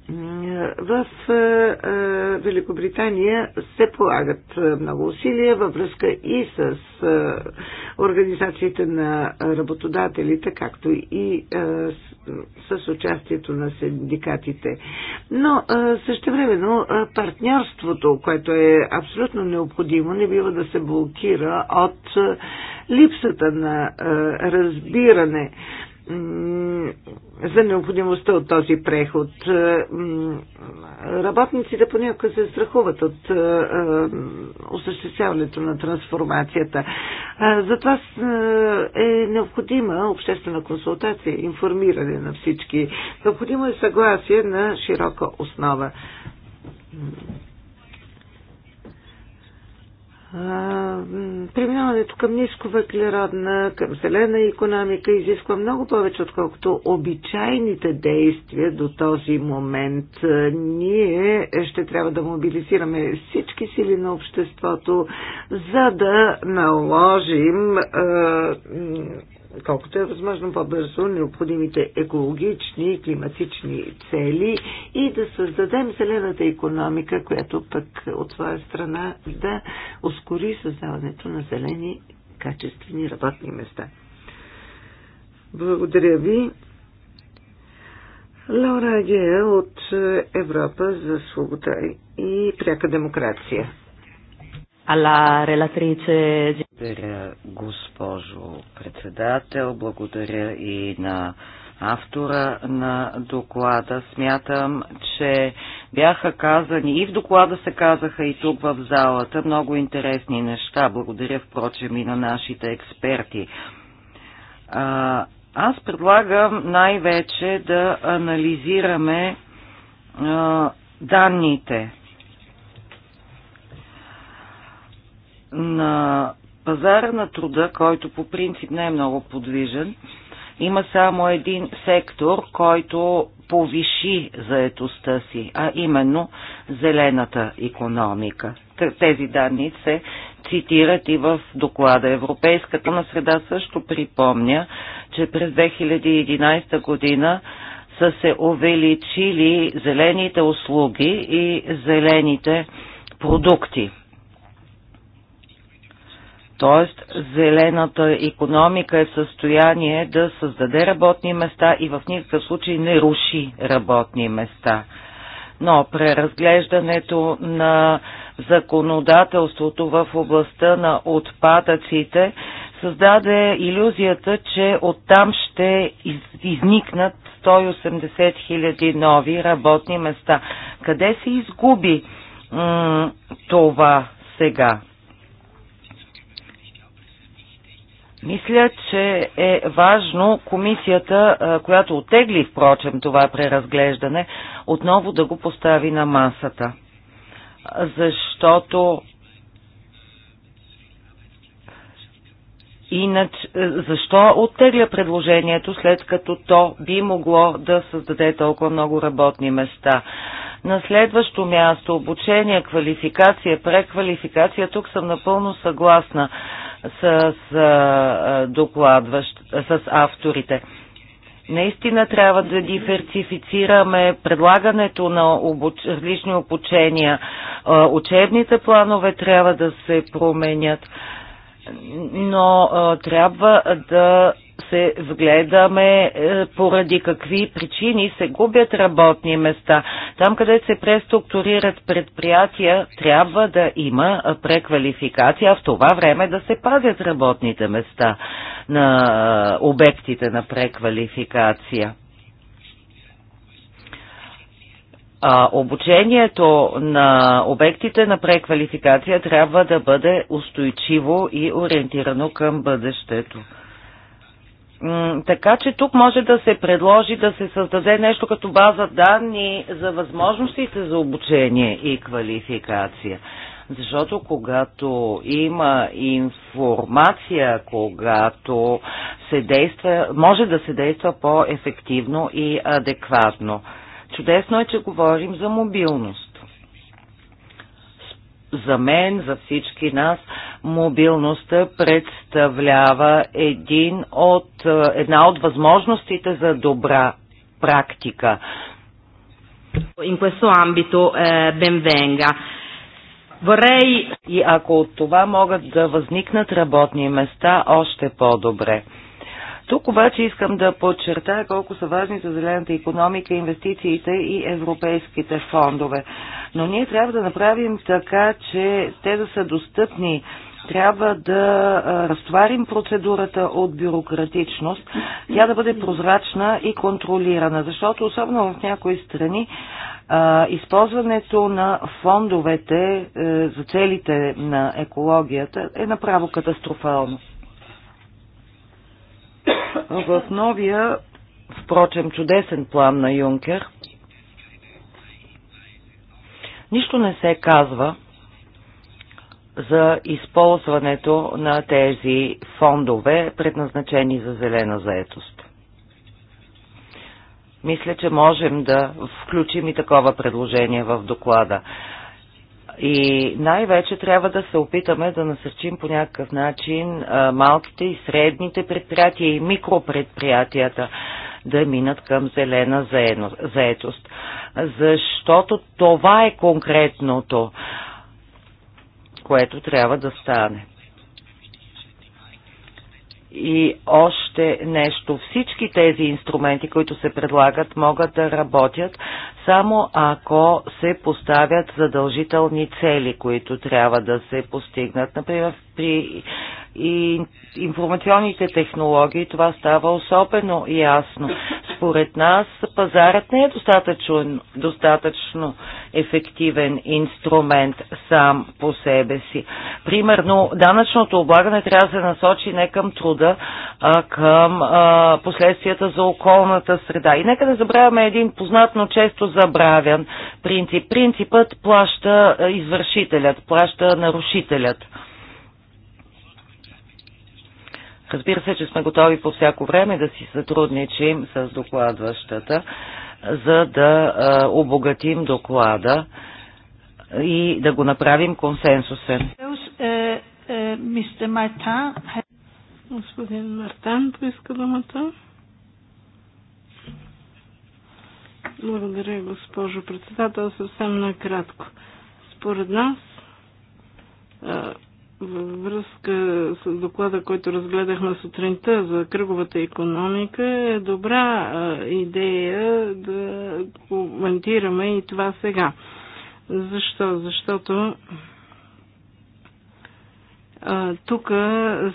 В е, е, Великобритания се полагат е, много усилия във връзка и с организациите на работодателите, както и с участието на синдикатите. Но същевременно партньорството, което е абсолютно необходимо, не бива да се блокира от липсата на разбиране за необходимостта от този преход. Е, работниците понякога се страхуват от е, е, осъществяването на трансформацията. Затова е необходима обществена консултация, информиране на всички. Необходимо е съгласие на широка основа преминаването към ниско въглеродна, към зелена економика изисква много повече, отколкото обичайните действия до този момент. Ние ще трябва да мобилизираме всички сили на обществото, за да наложим колкото е възможно по-бързо необходимите екологични и климатични цели и да създадем зелената економика, която пък от своя страна да ускори създаването на зелени качествени работни места. Благодаря ви. Лаура Агея от Европа за свобода и пряка демокрация alla relatrice. Благодаря, госпожо председател. Благодаря и на автора на доклада. Смятам, че бяха казани и в доклада се казаха и тук в залата много интересни неща. Благодаря, впрочем, и на нашите експерти. А, аз предлагам най-вече да анализираме а, данните на пазара на труда, който по принцип не е много подвижен, има само един сектор, който повиши заетостта си, а именно зелената економика. Тези данни се цитират и в доклада. Европейската на среда също припомня, че през 2011 година са се увеличили зелените услуги и зелените продукти. Т.е. зелената економика е в състояние да създаде работни места и в никакъв случай не руши работни места. Но преразглеждането на законодателството в областта на отпадъците създаде иллюзията, че оттам ще изникнат 180 хиляди нови работни места. Къде се изгуби това сега? Мисля, че е важно комисията, която отегли, впрочем, това преразглеждане, отново да го постави на масата. Защото Иначе, защо оттегля предложението, след като то би могло да създаде толкова много работни места? На следващо място обучение, квалификация, преквалификация, тук съм напълно съгласна с докладващ, с авторите. Наистина трябва да диверсифицираме предлагането на обуч... различни обучения. Учебните планове трябва да се променят но а, трябва да се вгледаме е, поради какви причини се губят работни места. Там, където се преструктурират предприятия, трябва да има преквалификация, а в това време да се пазят работните места на е, обектите на преквалификация. а, обучението на обектите на преквалификация трябва да бъде устойчиво и ориентирано към бъдещето. Така че тук може да се предложи да се създаде нещо като база данни за възможностите за обучение и квалификация. Защото когато има информация, когато се действа, може да се действа по-ефективно и адекватно. Чудесно е, че говорим за мобилност. За мен, за всички нас, мобилността представлява един от, една от възможностите за добра практика. In questo ambito eh, benvenga. Vorrei... И ако от това могат да възникнат работни места, още по-добре. Тук обаче искам да подчертая колко са важни за зелената економика, инвестициите и европейските фондове. Но ние трябва да направим така, че те да са достъпни трябва да разтоварим процедурата от бюрократичност, тя да бъде прозрачна и контролирана, защото особено в някои страни използването на фондовете е, за целите на екологията е направо катастрофално. В новия, впрочем, чудесен план на Юнкер, нищо не се казва за използването на тези фондове, предназначени за зелена заетост. Мисля, че можем да включим и такова предложение в доклада. И най-вече трябва да се опитаме да насърчим по някакъв начин малките и средните предприятия и микропредприятията да минат към зелена заетост. Защото това е конкретното, което трябва да стане. И още нещо, всички тези инструменти, които се предлагат, могат да работят само ако се поставят задължителни цели, които трябва да се постигнат. Например, при и информационните технологии, това става особено ясно. Според нас пазарът не е достатъчно, достатъчно ефективен инструмент сам по себе си. Примерно, данъчното облагане трябва да се насочи не към труда, а към а, последствията за околната среда. И нека да забравяме един познат, но често забравян принцип. Принципът плаща извършителят, плаща нарушителят. Разбира се, че сме готови по всяко време да си сътрудничим с докладващата, за да обогатим доклада и да го направим консенсусен. Мистер Господин Мартан поиска думата. Благодаря, госпожо председател. Съвсем накратко. Според нас във връзка с доклада, който разгледахме сутринта за кръговата економика, е добра идея да коментираме и това сега. Защо? Защото тук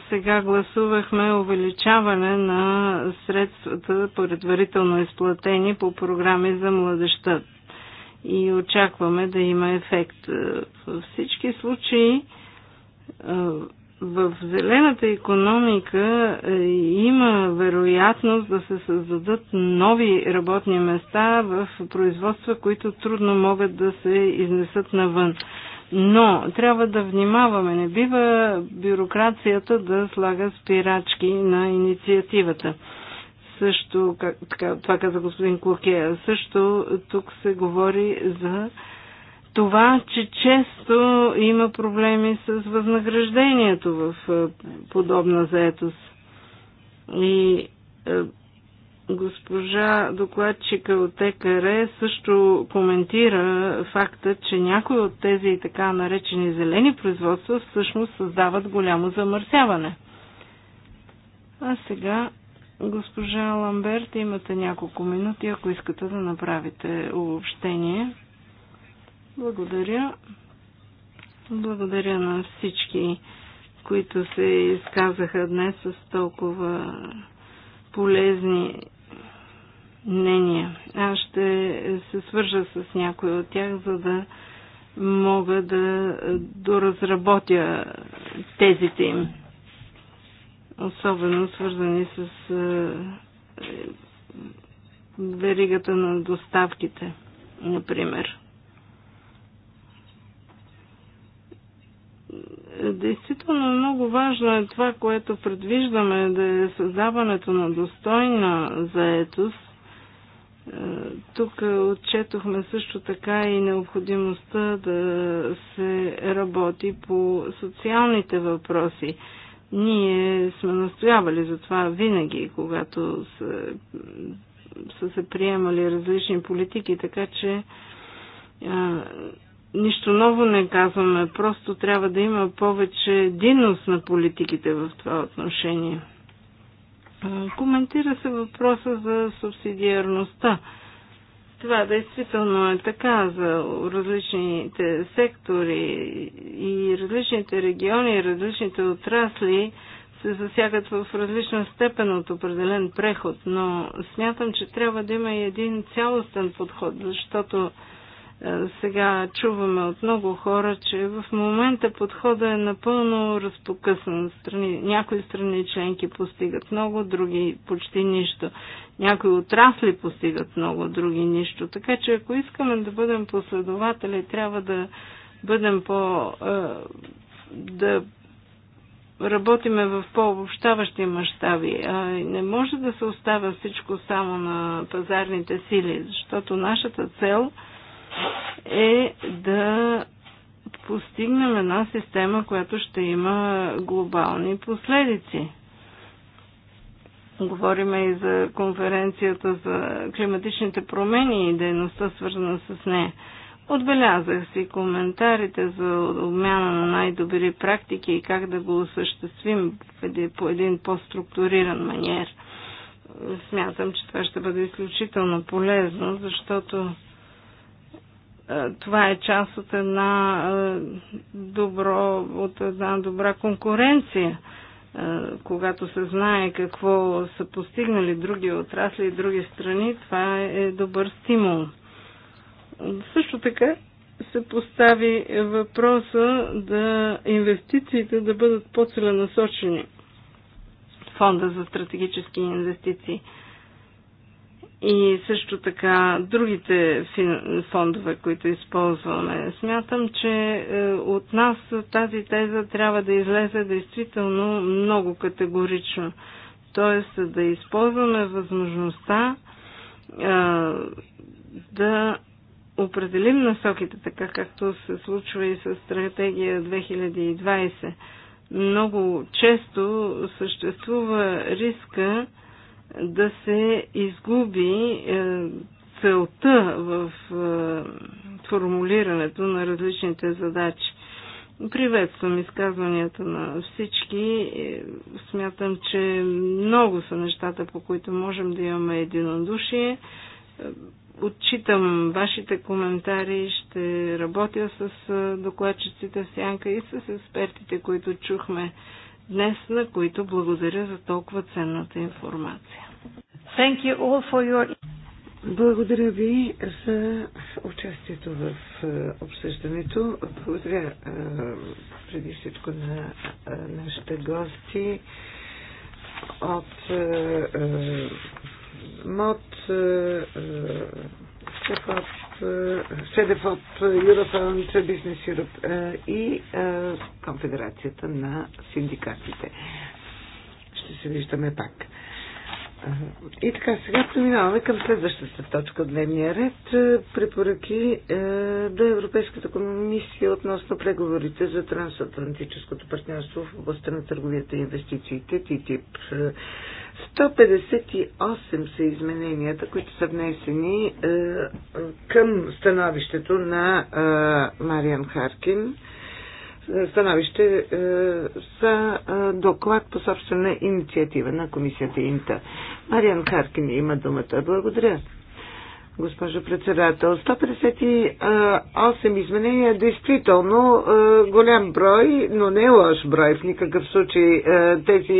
сега гласувахме увеличаване на средствата предварително изплатени по програми за младеща и очакваме да има ефект. Във всички случаи в зелената економика е, има вероятност да се създадат нови работни места в производства, които трудно могат да се изнесат навън. Но трябва да внимаваме, не бива бюрокрацията да слага спирачки на инициативата. Също, как, така, това каза господин Клокея, също тук се говори за това, че често има проблеми с възнаграждението в е, подобна заетост. И е, госпожа докладчика от ЕКР също коментира факта, че някои от тези така наречени зелени производства всъщност създават голямо замърсяване. А сега, госпожа Ламберт, имате няколко минути, ако искате да направите обобщение. Благодаря. Благодаря на всички, които се изказаха днес с толкова полезни мнения. Аз ще се свържа с някой от тях, за да мога да доразработя тезите им. Особено свързани с е, веригата на доставките, например. Е, действително много важно е това, което предвиждаме, да е създаването на достойна заетост. Е, тук отчетохме също така и необходимостта да се работи по социалните въпроси. Ние сме настоявали за това винаги, когато са, са се приемали различни политики, така че е, нищо ново не казваме, просто трябва да има повече единност на политиките в това отношение. Коментира се въпроса за субсидиарността. Това действително е така за различните сектори и различните региони, и различните отрасли се засягат в различна степен от определен преход, но смятам, че трябва да има и един цялостен подход, защото е, сега чуваме от много хора, че в момента подхода е напълно разпокъсан. Страни, някои страни членки постигат много, други почти нищо. Някои отрасли постигат много, други нищо. Така че ако искаме да бъдем последователи, трябва да бъдем по... Е, да работиме в по-обобщаващи мащаби. Не може да се оставя всичко само на пазарните сили, защото нашата цел е е да постигнем една система, която ще има глобални последици. Говориме и за конференцията за климатичните промени и дейността свързана с нея. Отбелязах си коментарите за обмяна на най-добри практики и как да го осъществим по един по-структуриран манер. Смятам, че това ще бъде изключително полезно, защото е, това е част от една е, добро, от една добра конкуренция, е, когато се знае какво са постигнали други отрасли и други страни, това е добър стимул. Също така се постави въпроса да инвестициите да бъдат по-целенасочени. Фонда за стратегически инвестиции – и също така другите фондове, които използваме. Смятам, че е, от нас тази теза трябва да излезе действително много категорично. Тоест да използваме възможността е, да определим насоките, така както се случва и с стратегия 2020. Много често съществува риска да се изгуби е, целта в е, формулирането на различните задачи. Приветствам изказванията на всички. Е, смятам, че много са нещата, по които можем да имаме единодушие. Отчитам вашите коментари, ще работя с докладчиците в Сянка и с експертите, които чухме днес, на които благодаря за толкова ценната информация. Thank you all for your... Благодаря ви за участието в е, обсъждането. Благодаря е, преди всичко на е, нашите гости от МОД ЕФАП, СЕДЕФАП, Юрофаунд, Бизнес Юроп и е, Конфедерацията на синдикатите. Ще се виждаме пак. Е, и така, сега преминаваме към следващата точка от дневния ред. Е, препоръки е, до Европейската комисия относно преговорите за трансатлантическото партньорство в областта на търговията и инвестициите, ТТИП. 158 са измененията, които са внесени е, към становището на е, Мариан Харкин. Становище е, са е, доклад по собствена инициатива на комисията Инта. Мариан Харкин има думата. Благодаря госпожо председател. 158 изменения е действително е, голям брой, но не е лош брой в никакъв случай. Е, тези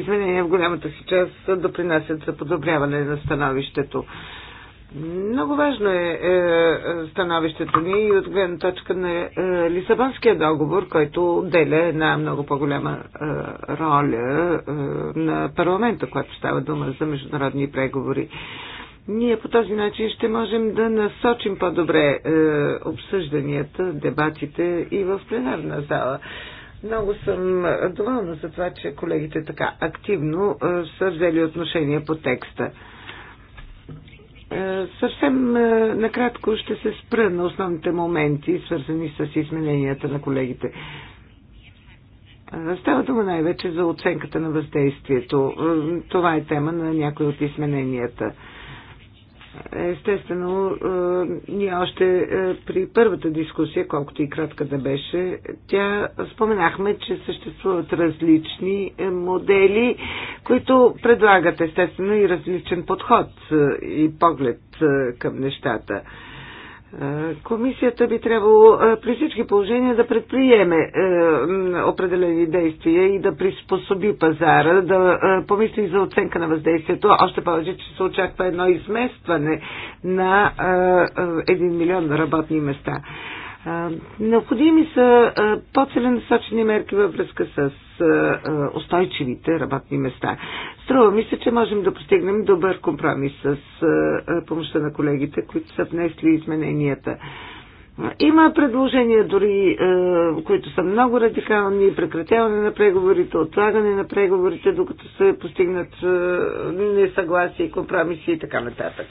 изменения в голямата си част допринасят за подобряване на становището. Много важно е, е становището ни и от гледна точка на Лисабонския договор, който отделя една много по-голяма роля на парламента, когато става дума за международни преговори. Ние по този начин ще можем да насочим по-добре е, обсъжданията, дебатите и в пленарна зала. Много съм доволна за това, че колегите така активно е, са взели отношение по текста. Е, съвсем е, накратко ще се спра на основните моменти, свързани с измененията на колегите. Е, става дума най-вече за оценката на въздействието. Е, това е тема на някои от измененията. Естествено, е, ние още е, при първата дискусия, колкото и кратка да беше, тя споменахме, че съществуват различни е, модели, които предлагат естествено и различен подход и поглед към нещата. Комисията би трябвало при всички положения да предприеме определени действия и да приспособи пазара, да помисли за оценка на въздействието, още повече, че се очаква едно изместване на 1 милион работни места. Необходими са по-целенасочени мерки във връзка с устойчивите работни места. Струва ми се, че можем да постигнем добър компромис с помощта на колегите, които са внесли измененията. Има предложения дори, които са много радикални, прекратяване на преговорите, отлагане на преговорите, докато се постигнат несъгласия, компромиси и така нататък.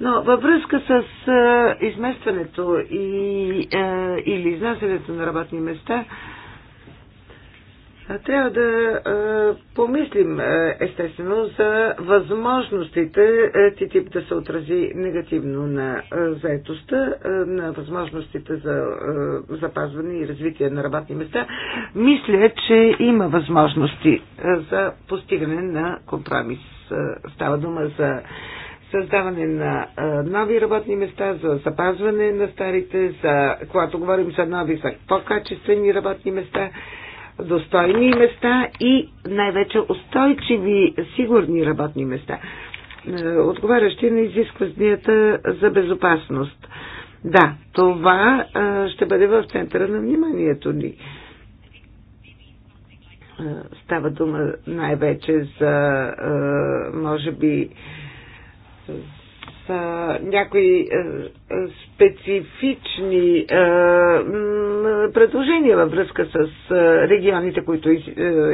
Но във връзка с а, изместването и, а, или изнасянето на работни места, а, трябва да а, помислим а, естествено за възможностите а, ТТИП да се отрази негативно на а, заетостта, а, на възможностите за а, запазване и развитие на работни места. Мисля, че има възможности а, за постигане на компромис. А, става дума за а, създаване на нови работни места, за запазване на старите, за, когато говорим за нови, за по-качествени работни места, достойни места и най-вече устойчиви, сигурни работни места, е, отговарящи на изискванията за безопасност. Да, това ще бъде в центъра на вниманието ни. Е, става дума най-вече за, е, може би, а, някои специфични предложения във връзка с регионите, които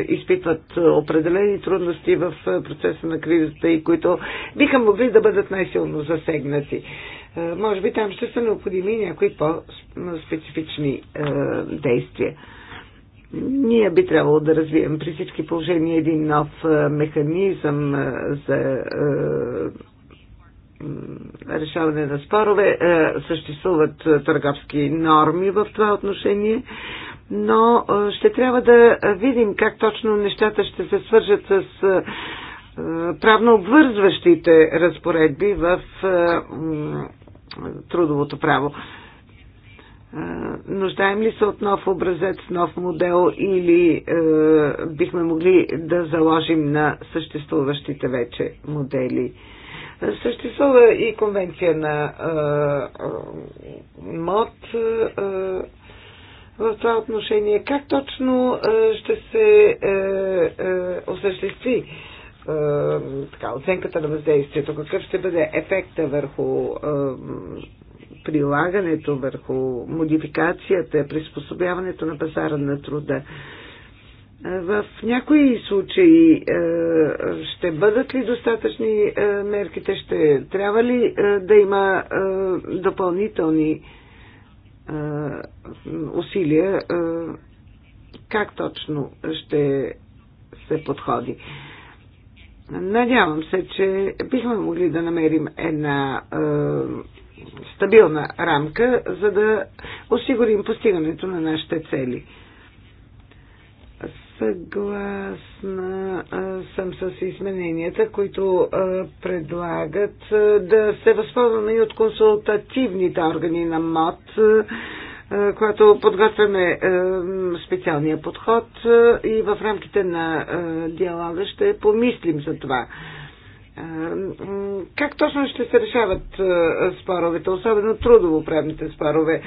изпитват определени трудности в процеса на кризата и които биха могли да бъдат най-силно засегнати. Може би там ще са необходими някои по-специфични действия. Ние би трябвало да развием при всички положения един нов механизъм за решаване на спорове. Е, съществуват е, търговски норми в това отношение, но е, ще трябва да видим как точно нещата ще се свържат с правно обвързващите разпоредби в трудовото право. Нуждаем ли се от нов образец, нов модел или е, бихме могли да заложим на съществуващите вече модели? Съществува и конвенция на МОД в това отношение. Как точно ще се осъществи така, оценката на въздействието? Какъв ще бъде ефекта върху прилагането, върху модификацията, приспособяването на пазара на труда? В някои случаи е, ще бъдат ли достатъчни е, мерките, ще трябва ли е, да има допълнителни усилия, как точно ще се подходи. Надявам се, че бихме могли да намерим една стабилна рамка, за да осигурим постигането на нашите цели. Съгласна съм с измененията, които предлагат да се възползваме и от консултативните органи на МОД, когато подготвяме специалния подход и в рамките на диалога ще помислим за това. Как точно ще се решават споровете, особено трудово-правните спорове?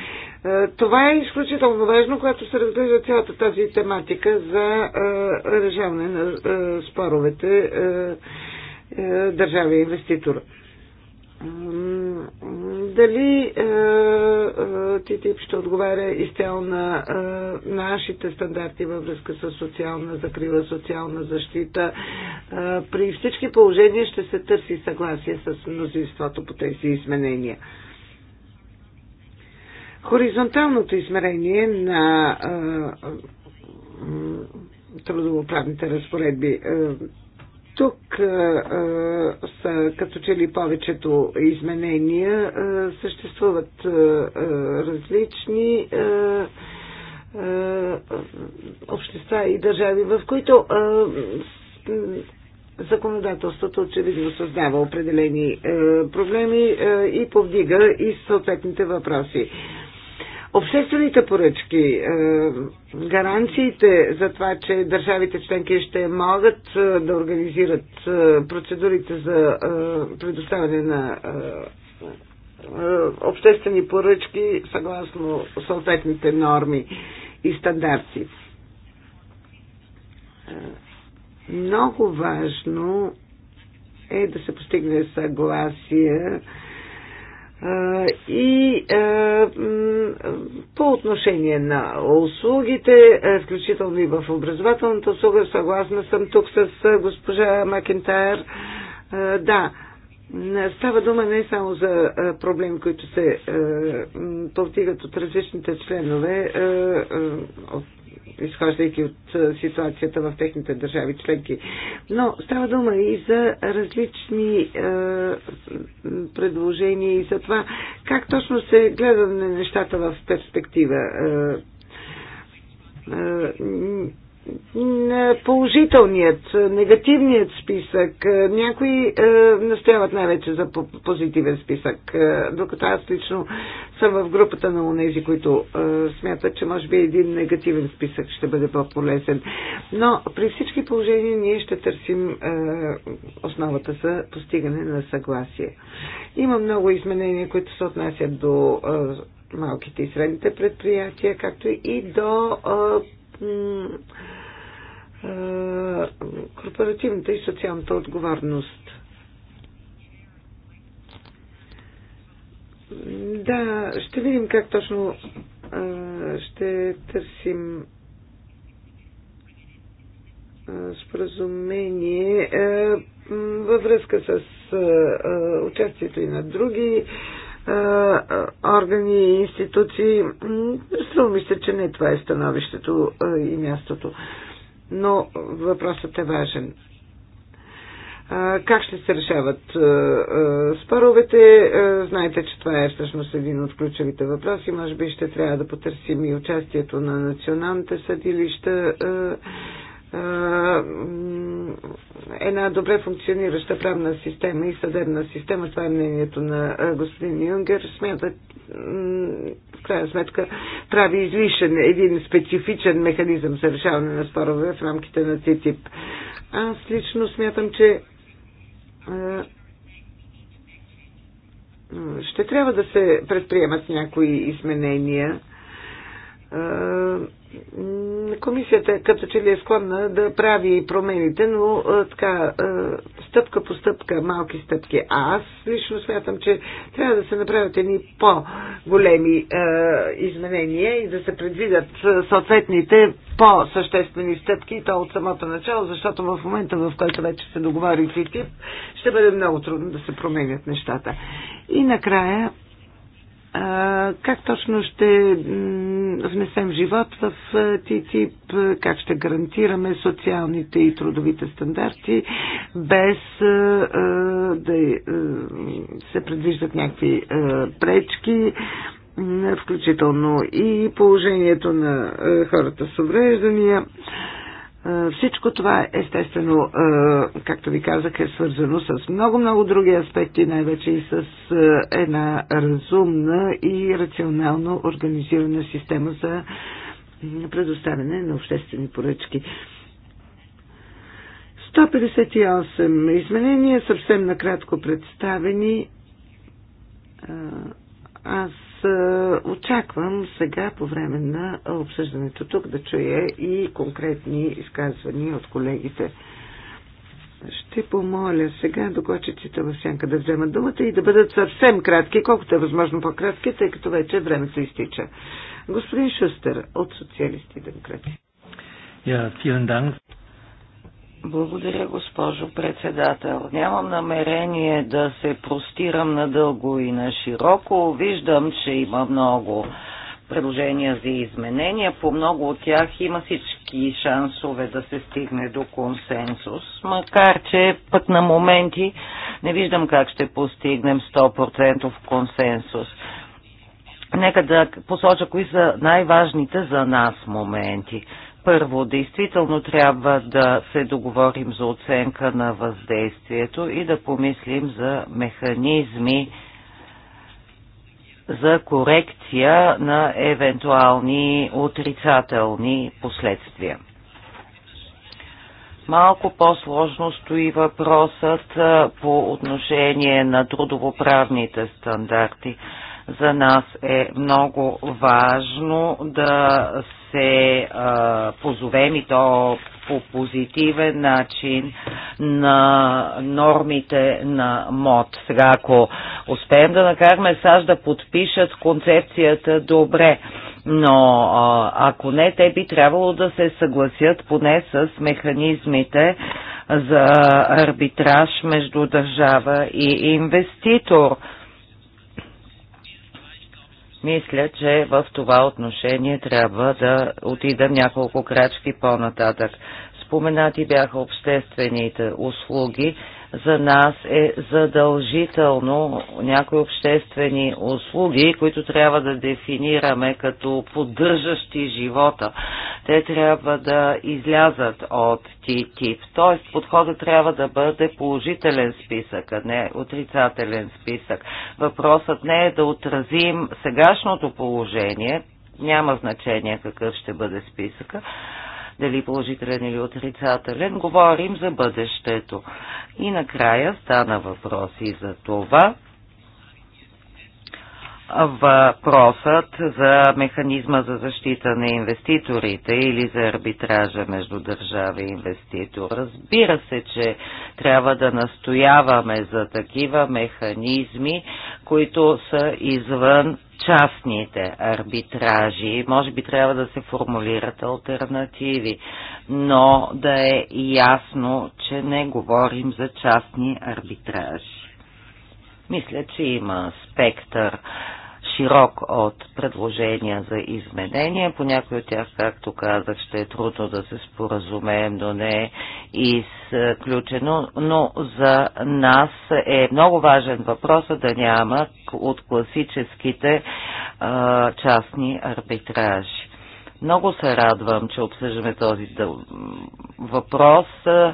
Това е изключително важно, когато се разглежда цялата тази тематика за решаване на споровете държава и инвеститора. Дали е, е, ТТИП ще отговаря изцяло на е, нашите стандарти във връзка с социална закрива, социална защита? При всички положения ще се търси съгласие с мнозинството по тези изменения. Хоризонталното измерение на трудовоправните разпоредби тук а, са като че ли повечето изменения а, съществуват а, различни а, а, общества и държави, в които а, законодателството очевидно създава определени а, проблеми а, и повдига и съответните въпроси. А, Обществените поръчки, е, гаранциите за това, че държавите членки ще могат е, да организират е, процедурите за предоставяне на обществени поръчки съгласно съответните норми и стандарти. Много важно е да се постигне съгласие и по отношение на услугите, включително и в образователната услуга, съгласна съм тук с госпожа Макентайр. Да, става дума не само за проблеми, които се повдигат от различните членове от изхождайки от ситуацията в техните държави членки. Но става дума и за различни е, предложения и за това как точно се гледа на нещата в перспектива. Е, е, положителният, негативният списък. Някои е, настояват най-вече за позитивен списък, е, докато аз лично съм в групата на онези, които е, смятат, че може би един негативен списък ще бъде по-полезен. Но при всички положения ние ще търсим е, основата за постигане на съгласие. Има много изменения, които се отнасят до е, малките и средните предприятия, както и до е, е, корпоративната и социалната отговорност. Да, ще видим как точно ще търсим споразумение във връзка с участието и на други органи и институции. Струва ми се, че не това е становището и мястото. Но въпросът е важен. Как ще се решават споровете? Знаете, че това е всъщност един от ключовите въпроси. Може би ще трябва да потърсим и участието на националните съдилища една добре функционираща правна система и съдебна система. Това е мнението на господин Юнгер. Смята, в крайна сметка, прави излишен един специфичен механизъм за решаване на спорове в рамките на ТТИП. Аз лично смятам, че ще трябва да се предприемат някои изменения комисията като че ли е склонна да прави промените, но така, стъпка по стъпка, малки стъпки. А аз лично смятам, че трябва да се направят едни по-големи изменения и да се предвидят съответните по-съществени стъпки, то от самото начало, защото в момента, в който вече се договори екип, ще бъде много трудно да се променят нещата. И накрая как точно ще внесем живот в ТИЦИП, как ще гарантираме социалните и трудовите стандарти, без да е, се предвиждат някакви пречки, включително и положението на хората с увреждания. Е, всичко това, естествено, е, както ви казах, е свързано с много-много други аспекти, най-вече и с е, една разумна и рационално организирана система за предоставяне на обществени поръчки. 158 изменения, съвсем накратко представени. Аз е, очаквам сега по време на обсъждането тук да чуя и конкретни изказвания от колегите. Ще помоля сега докладчиците в сянка да вземат думата и да бъдат съвсем кратки, колкото е възможно по-кратки, тъй като вече времето изтича. Господин Шустер от Социалисти и Демократи. yeah, благодаря, госпожо председател. Нямам намерение да се простирам на дълго и на широко. Виждам, че има много предложения за изменения. По много от тях има всички шансове да се стигне до консенсус, макар че пък на моменти не виждам как ще постигнем 100% консенсус. Нека да посоча кои са най-важните за нас моменти. Първо, действително трябва да се договорим за оценка на въздействието и да помислим за механизми за корекция на евентуални отрицателни последствия. Малко по-сложно стои въпросът по отношение на трудовоправните стандарти. За нас е много важно да се а, позовем и то по позитивен начин на нормите на МОД. Сега, ако успеем да накараме САЩ да подпишат концепцията добре, но а, ако не, те би трябвало да се съгласят поне с механизмите за арбитраж между държава и инвеститор. Мисля, че в това отношение трябва да отидем няколко крачки по-нататък. Споменати бяха обществените услуги за нас е задължително някои обществени услуги, които трябва да дефинираме като поддържащи живота. Те трябва да излязат от ТИП. Т.е. подходът трябва да бъде положителен списък, а не отрицателен списък. Въпросът не е да отразим сегашното положение, няма значение какъв ще бъде списъка, дали положителен или отрицателен, говорим за бъдещето. И накрая стана въпрос и за това, въпросът за механизма за защита на инвеститорите или за арбитража между държава и инвеститор. Разбира се, че трябва да настояваме за такива механизми, които са извън частните арбитражи. Може би трябва да се формулират альтернативи, но да е ясно, че не говорим за частни арбитражи. Мисля, че има спектър широк от предложения за изменения. По някои от тях, както казах, ще е трудно да се споразумеем, но не е изключено. Но за нас е много важен въпрос да няма от класическите а, частни арбитражи. Много се радвам, че обсъждаме този въпрос. А,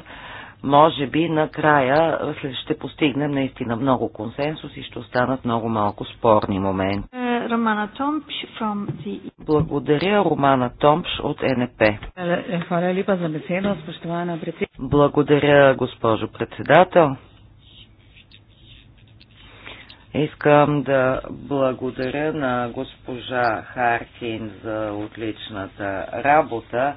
може би накрая ще постигнем наистина много консенсус и ще останат много малко спорни моменти. Е, Романа Томпш from the... Благодаря Романа Томпш от НП. Е, е, благодаря госпожо председател. Искам да благодаря на госпожа Харкин за отличната работа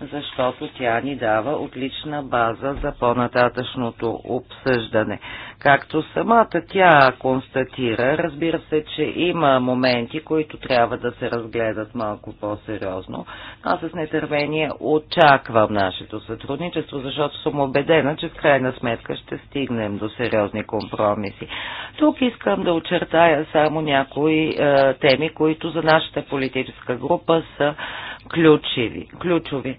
защото тя ни дава отлична база за по-нататъчното обсъждане. Както самата тя констатира, разбира се, че има моменти, които трябва да се разгледат малко по-сериозно. Аз с нетървение очаквам нашето сътрудничество, защото съм убедена, че в крайна сметка ще стигнем до сериозни компромиси. Тук искам да очертая само някои е, теми, които за нашата политическа група са ключови. ключови.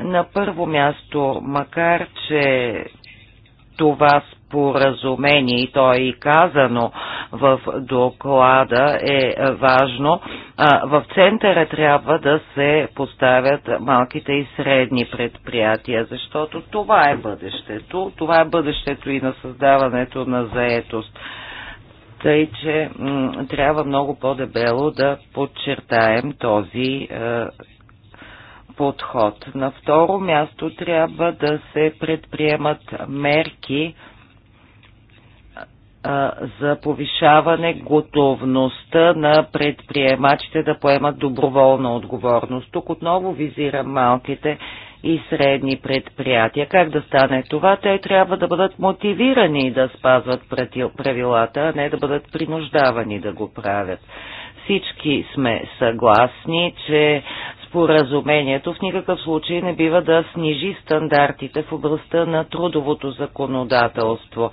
На първо място, макар че това споразумение, и то е и казано в доклада, е важно. В центъра трябва да се поставят малките и средни предприятия, защото това е бъдещето. Това е бъдещето и на създаването на заетост. Тъй, че трябва много по-дебело да подчертаем този е, подход. На второ място трябва да се предприемат мерки за повишаване готовността на предприемачите да поемат доброволна отговорност. Тук отново визирам малките и средни предприятия. Как да стане това? Те трябва да бъдат мотивирани да спазват правилата, а не да бъдат принуждавани да го правят. Всички сме съгласни, че Споразумението в никакъв случай не бива да снижи стандартите в областта на трудовото законодателство,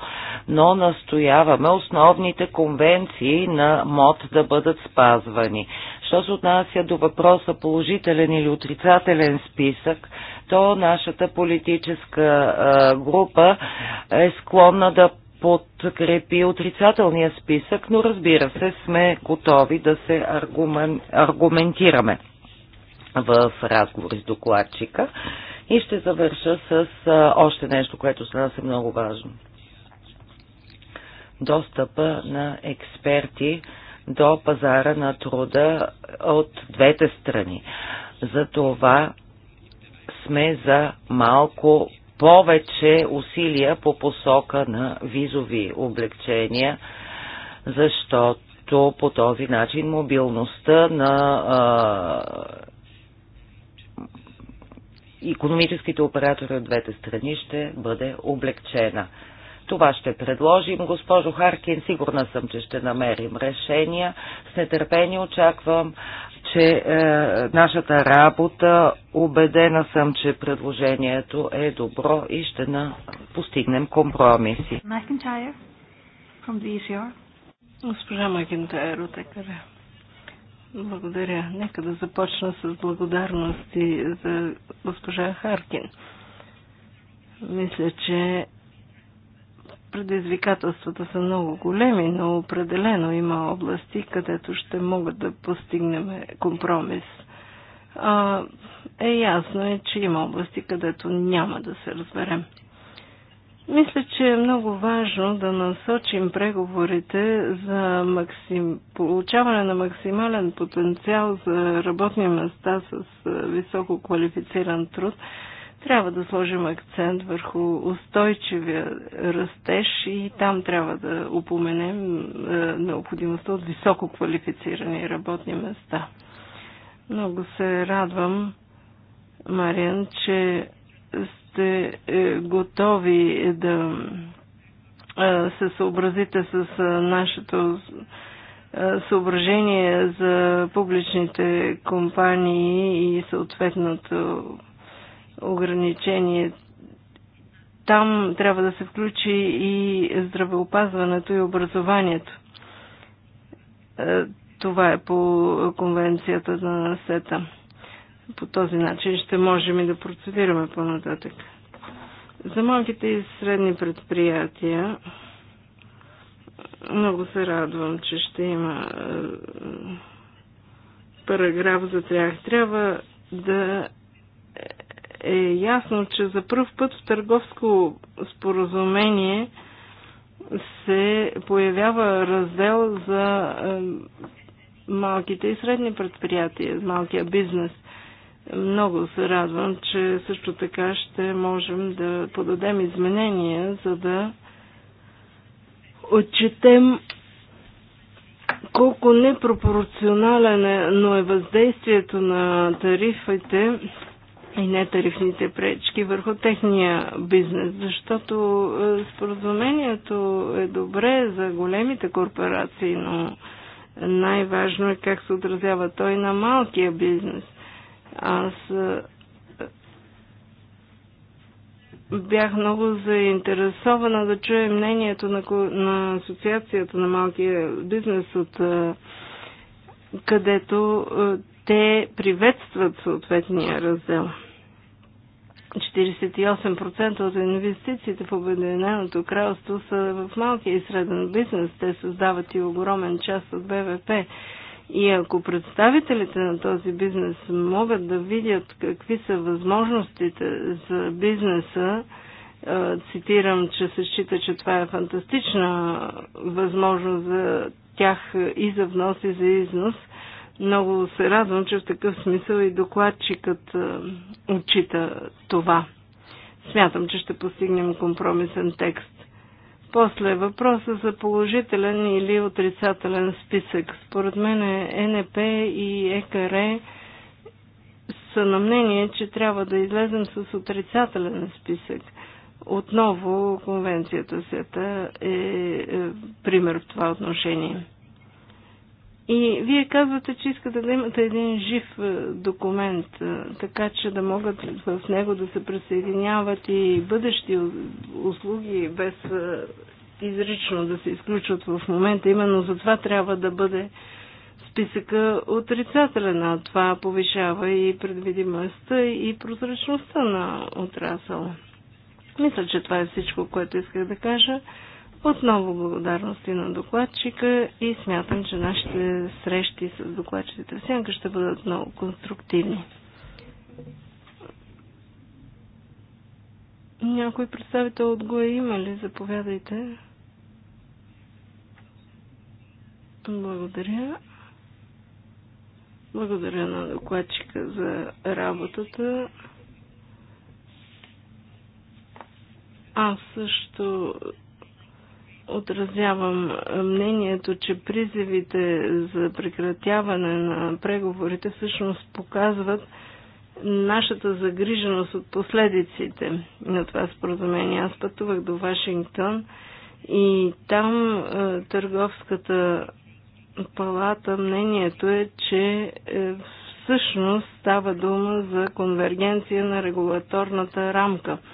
но настояваме основните конвенции на МОД да бъдат спазвани. Що се отнася до въпроса положителен или отрицателен списък, то нашата политическа група е склонна да подкрепи отрицателния списък, но разбира се, сме готови да се аргументираме в разговор с докладчика. И ще завърша с още нещо, което за нас е много важно. Достъпа на експерти до пазара на труда от двете страни. За това сме за малко повече усилия по посока на визови облегчения, защото по този начин мобилността на а, економическите оператори от двете страни ще бъде облегчена. Това ще предложим, госпожо Харкин. Сигурна съм, че ще намерим решения. С нетърпение очаквам, че е, нашата работа, убедена съм, че предложението е добро и ще на... постигнем компромиси. E Госпожа Макентайр от благодаря. Нека да започна с благодарности за госпожа Харкин. Мисля, че предизвикателствата са много големи, но определено има области, където ще могат да постигнем компромис. А, е ясно е, че има области, където няма да се разберем. Мисля, че е много важно да насочим преговорите за максим... получаване на максимален потенциал за работни места с високо квалифициран труд. Трябва да сложим акцент върху устойчивия растеж и там трябва да упоменем необходимостта от високо квалифицирани работни места. Много се радвам, Мариан, че сте е, готови да е, се съобразите с е, нашето съображение за публичните компании и съответното ограничение. Там трябва да се включи и здравеопазването и образованието. Това е по конвенцията на СЕТА. По този начин ще можем и да процедираме по-нататък. За малките и средни предприятия много се радвам, че ще има е, параграф за тях. Трябва да е ясно, че за първ път в търговско споразумение се появява раздел за е, малките и средни предприятия, малкия бизнес – много се радвам, че също така ще можем да подадем изменения, за да отчетем колко непропорционален е, но е въздействието на тарифите и нетарифните пречки върху техния бизнес, защото е, споразумението е добре за големите корпорации, но най-важно е как се отразява той на малкия бизнес. Аз бях много заинтересована да чуя мнението на, на Асоциацията на малкия бизнес, от, където те приветстват съответния раздел. 48% от инвестициите в Обединеното кралство са в малкия и среден бизнес. Те създават и огромен част от БВП. И ако представителите на този бизнес могат да видят какви са възможностите за бизнеса, цитирам, че се счита, че това е фантастична възможност за тях и за внос, и за износ. Много се радвам, че в такъв смисъл и докладчикът отчита това. Смятам, че ще постигнем компромисен текст. После въпроса за положителен или отрицателен списък. Според мен е НП и ЕКР са на мнение, че трябва да излезем с отрицателен списък. Отново конвенцията СЕТА е, е пример в това отношение. И вие казвате, че искате да имате един жив е, документ, е, така че да могат в него да се присъединяват и бъдещи услуги без е, изрично да се изключват в момента. Именно за това трябва да бъде списъка отрицателен, а това повишава и предвидимостта и прозрачността на отрасъл. Мисля, че това е всичко, което исках да кажа. Отново благодарности на докладчика и смятам, че нашите срещи с докладчиците в Сянка ще бъдат много конструктивни. Някой представител от ГОЕ има ли? Заповядайте. Благодаря. Благодаря на докладчика за работата. Аз също отразявам е, мнението, че призивите за прекратяване на преговорите всъщност показват нашата загриженост от последиците на това споразумение. Аз пътувах до Вашингтон и там е, търговската палата мнението е, че е, всъщност става дума за конвергенция на регулаторната рамка –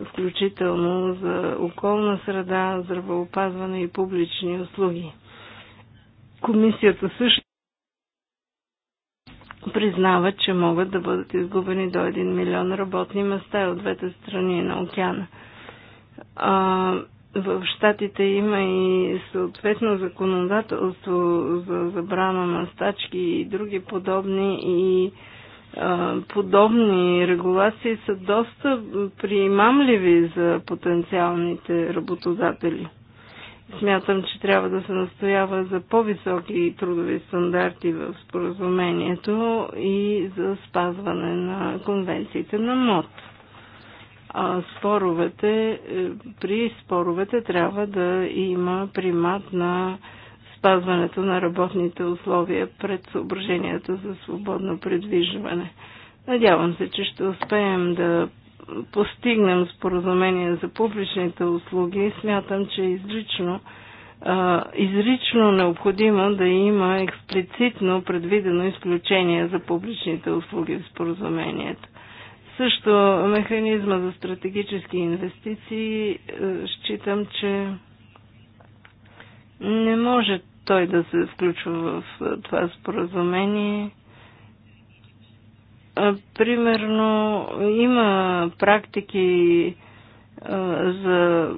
включително за околна среда, здравеопазване и публични услуги. Комисията също признава, че могат да бъдат изгубени до 1 милион работни места от двете страни на океана. А, в щатите има и съответно законодателство за забрана на стачки и други подобни и подобни регулации са доста приемамливи за потенциалните работодатели. Смятам, че трябва да се настоява за по-високи трудови стандарти в споразумението и за спазване на конвенциите на МОД. А споровете, е, при споровете трябва да има примат на спазването на работните условия пред съображенията за свободно предвижване. Надявам се, че ще успеем да постигнем споразумение за публичните услуги. Смятам, че изрично, изрично необходимо да има експлицитно предвидено изключение за публичните услуги в споразумението. Също механизма за стратегически инвестиции считам, че не може той да се включва в това споразумение. Примерно има практики за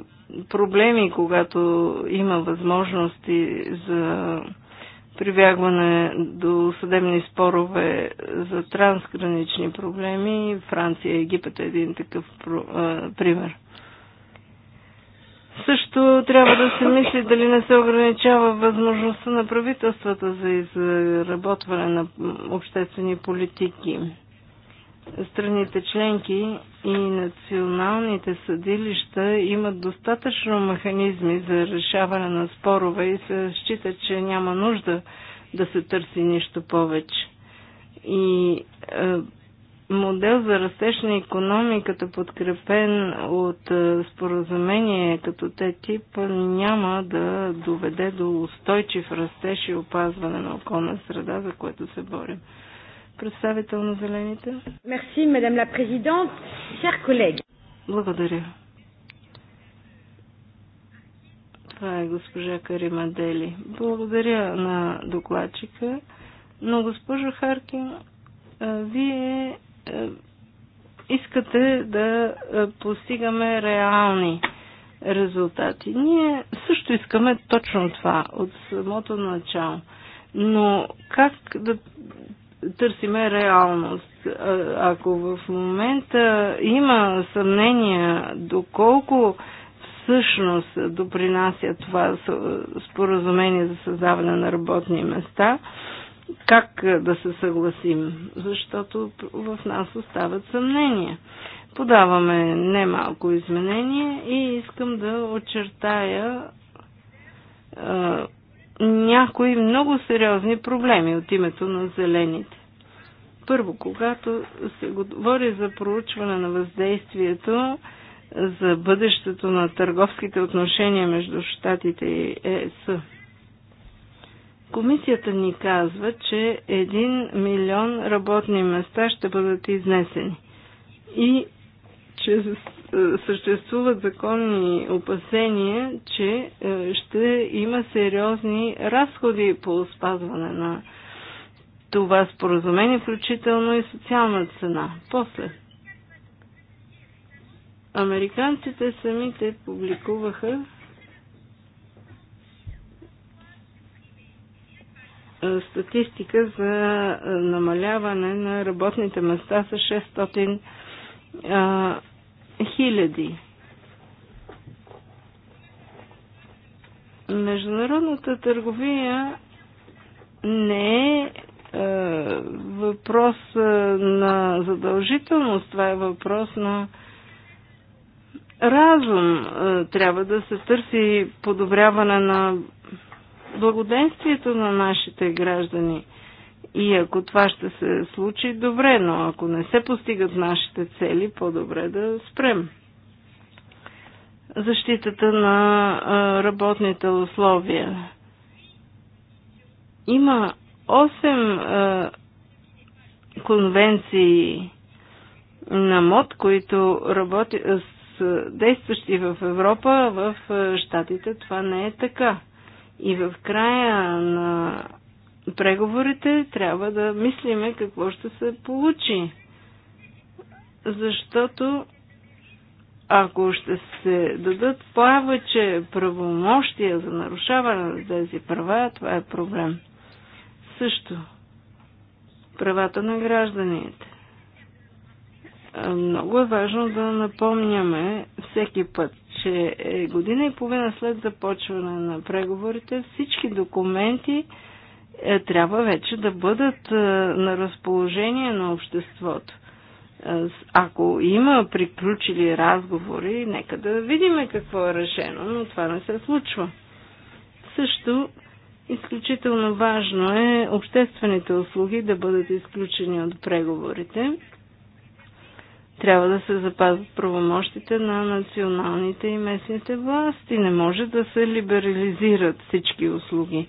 проблеми, когато има възможности за прибягване до съдебни спорове за трансгранични проблеми. Франция и Египет е един такъв пример. Също трябва да се мисли дали не се ограничава възможността на правителствата за изработване на обществени политики. Страните членки и националните съдилища имат достатъчно механизми за решаване на спорове и се счита, че няма нужда да се търси нищо повече. И е, модел за растеж на економиката, подкрепен от е, споразумение като те тип, няма да доведе до устойчив растеж и опазване на околна среда, за което се борим. Представител на зелените. Мерси, мадам ла президент, шер колеги. Благодаря. Това е госпожа Карима Дели. Благодаря на докладчика. Но, госпожо Харкин, вие е, искате да е, постигаме реални резултати. Ние също искаме точно това от самото начало. Но как да търсиме реалност? Ако в момента има съмнения доколко всъщност допринася това споразумение за създаване на работни места, как е, да се съгласим, защото в нас остават съмнения. Подаваме немалко изменения и искам да очертая е, някои много сериозни проблеми от името на зелените. Първо, когато се говори за проучване на въздействието за бъдещето на търговските отношения между Штатите и ЕС, Комисията ни казва, че 1 милион работни места ще бъдат изнесени и че е, съществуват законни опасения, че е, ще има сериозни разходи по спазване на това споразумение, включително и социална цена. После. Американците самите публикуваха Е, статистика за е, намаляване на работните места с 600 а, хиляди. Международната търговия не е, е въпрос е, на задължителност, това е въпрос на разум. трябва да се търси подобряване на благоденствието на нашите граждани. И ако това ще се случи, добре, но ако не се постигат нашите цели, по-добре да спрем. Защитата на работните условия. Има 8 конвенции на МОД, които работи, с действащи в Европа, в Штатите това не е така. И в края на преговорите трябва да мислиме какво ще се получи. Защото ако ще се дадат повече правомощия за нарушаване на тези права, това е проблем. Също правата на гражданите. Е, много е важно да напомняме всеки път, че е година и половина след започване на преговорите всички документи е, трябва вече да бъдат е, на разположение на обществото. Е, ако има приключили разговори, нека да видим какво е решено, но това не се случва. Също изключително важно е обществените услуги да бъдат изключени от преговорите трябва да се запазват правомощите на националните и местните власти. Не може да се либерализират всички услуги.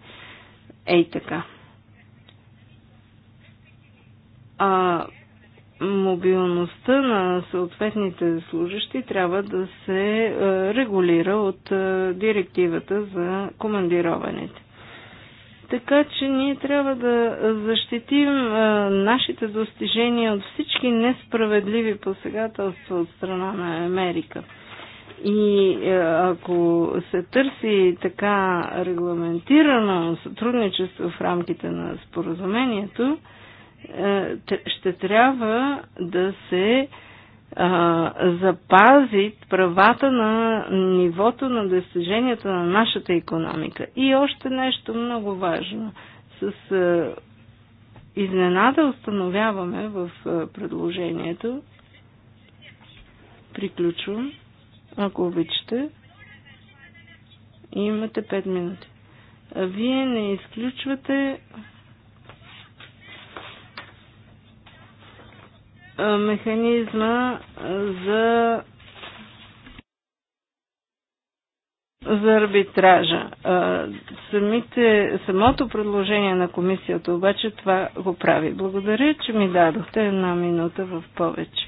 Ей така. А мобилността на съответните служащи трябва да се регулира от директивата за командироването. Така че ние трябва да защитим нашите достижения от всички несправедливи посегателства от страна на Америка. И ако се търси така регламентирано сътрудничество в рамките на споразумението, ще трябва да се а, запази правата на нивото на достиженията на нашата економика. И още нещо много важно. С а, изненада установяваме в а, предложението, приключвам, ако обичате, имате 5 минути. Вие не изключвате механизма за за арбитража. Самите, самото предложение на комисията обаче това го прави. Благодаря, че ми дадохте една минута в повече.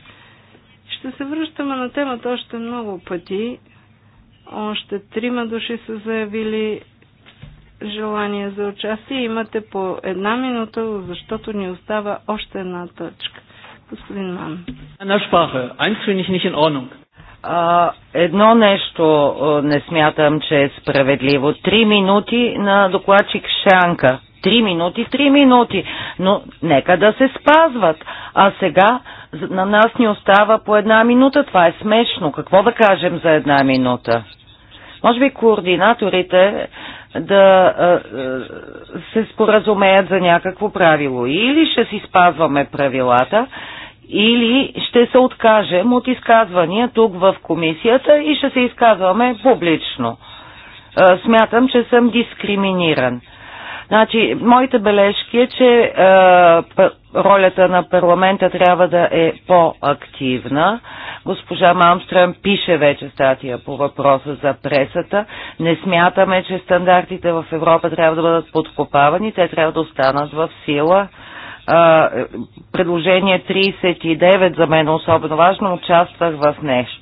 Ще се връщаме на темата още много пъти. Още трима души са заявили желание за участие. Имате по една минута, защото ни остава още една точка. Господин Ман. Една шпаха. едно нещо не смятам, че е справедливо. Три минути на докладчик Шанка. Три минути, три минути. Но нека да се спазват. А сега на нас ни остава по една минута. Това е смешно. Какво да кажем за една минута? Може би координаторите да се споразумеят за някакво правило. Или ще си спазваме правилата, или ще се откажем от изказвания тук в комисията и ще се изказваме публично. Е, смятам, че съм дискриминиран. Значи, моите бележки е, че е, ролята на парламента трябва да е по-активна. Госпожа Мамстрън пише вече статия по въпроса за пресата. Не смятаме, че стандартите в Европа трябва да бъдат подкопавани, те трябва да останат в сила предложение 39 за мен е особено важно, участвах в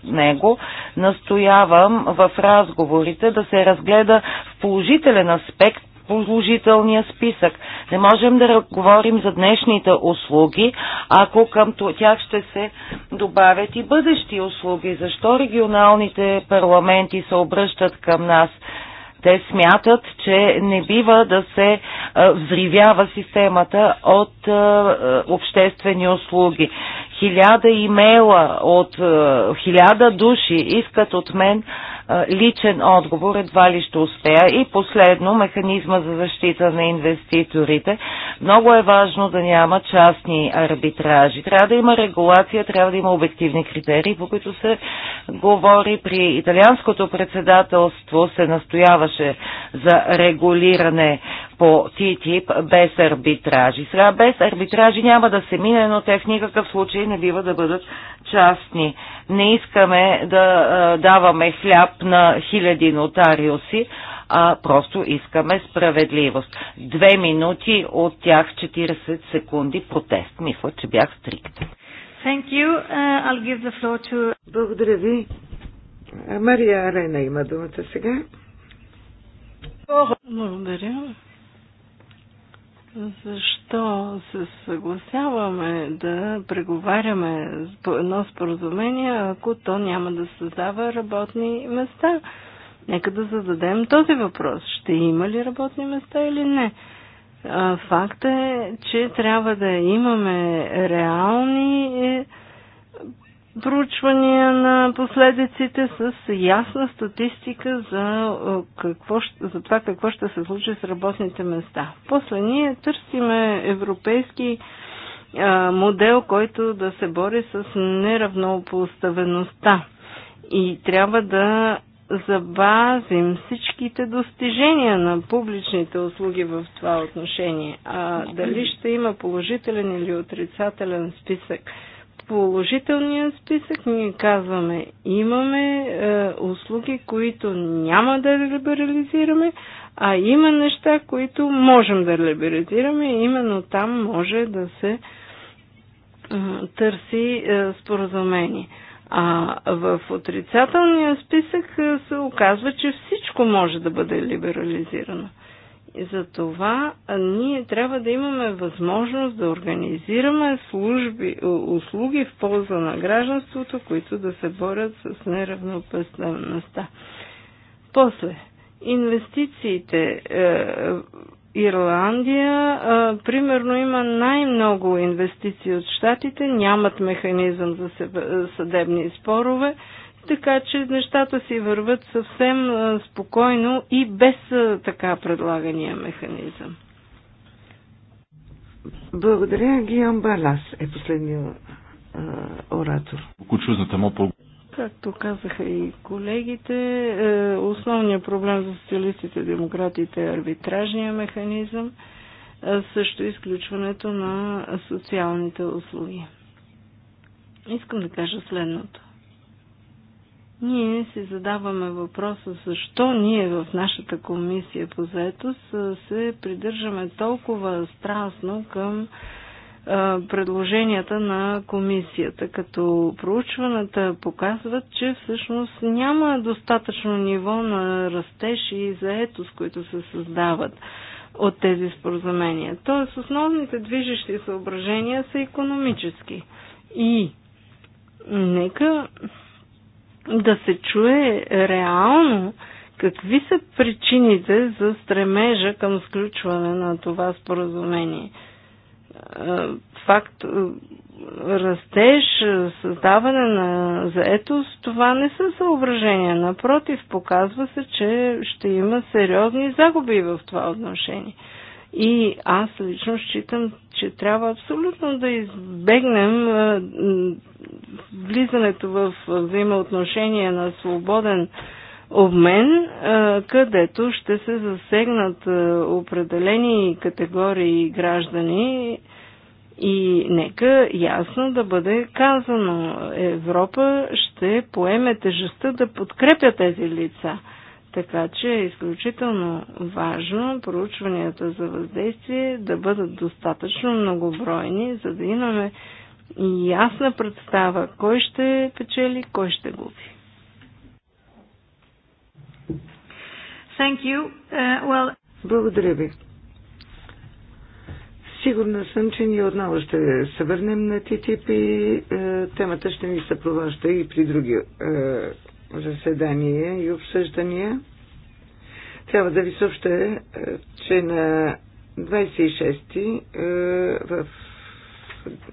него. Настоявам в разговорите да се разгледа в положителен аспект положителния списък. Не можем да говорим за днешните услуги, ако към тях ще се добавят и бъдещи услуги. Защо регионалните парламенти се обръщат към нас? Те смятат, че не бива да се е, взривява системата от е, е, обществени услуги. Хиляда имейла от хиляда души искат от мен личен отговор едва ли ще успея. И последно, механизма за защита на инвеститорите. Много е важно да няма частни арбитражи. Трябва да има регулация, трябва да има обективни критерии, по които се говори при италианското председателство се настояваше за регулиране по ТТИП без арбитражи. Сега без арбитражи няма да се мине, но те в никакъв случай не бива да бъдат частни не искаме да даваме хляб на хиляди нотариуси, а просто искаме справедливост. Две минути от тях 40 секунди протест. Мисля, че бях стрикт. Thank you. Uh, I'll give the floor to... Благодаря ви. Мария Арена има думата сега. Благодаря. Защо се съгласяваме да преговаряме едно споразумение, ако то няма да създава работни места? Нека да зададем този въпрос. Ще има ли работни места или не? Факт е, че трябва да имаме реални проучвания на последиците с ясна статистика за, е, какво, за това какво ще се случи с работните места. После ние търсиме европейски а, е, модел, който да се бори с неравнопоставеността. И трябва да забазим всичките достижения на публичните услуги в това отношение. А дали ще има положителен или отрицателен списък? положителния списък ние казваме имаме е, услуги, които няма да либерализираме, а има неща, които можем да либерализираме. Именно там може да се е, търси е, споразумение. А в отрицателния списък е, се оказва, че всичко може да бъде либерализирано за това ние трябва да имаме възможност да организираме служби, услуги в полза на гражданството, които да се борят с неравнопъстността. После, инвестициите. Е, Ирландия, е, примерно, има най-много инвестиции от щатите, нямат механизъм за съдебни спорове така че нещата си върват съвсем спокойно и без така предлагания механизъм. Благодаря. Гиан Балас е последния оратор. Както казаха и колегите, е, основният проблем за социалистите и демократите е арбитражния механизъм, е, също изключването на социалните услуги. Искам да кажа следното ние си задаваме въпроса защо ние в нашата комисия по заетост се придържаме толкова страстно към предложенията на комисията, като проучваната показват, че всъщност няма достатъчно ниво на растеж и заетост, които се създават от тези споразумения. Тоест основните движещи съображения са економически. И нека да се чуе реално какви са причините за стремежа към сключване на това споразумение. Е, факт, е, растеж, е, създаване на заетост, това не са съображения. Напротив, показва се, че ще има сериозни загуби в това отношение. И аз лично считам, че трябва абсолютно да избегнем влизането в взаимоотношение на свободен обмен, където ще се засегнат определени категории граждани и нека ясно да бъде казано, Европа ще поеме тежестта да подкрепя тези лица – така че е изключително важно проучванията за въздействие да бъдат достатъчно многобройни, за да имаме ясна представа кой ще печели, кой ще губи. Thank you. Uh, well... Благодаря ви. Сигурна съм, че ние отново ще се върнем на ТТИП и е, темата ще ни съпровожда и при други е, заседания и обсъждания. Трябва да ви съобща, е, че на 26 е, в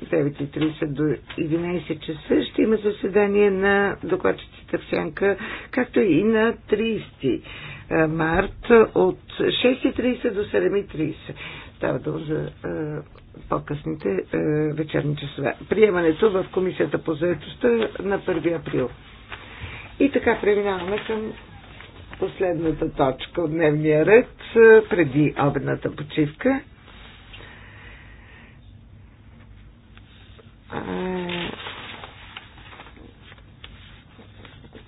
9.30 до 11 часа ще има заседание на докладчиците в Сянка, както и на 30 е, март от 6.30 до 7.30. Става дума за по-късните вечерни часове. Приемането в Комисията по заедостта на 1 април. И така преминаваме към последната точка от дневния ред преди обедната почивка.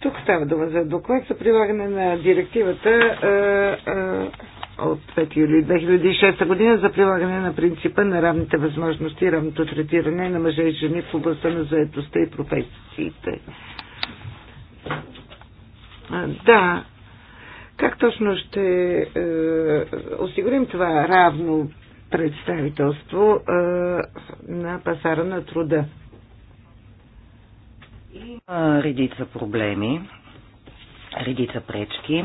Тук става дума за доклад за прилагане на директивата от 5 юли 2006 година за прилагане на принципа на равните възможности и равното третиране на мъже и жени в областта на заедостта и професиите. Да. Как точно ще е, осигурим това равно представителство е, на пазара на труда? Има редица проблеми, редица пречки.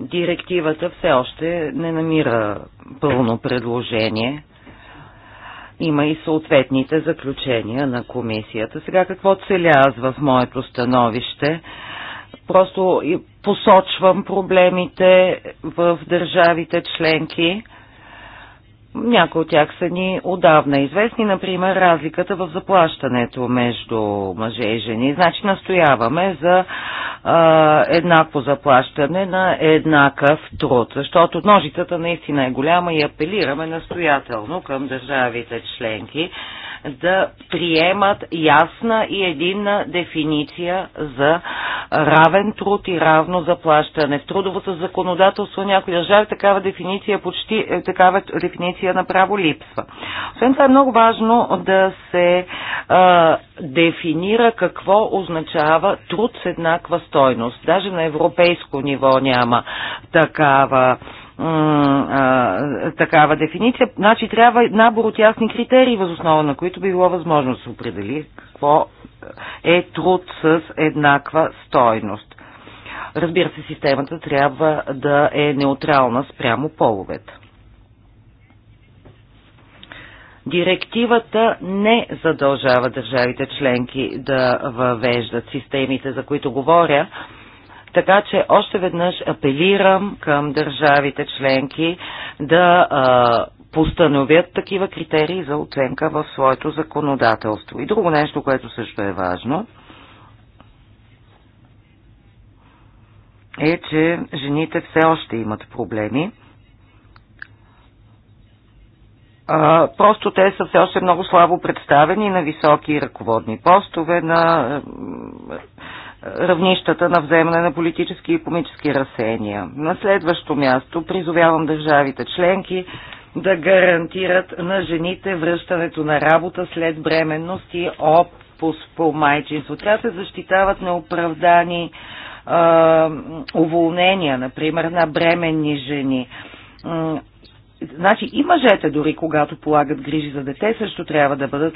Директивата все още не намира пълно предложение има и съответните заключения на комисията. Сега какво целя аз в моето становище? Просто посочвам проблемите в държавите членки някои от тях са ни отдавна известни, например разликата в заплащането между мъже и жени. Значи настояваме за а, еднакво заплащане на еднакъв труд, защото ножицата наистина е голяма и апелираме настоятелно към държавите членки да приемат ясна и единна дефиниция за равен труд и равно заплащане. В трудовото законодателство някои държави такава дефиниция почти е, такава дефиниция направо липсва. Освен това е много важно да се а, дефинира какво означава труд с еднаква стойност. Даже на европейско ниво няма такава а, такава дефиниция. Значи трябва набор от ясни критерии, възоснова на които би било възможно да се определи какво е труд с еднаква стойност. Разбира се, системата трябва да е неутрална спрямо половете. Директивата не задължава държавите членки да въвеждат системите, за които говоря, така че още веднъж апелирам към държавите членки да а, постановят такива критерии за оценка в своето законодателство. И друго нещо, което също е важно, е, че жените все още имат проблеми. А, просто те са все още много слабо представени на високи ръководни постове, на равнищата на вземане на политически и економически разсения. На следващо място призовявам държавите членки да гарантират на жените връщането на работа след бременност и отпуск по майчинство. Трябва се защитават неоправдани а, уволнения, например, на бременни жени. Значи и мъжете, дори когато полагат грижи за дете, също трябва да бъдат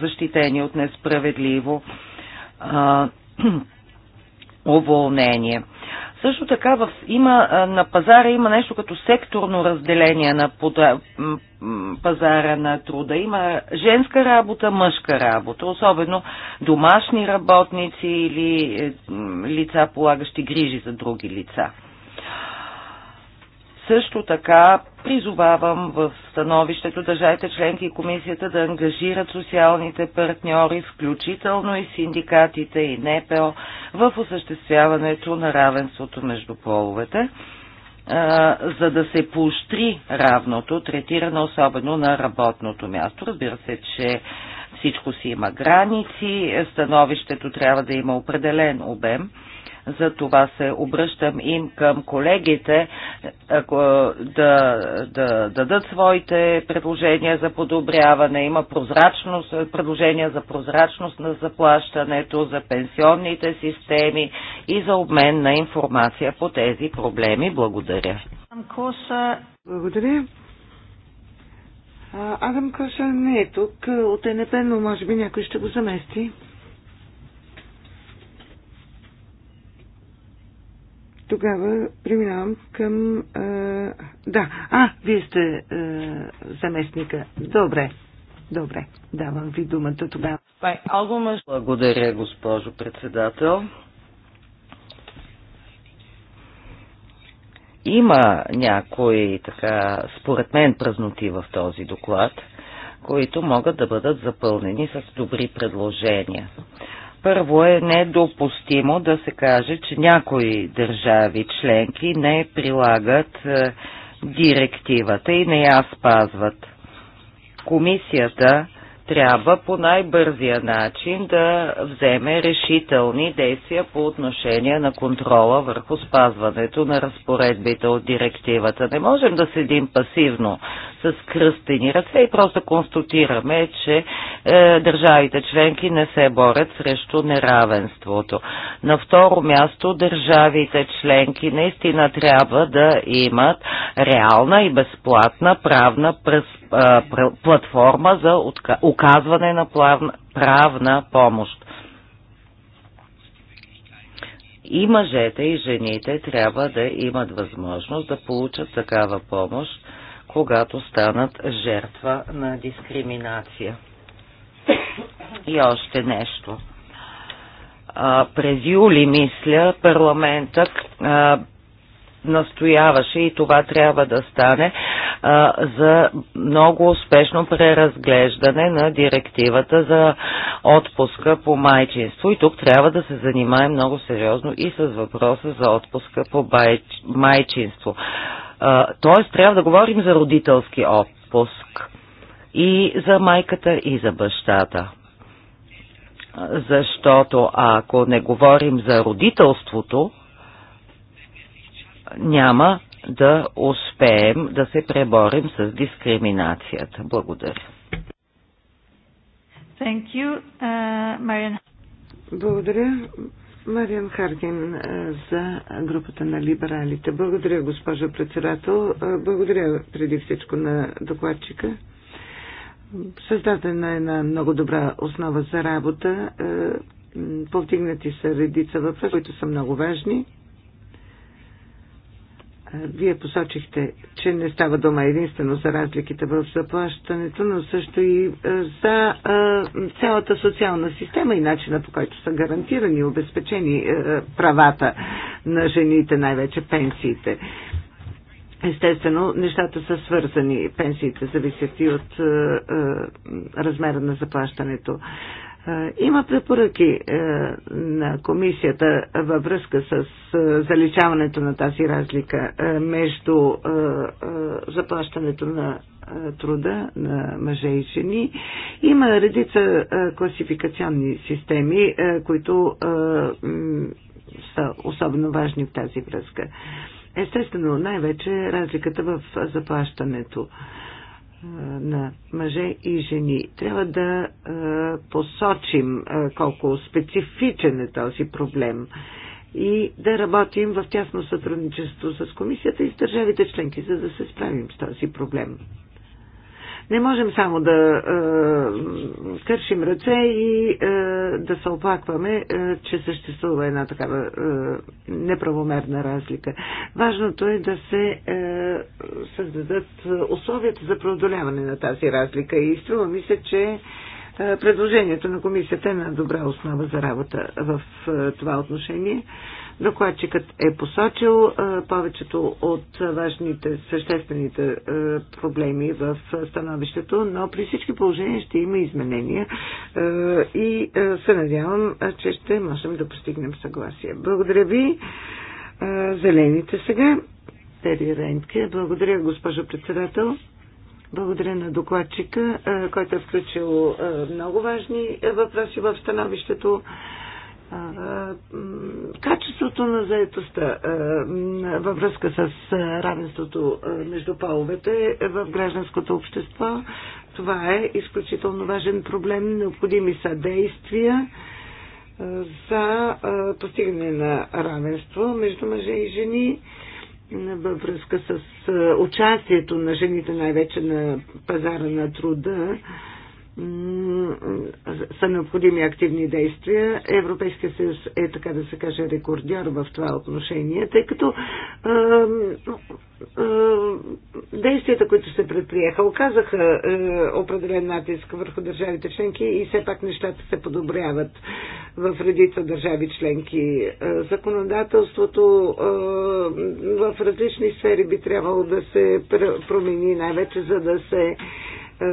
защитени от несправедливо уволнение. Също така в, има, на пазара има нещо като секторно разделение на пода, пазара на труда. Има женска работа, мъжка работа, особено домашни работници или е, лица, полагащи грижи за други лица. Също така призовавам в становището държавите членки и комисията да ангажират социалните партньори, включително и синдикатите и НПО, в осъществяването на равенството между половете, за да се поощри равното третиране, особено на работното място. Разбира се, че всичко си има граници, становището трябва да има определен обем – за това се обръщам им към колегите да, да, да дадат своите предложения за подобряване. Има прозрачност, предложения за прозрачност на заплащането, за пенсионните системи и за обмен на информация по тези проблеми. Благодаря. Благодаря. Адам Коша не е тук от НП, но може би някой ще го замести. Тогава преминавам към... А, да, а, вие сте а, заместника. Добре, добре. Давам ви думата тогава. Благодаря, госпожо председател. Има някои, така, според мен, празноти в този доклад, които могат да бъдат запълнени с добри предложения. Първо е недопустимо да се каже, че някои държави членки не прилагат е, директивата и не я спазват. Комисията трябва по най-бързия начин да вземе решителни действия по отношение на контрола върху спазването на разпоредбите от директивата. Не можем да седим пасивно с кръстени ръце и просто констатираме, че е, държавите членки не се борят срещу неравенството. На второ място, държавите членки наистина трябва да имат реална и безплатна правна пръст платформа за оказване на правна помощ. И мъжете, и жените трябва да имат възможност да получат такава помощ, когато станат жертва на дискриминация. И още нещо. А, през юли, мисля, парламентът настояваше и това трябва да стане а, за много успешно преразглеждане на директивата за отпуска по майчинство. И тук трябва да се занимаем много сериозно и с въпроса за отпуска по байч... майчинство. А, тоест трябва да говорим за родителски отпуск и за майката и за бащата защото ако не говорим за родителството, няма да успеем да се преборим с дискриминацията. Благодаря. Thank you, uh, Благодаря, Мариан Харген, uh, за групата на либералите. Благодаря, госпожо председател. Uh, благодаря преди всичко на докладчика. Създадена е една много добра основа за работа. Uh, повдигнати са редица въпроси, които са много важни. Вие посочихте, че не става дума единствено за разликите в заплащането, но също и за цялата социална система и начина по който са гарантирани и обезпечени правата на жените, най-вече пенсиите. Естествено, нещата са свързани. Пенсиите зависят и от размера на заплащането. Има препоръки е, на комисията във връзка с е, заличаването на тази разлика е, между заплащането на труда на мъже и жени. Има редица класификационни системи, които са особено важни в тази връзка. Естествено, най-вече разликата в заплащането на мъже и жени. Трябва да посочим колко специфичен е този проблем и да работим в тясно сътрудничество с комисията и с държавите членки, за да се справим с този проблем. Не можем само да е, кършим ръце и е, да се оплакваме, е, че съществува една такава е, неправомерна разлика. Важното е да се е, създадат условията за преодоляване на тази разлика и струва ми се, че е, предложението на комисията е на добра основа за работа в е, това отношение. Е, Докладчикът е посочил повечето от важните, съществените проблеми в становището, но при всички положения ще има изменения и се надявам, че ще можем да постигнем съгласие. Благодаря ви. Зелените сега. Тери Рентке. Благодаря, госпожо председател. Благодаря на докладчика, който е включил много важни въпроси в становището качеството на заетостта във връзка с равенството между половете в гражданското общество. Това е изключително важен проблем. Необходими са действия за постигане на равенство между мъже и жени във връзка с участието на жените най-вече на пазара на труда са необходими активни действия. Европейския съюз е, така да се каже, рекордьор в това отношение, тъй като действията, които се предприеха, оказаха е, определен натиск върху държавите членки и все пак нещата се подобряват в редица държави членки. Е, законодателството е, в различни сфери би трябвало да се промени, най-вече за да се е,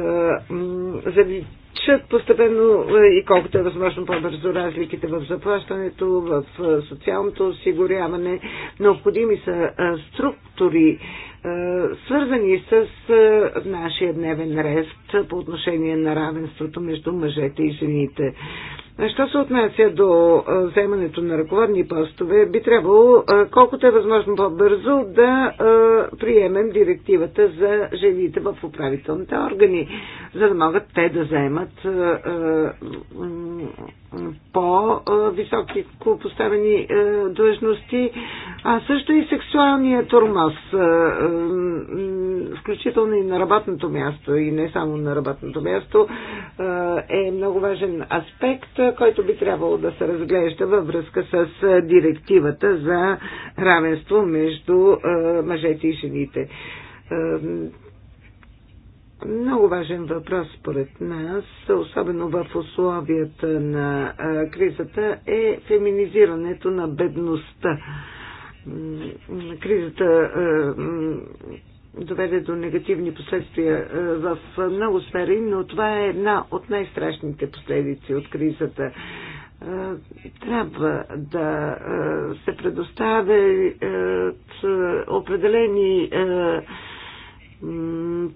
заличат постепенно е, и колкото е възможно по-бързо разликите в заплащането, в е, социалното осигуряване. Необходими са структури, свързани с нашия дневен рест по отношение на равенството между мъжете и жените. Що се отнася до вземането на ръководни постове, би трябвало колкото е възможно по-бързо да приемем директивата за жените в управителните органи, за да могат те да вземат по-високи поставени длъжности, а също и сексуалния турмоз, включително и на работното място, и не само на работното място, е много важен аспект който би трябвало да се разглежда във връзка с директивата за равенство между мъжете и жените. Много важен въпрос според нас, особено в условията на кризата, е феминизирането на бедността кризата доведе до негативни последствия е, в много сфери, но това е една от най-страшните последици от кризата. Е, трябва да е, се предоставят определени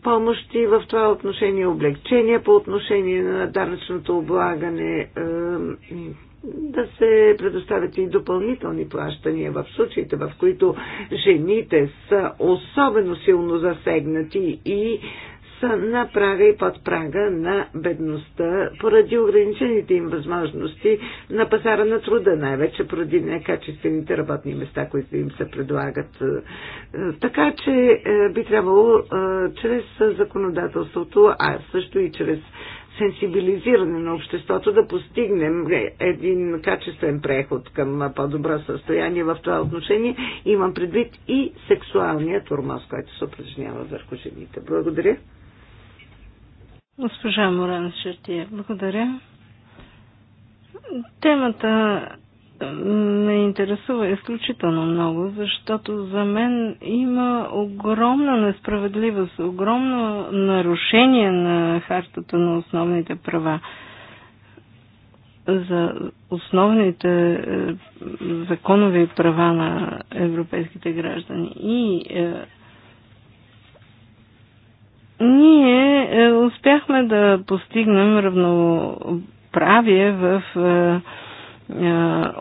помощи в това отношение, облегчения по отношение на данъчното облагане, да се предоставят и допълнителни плащания в случаите, в които жените са особено силно засегнати и са на прага и под прага на бедността поради ограничените им възможности на пазара на труда, най-вече поради некачествените работни места, които им се предлагат. Е, така че е, би трябвало е, чрез законодателството, а също и чрез сенсибилизиране на обществото, да постигнем един качествен преход към по-добро състояние в това отношение. Имам предвид и сексуалния турмоз, който се упражнява върху жените. Благодаря. Госпожа Морана Шертия, благодаря. Темата ме интересува изключително много, защото за мен има огромна несправедливост, огромно нарушение на хартата на основните права. За основните е, законови права на европейските граждани. И е, ние е, успяхме да постигнем равноправие в е,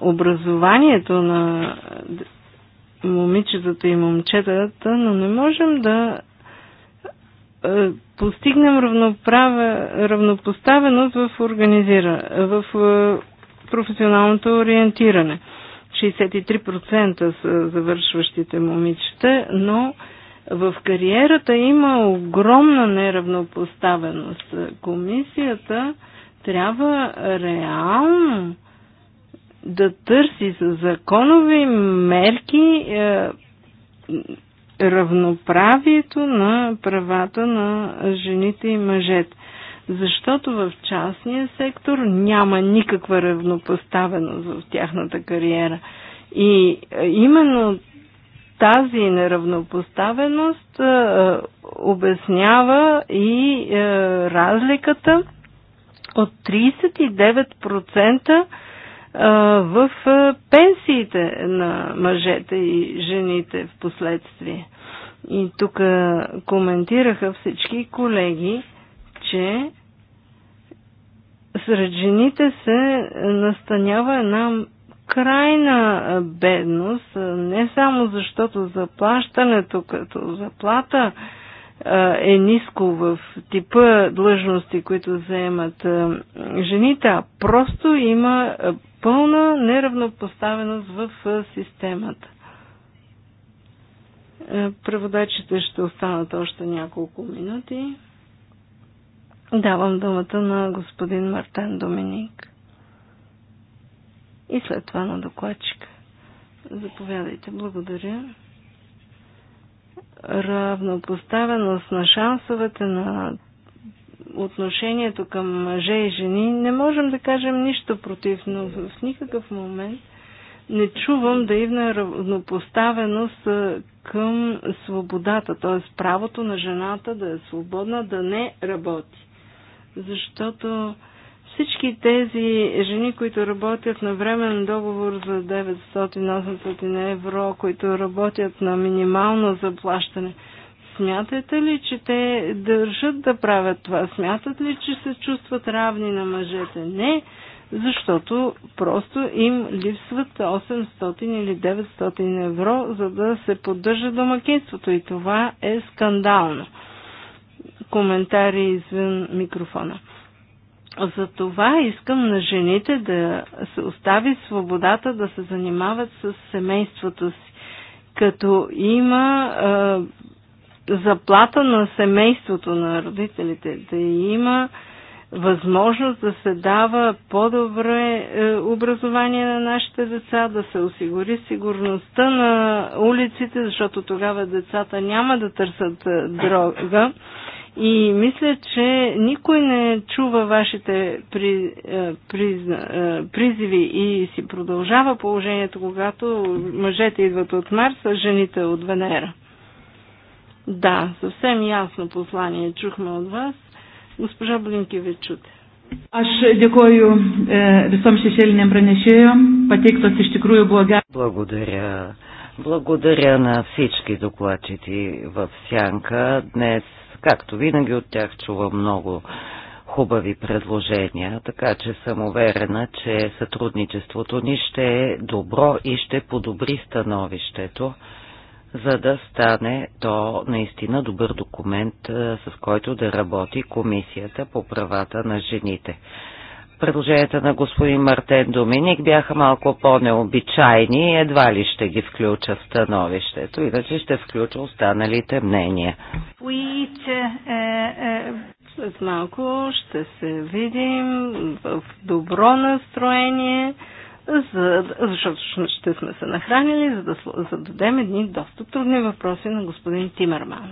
образованието на момичетата и момчетата, но не можем да постигнем равнопоставеност в, организира, в професионалното ориентиране. 63% са завършващите момичета, но в кариерата има огромна неравнопоставеност. Комисията трябва реално да търси с законови мерки е, равноправието на правата на жените и мъжете. Защото в частния сектор няма никаква равнопоставеност в тяхната кариера. И е, именно тази неравнопоставеност е, обяснява и е, разликата от 39% в пенсиите на мъжете и жените в последствие. И тук коментираха всички колеги, че сред жените се настанява една крайна бедност, не само защото заплащането като заплата е ниско в типа длъжности, които заемат жените, а просто има пълна неравнопоставеност в системата. Е, преводачите ще останат още няколко минути. Давам думата на господин Мартен Доминик. И след това на докладчика. Заповядайте. Благодаря. Равнопоставеност на шансовете на отношението към мъже и жени, не можем да кажем нищо против, но в никакъв момент не чувам да има равнопоставеност към свободата, т.е. правото на жената да е свободна, да не работи. Защото всички тези жени, които работят на времен договор за 900-800 евро, които работят на минимално заплащане – Смятате ли, че те държат да правят това? Смятат ли, че се чувстват равни на мъжете? Не, защото просто им липсват 800 или 900 евро, за да се поддържа домакинството. И това е скандално. Коментари извън микрофона. За това искам на жените да се остави свободата да се занимават с семейството си, като има заплата на семейството, на родителите, да има възможност да се дава по-добре е, образование на нашите деца, да се осигури сигурността на улиците, защото тогава децата няма да търсят е, дрога. И мисля, че никой не чува вашите при, е, приз, призиви и си продължава положението, когато мъжете идват от Марс, а жените от Венера. Да, съвсем ясно послание чухме от вас. Госпожа Блинки, Блинкевичуте. чуте. Аз e, visom šešėlinėm pranešėjom, pateiktos си ще круя блага. Благодаря. Благодаря на всички докладчици в Сянка. Днес, както винаги, от тях чувам много хубави предложения, така че съм уверена, че сътрудничеството ни ще е добро и ще подобри становището за да стане то наистина добър документ, е, с който да работи Комисията по правата на жените. Предложенията на господин Мартен Доминик бяха малко по-необичайни и едва ли ще ги включа в становището, иначе ще включа останалите мнения. Е, е, след малко ще се видим в добро настроение за, защото ще сме се нахранили, за да зададем едни доста трудни въпроси на господин Тимерман.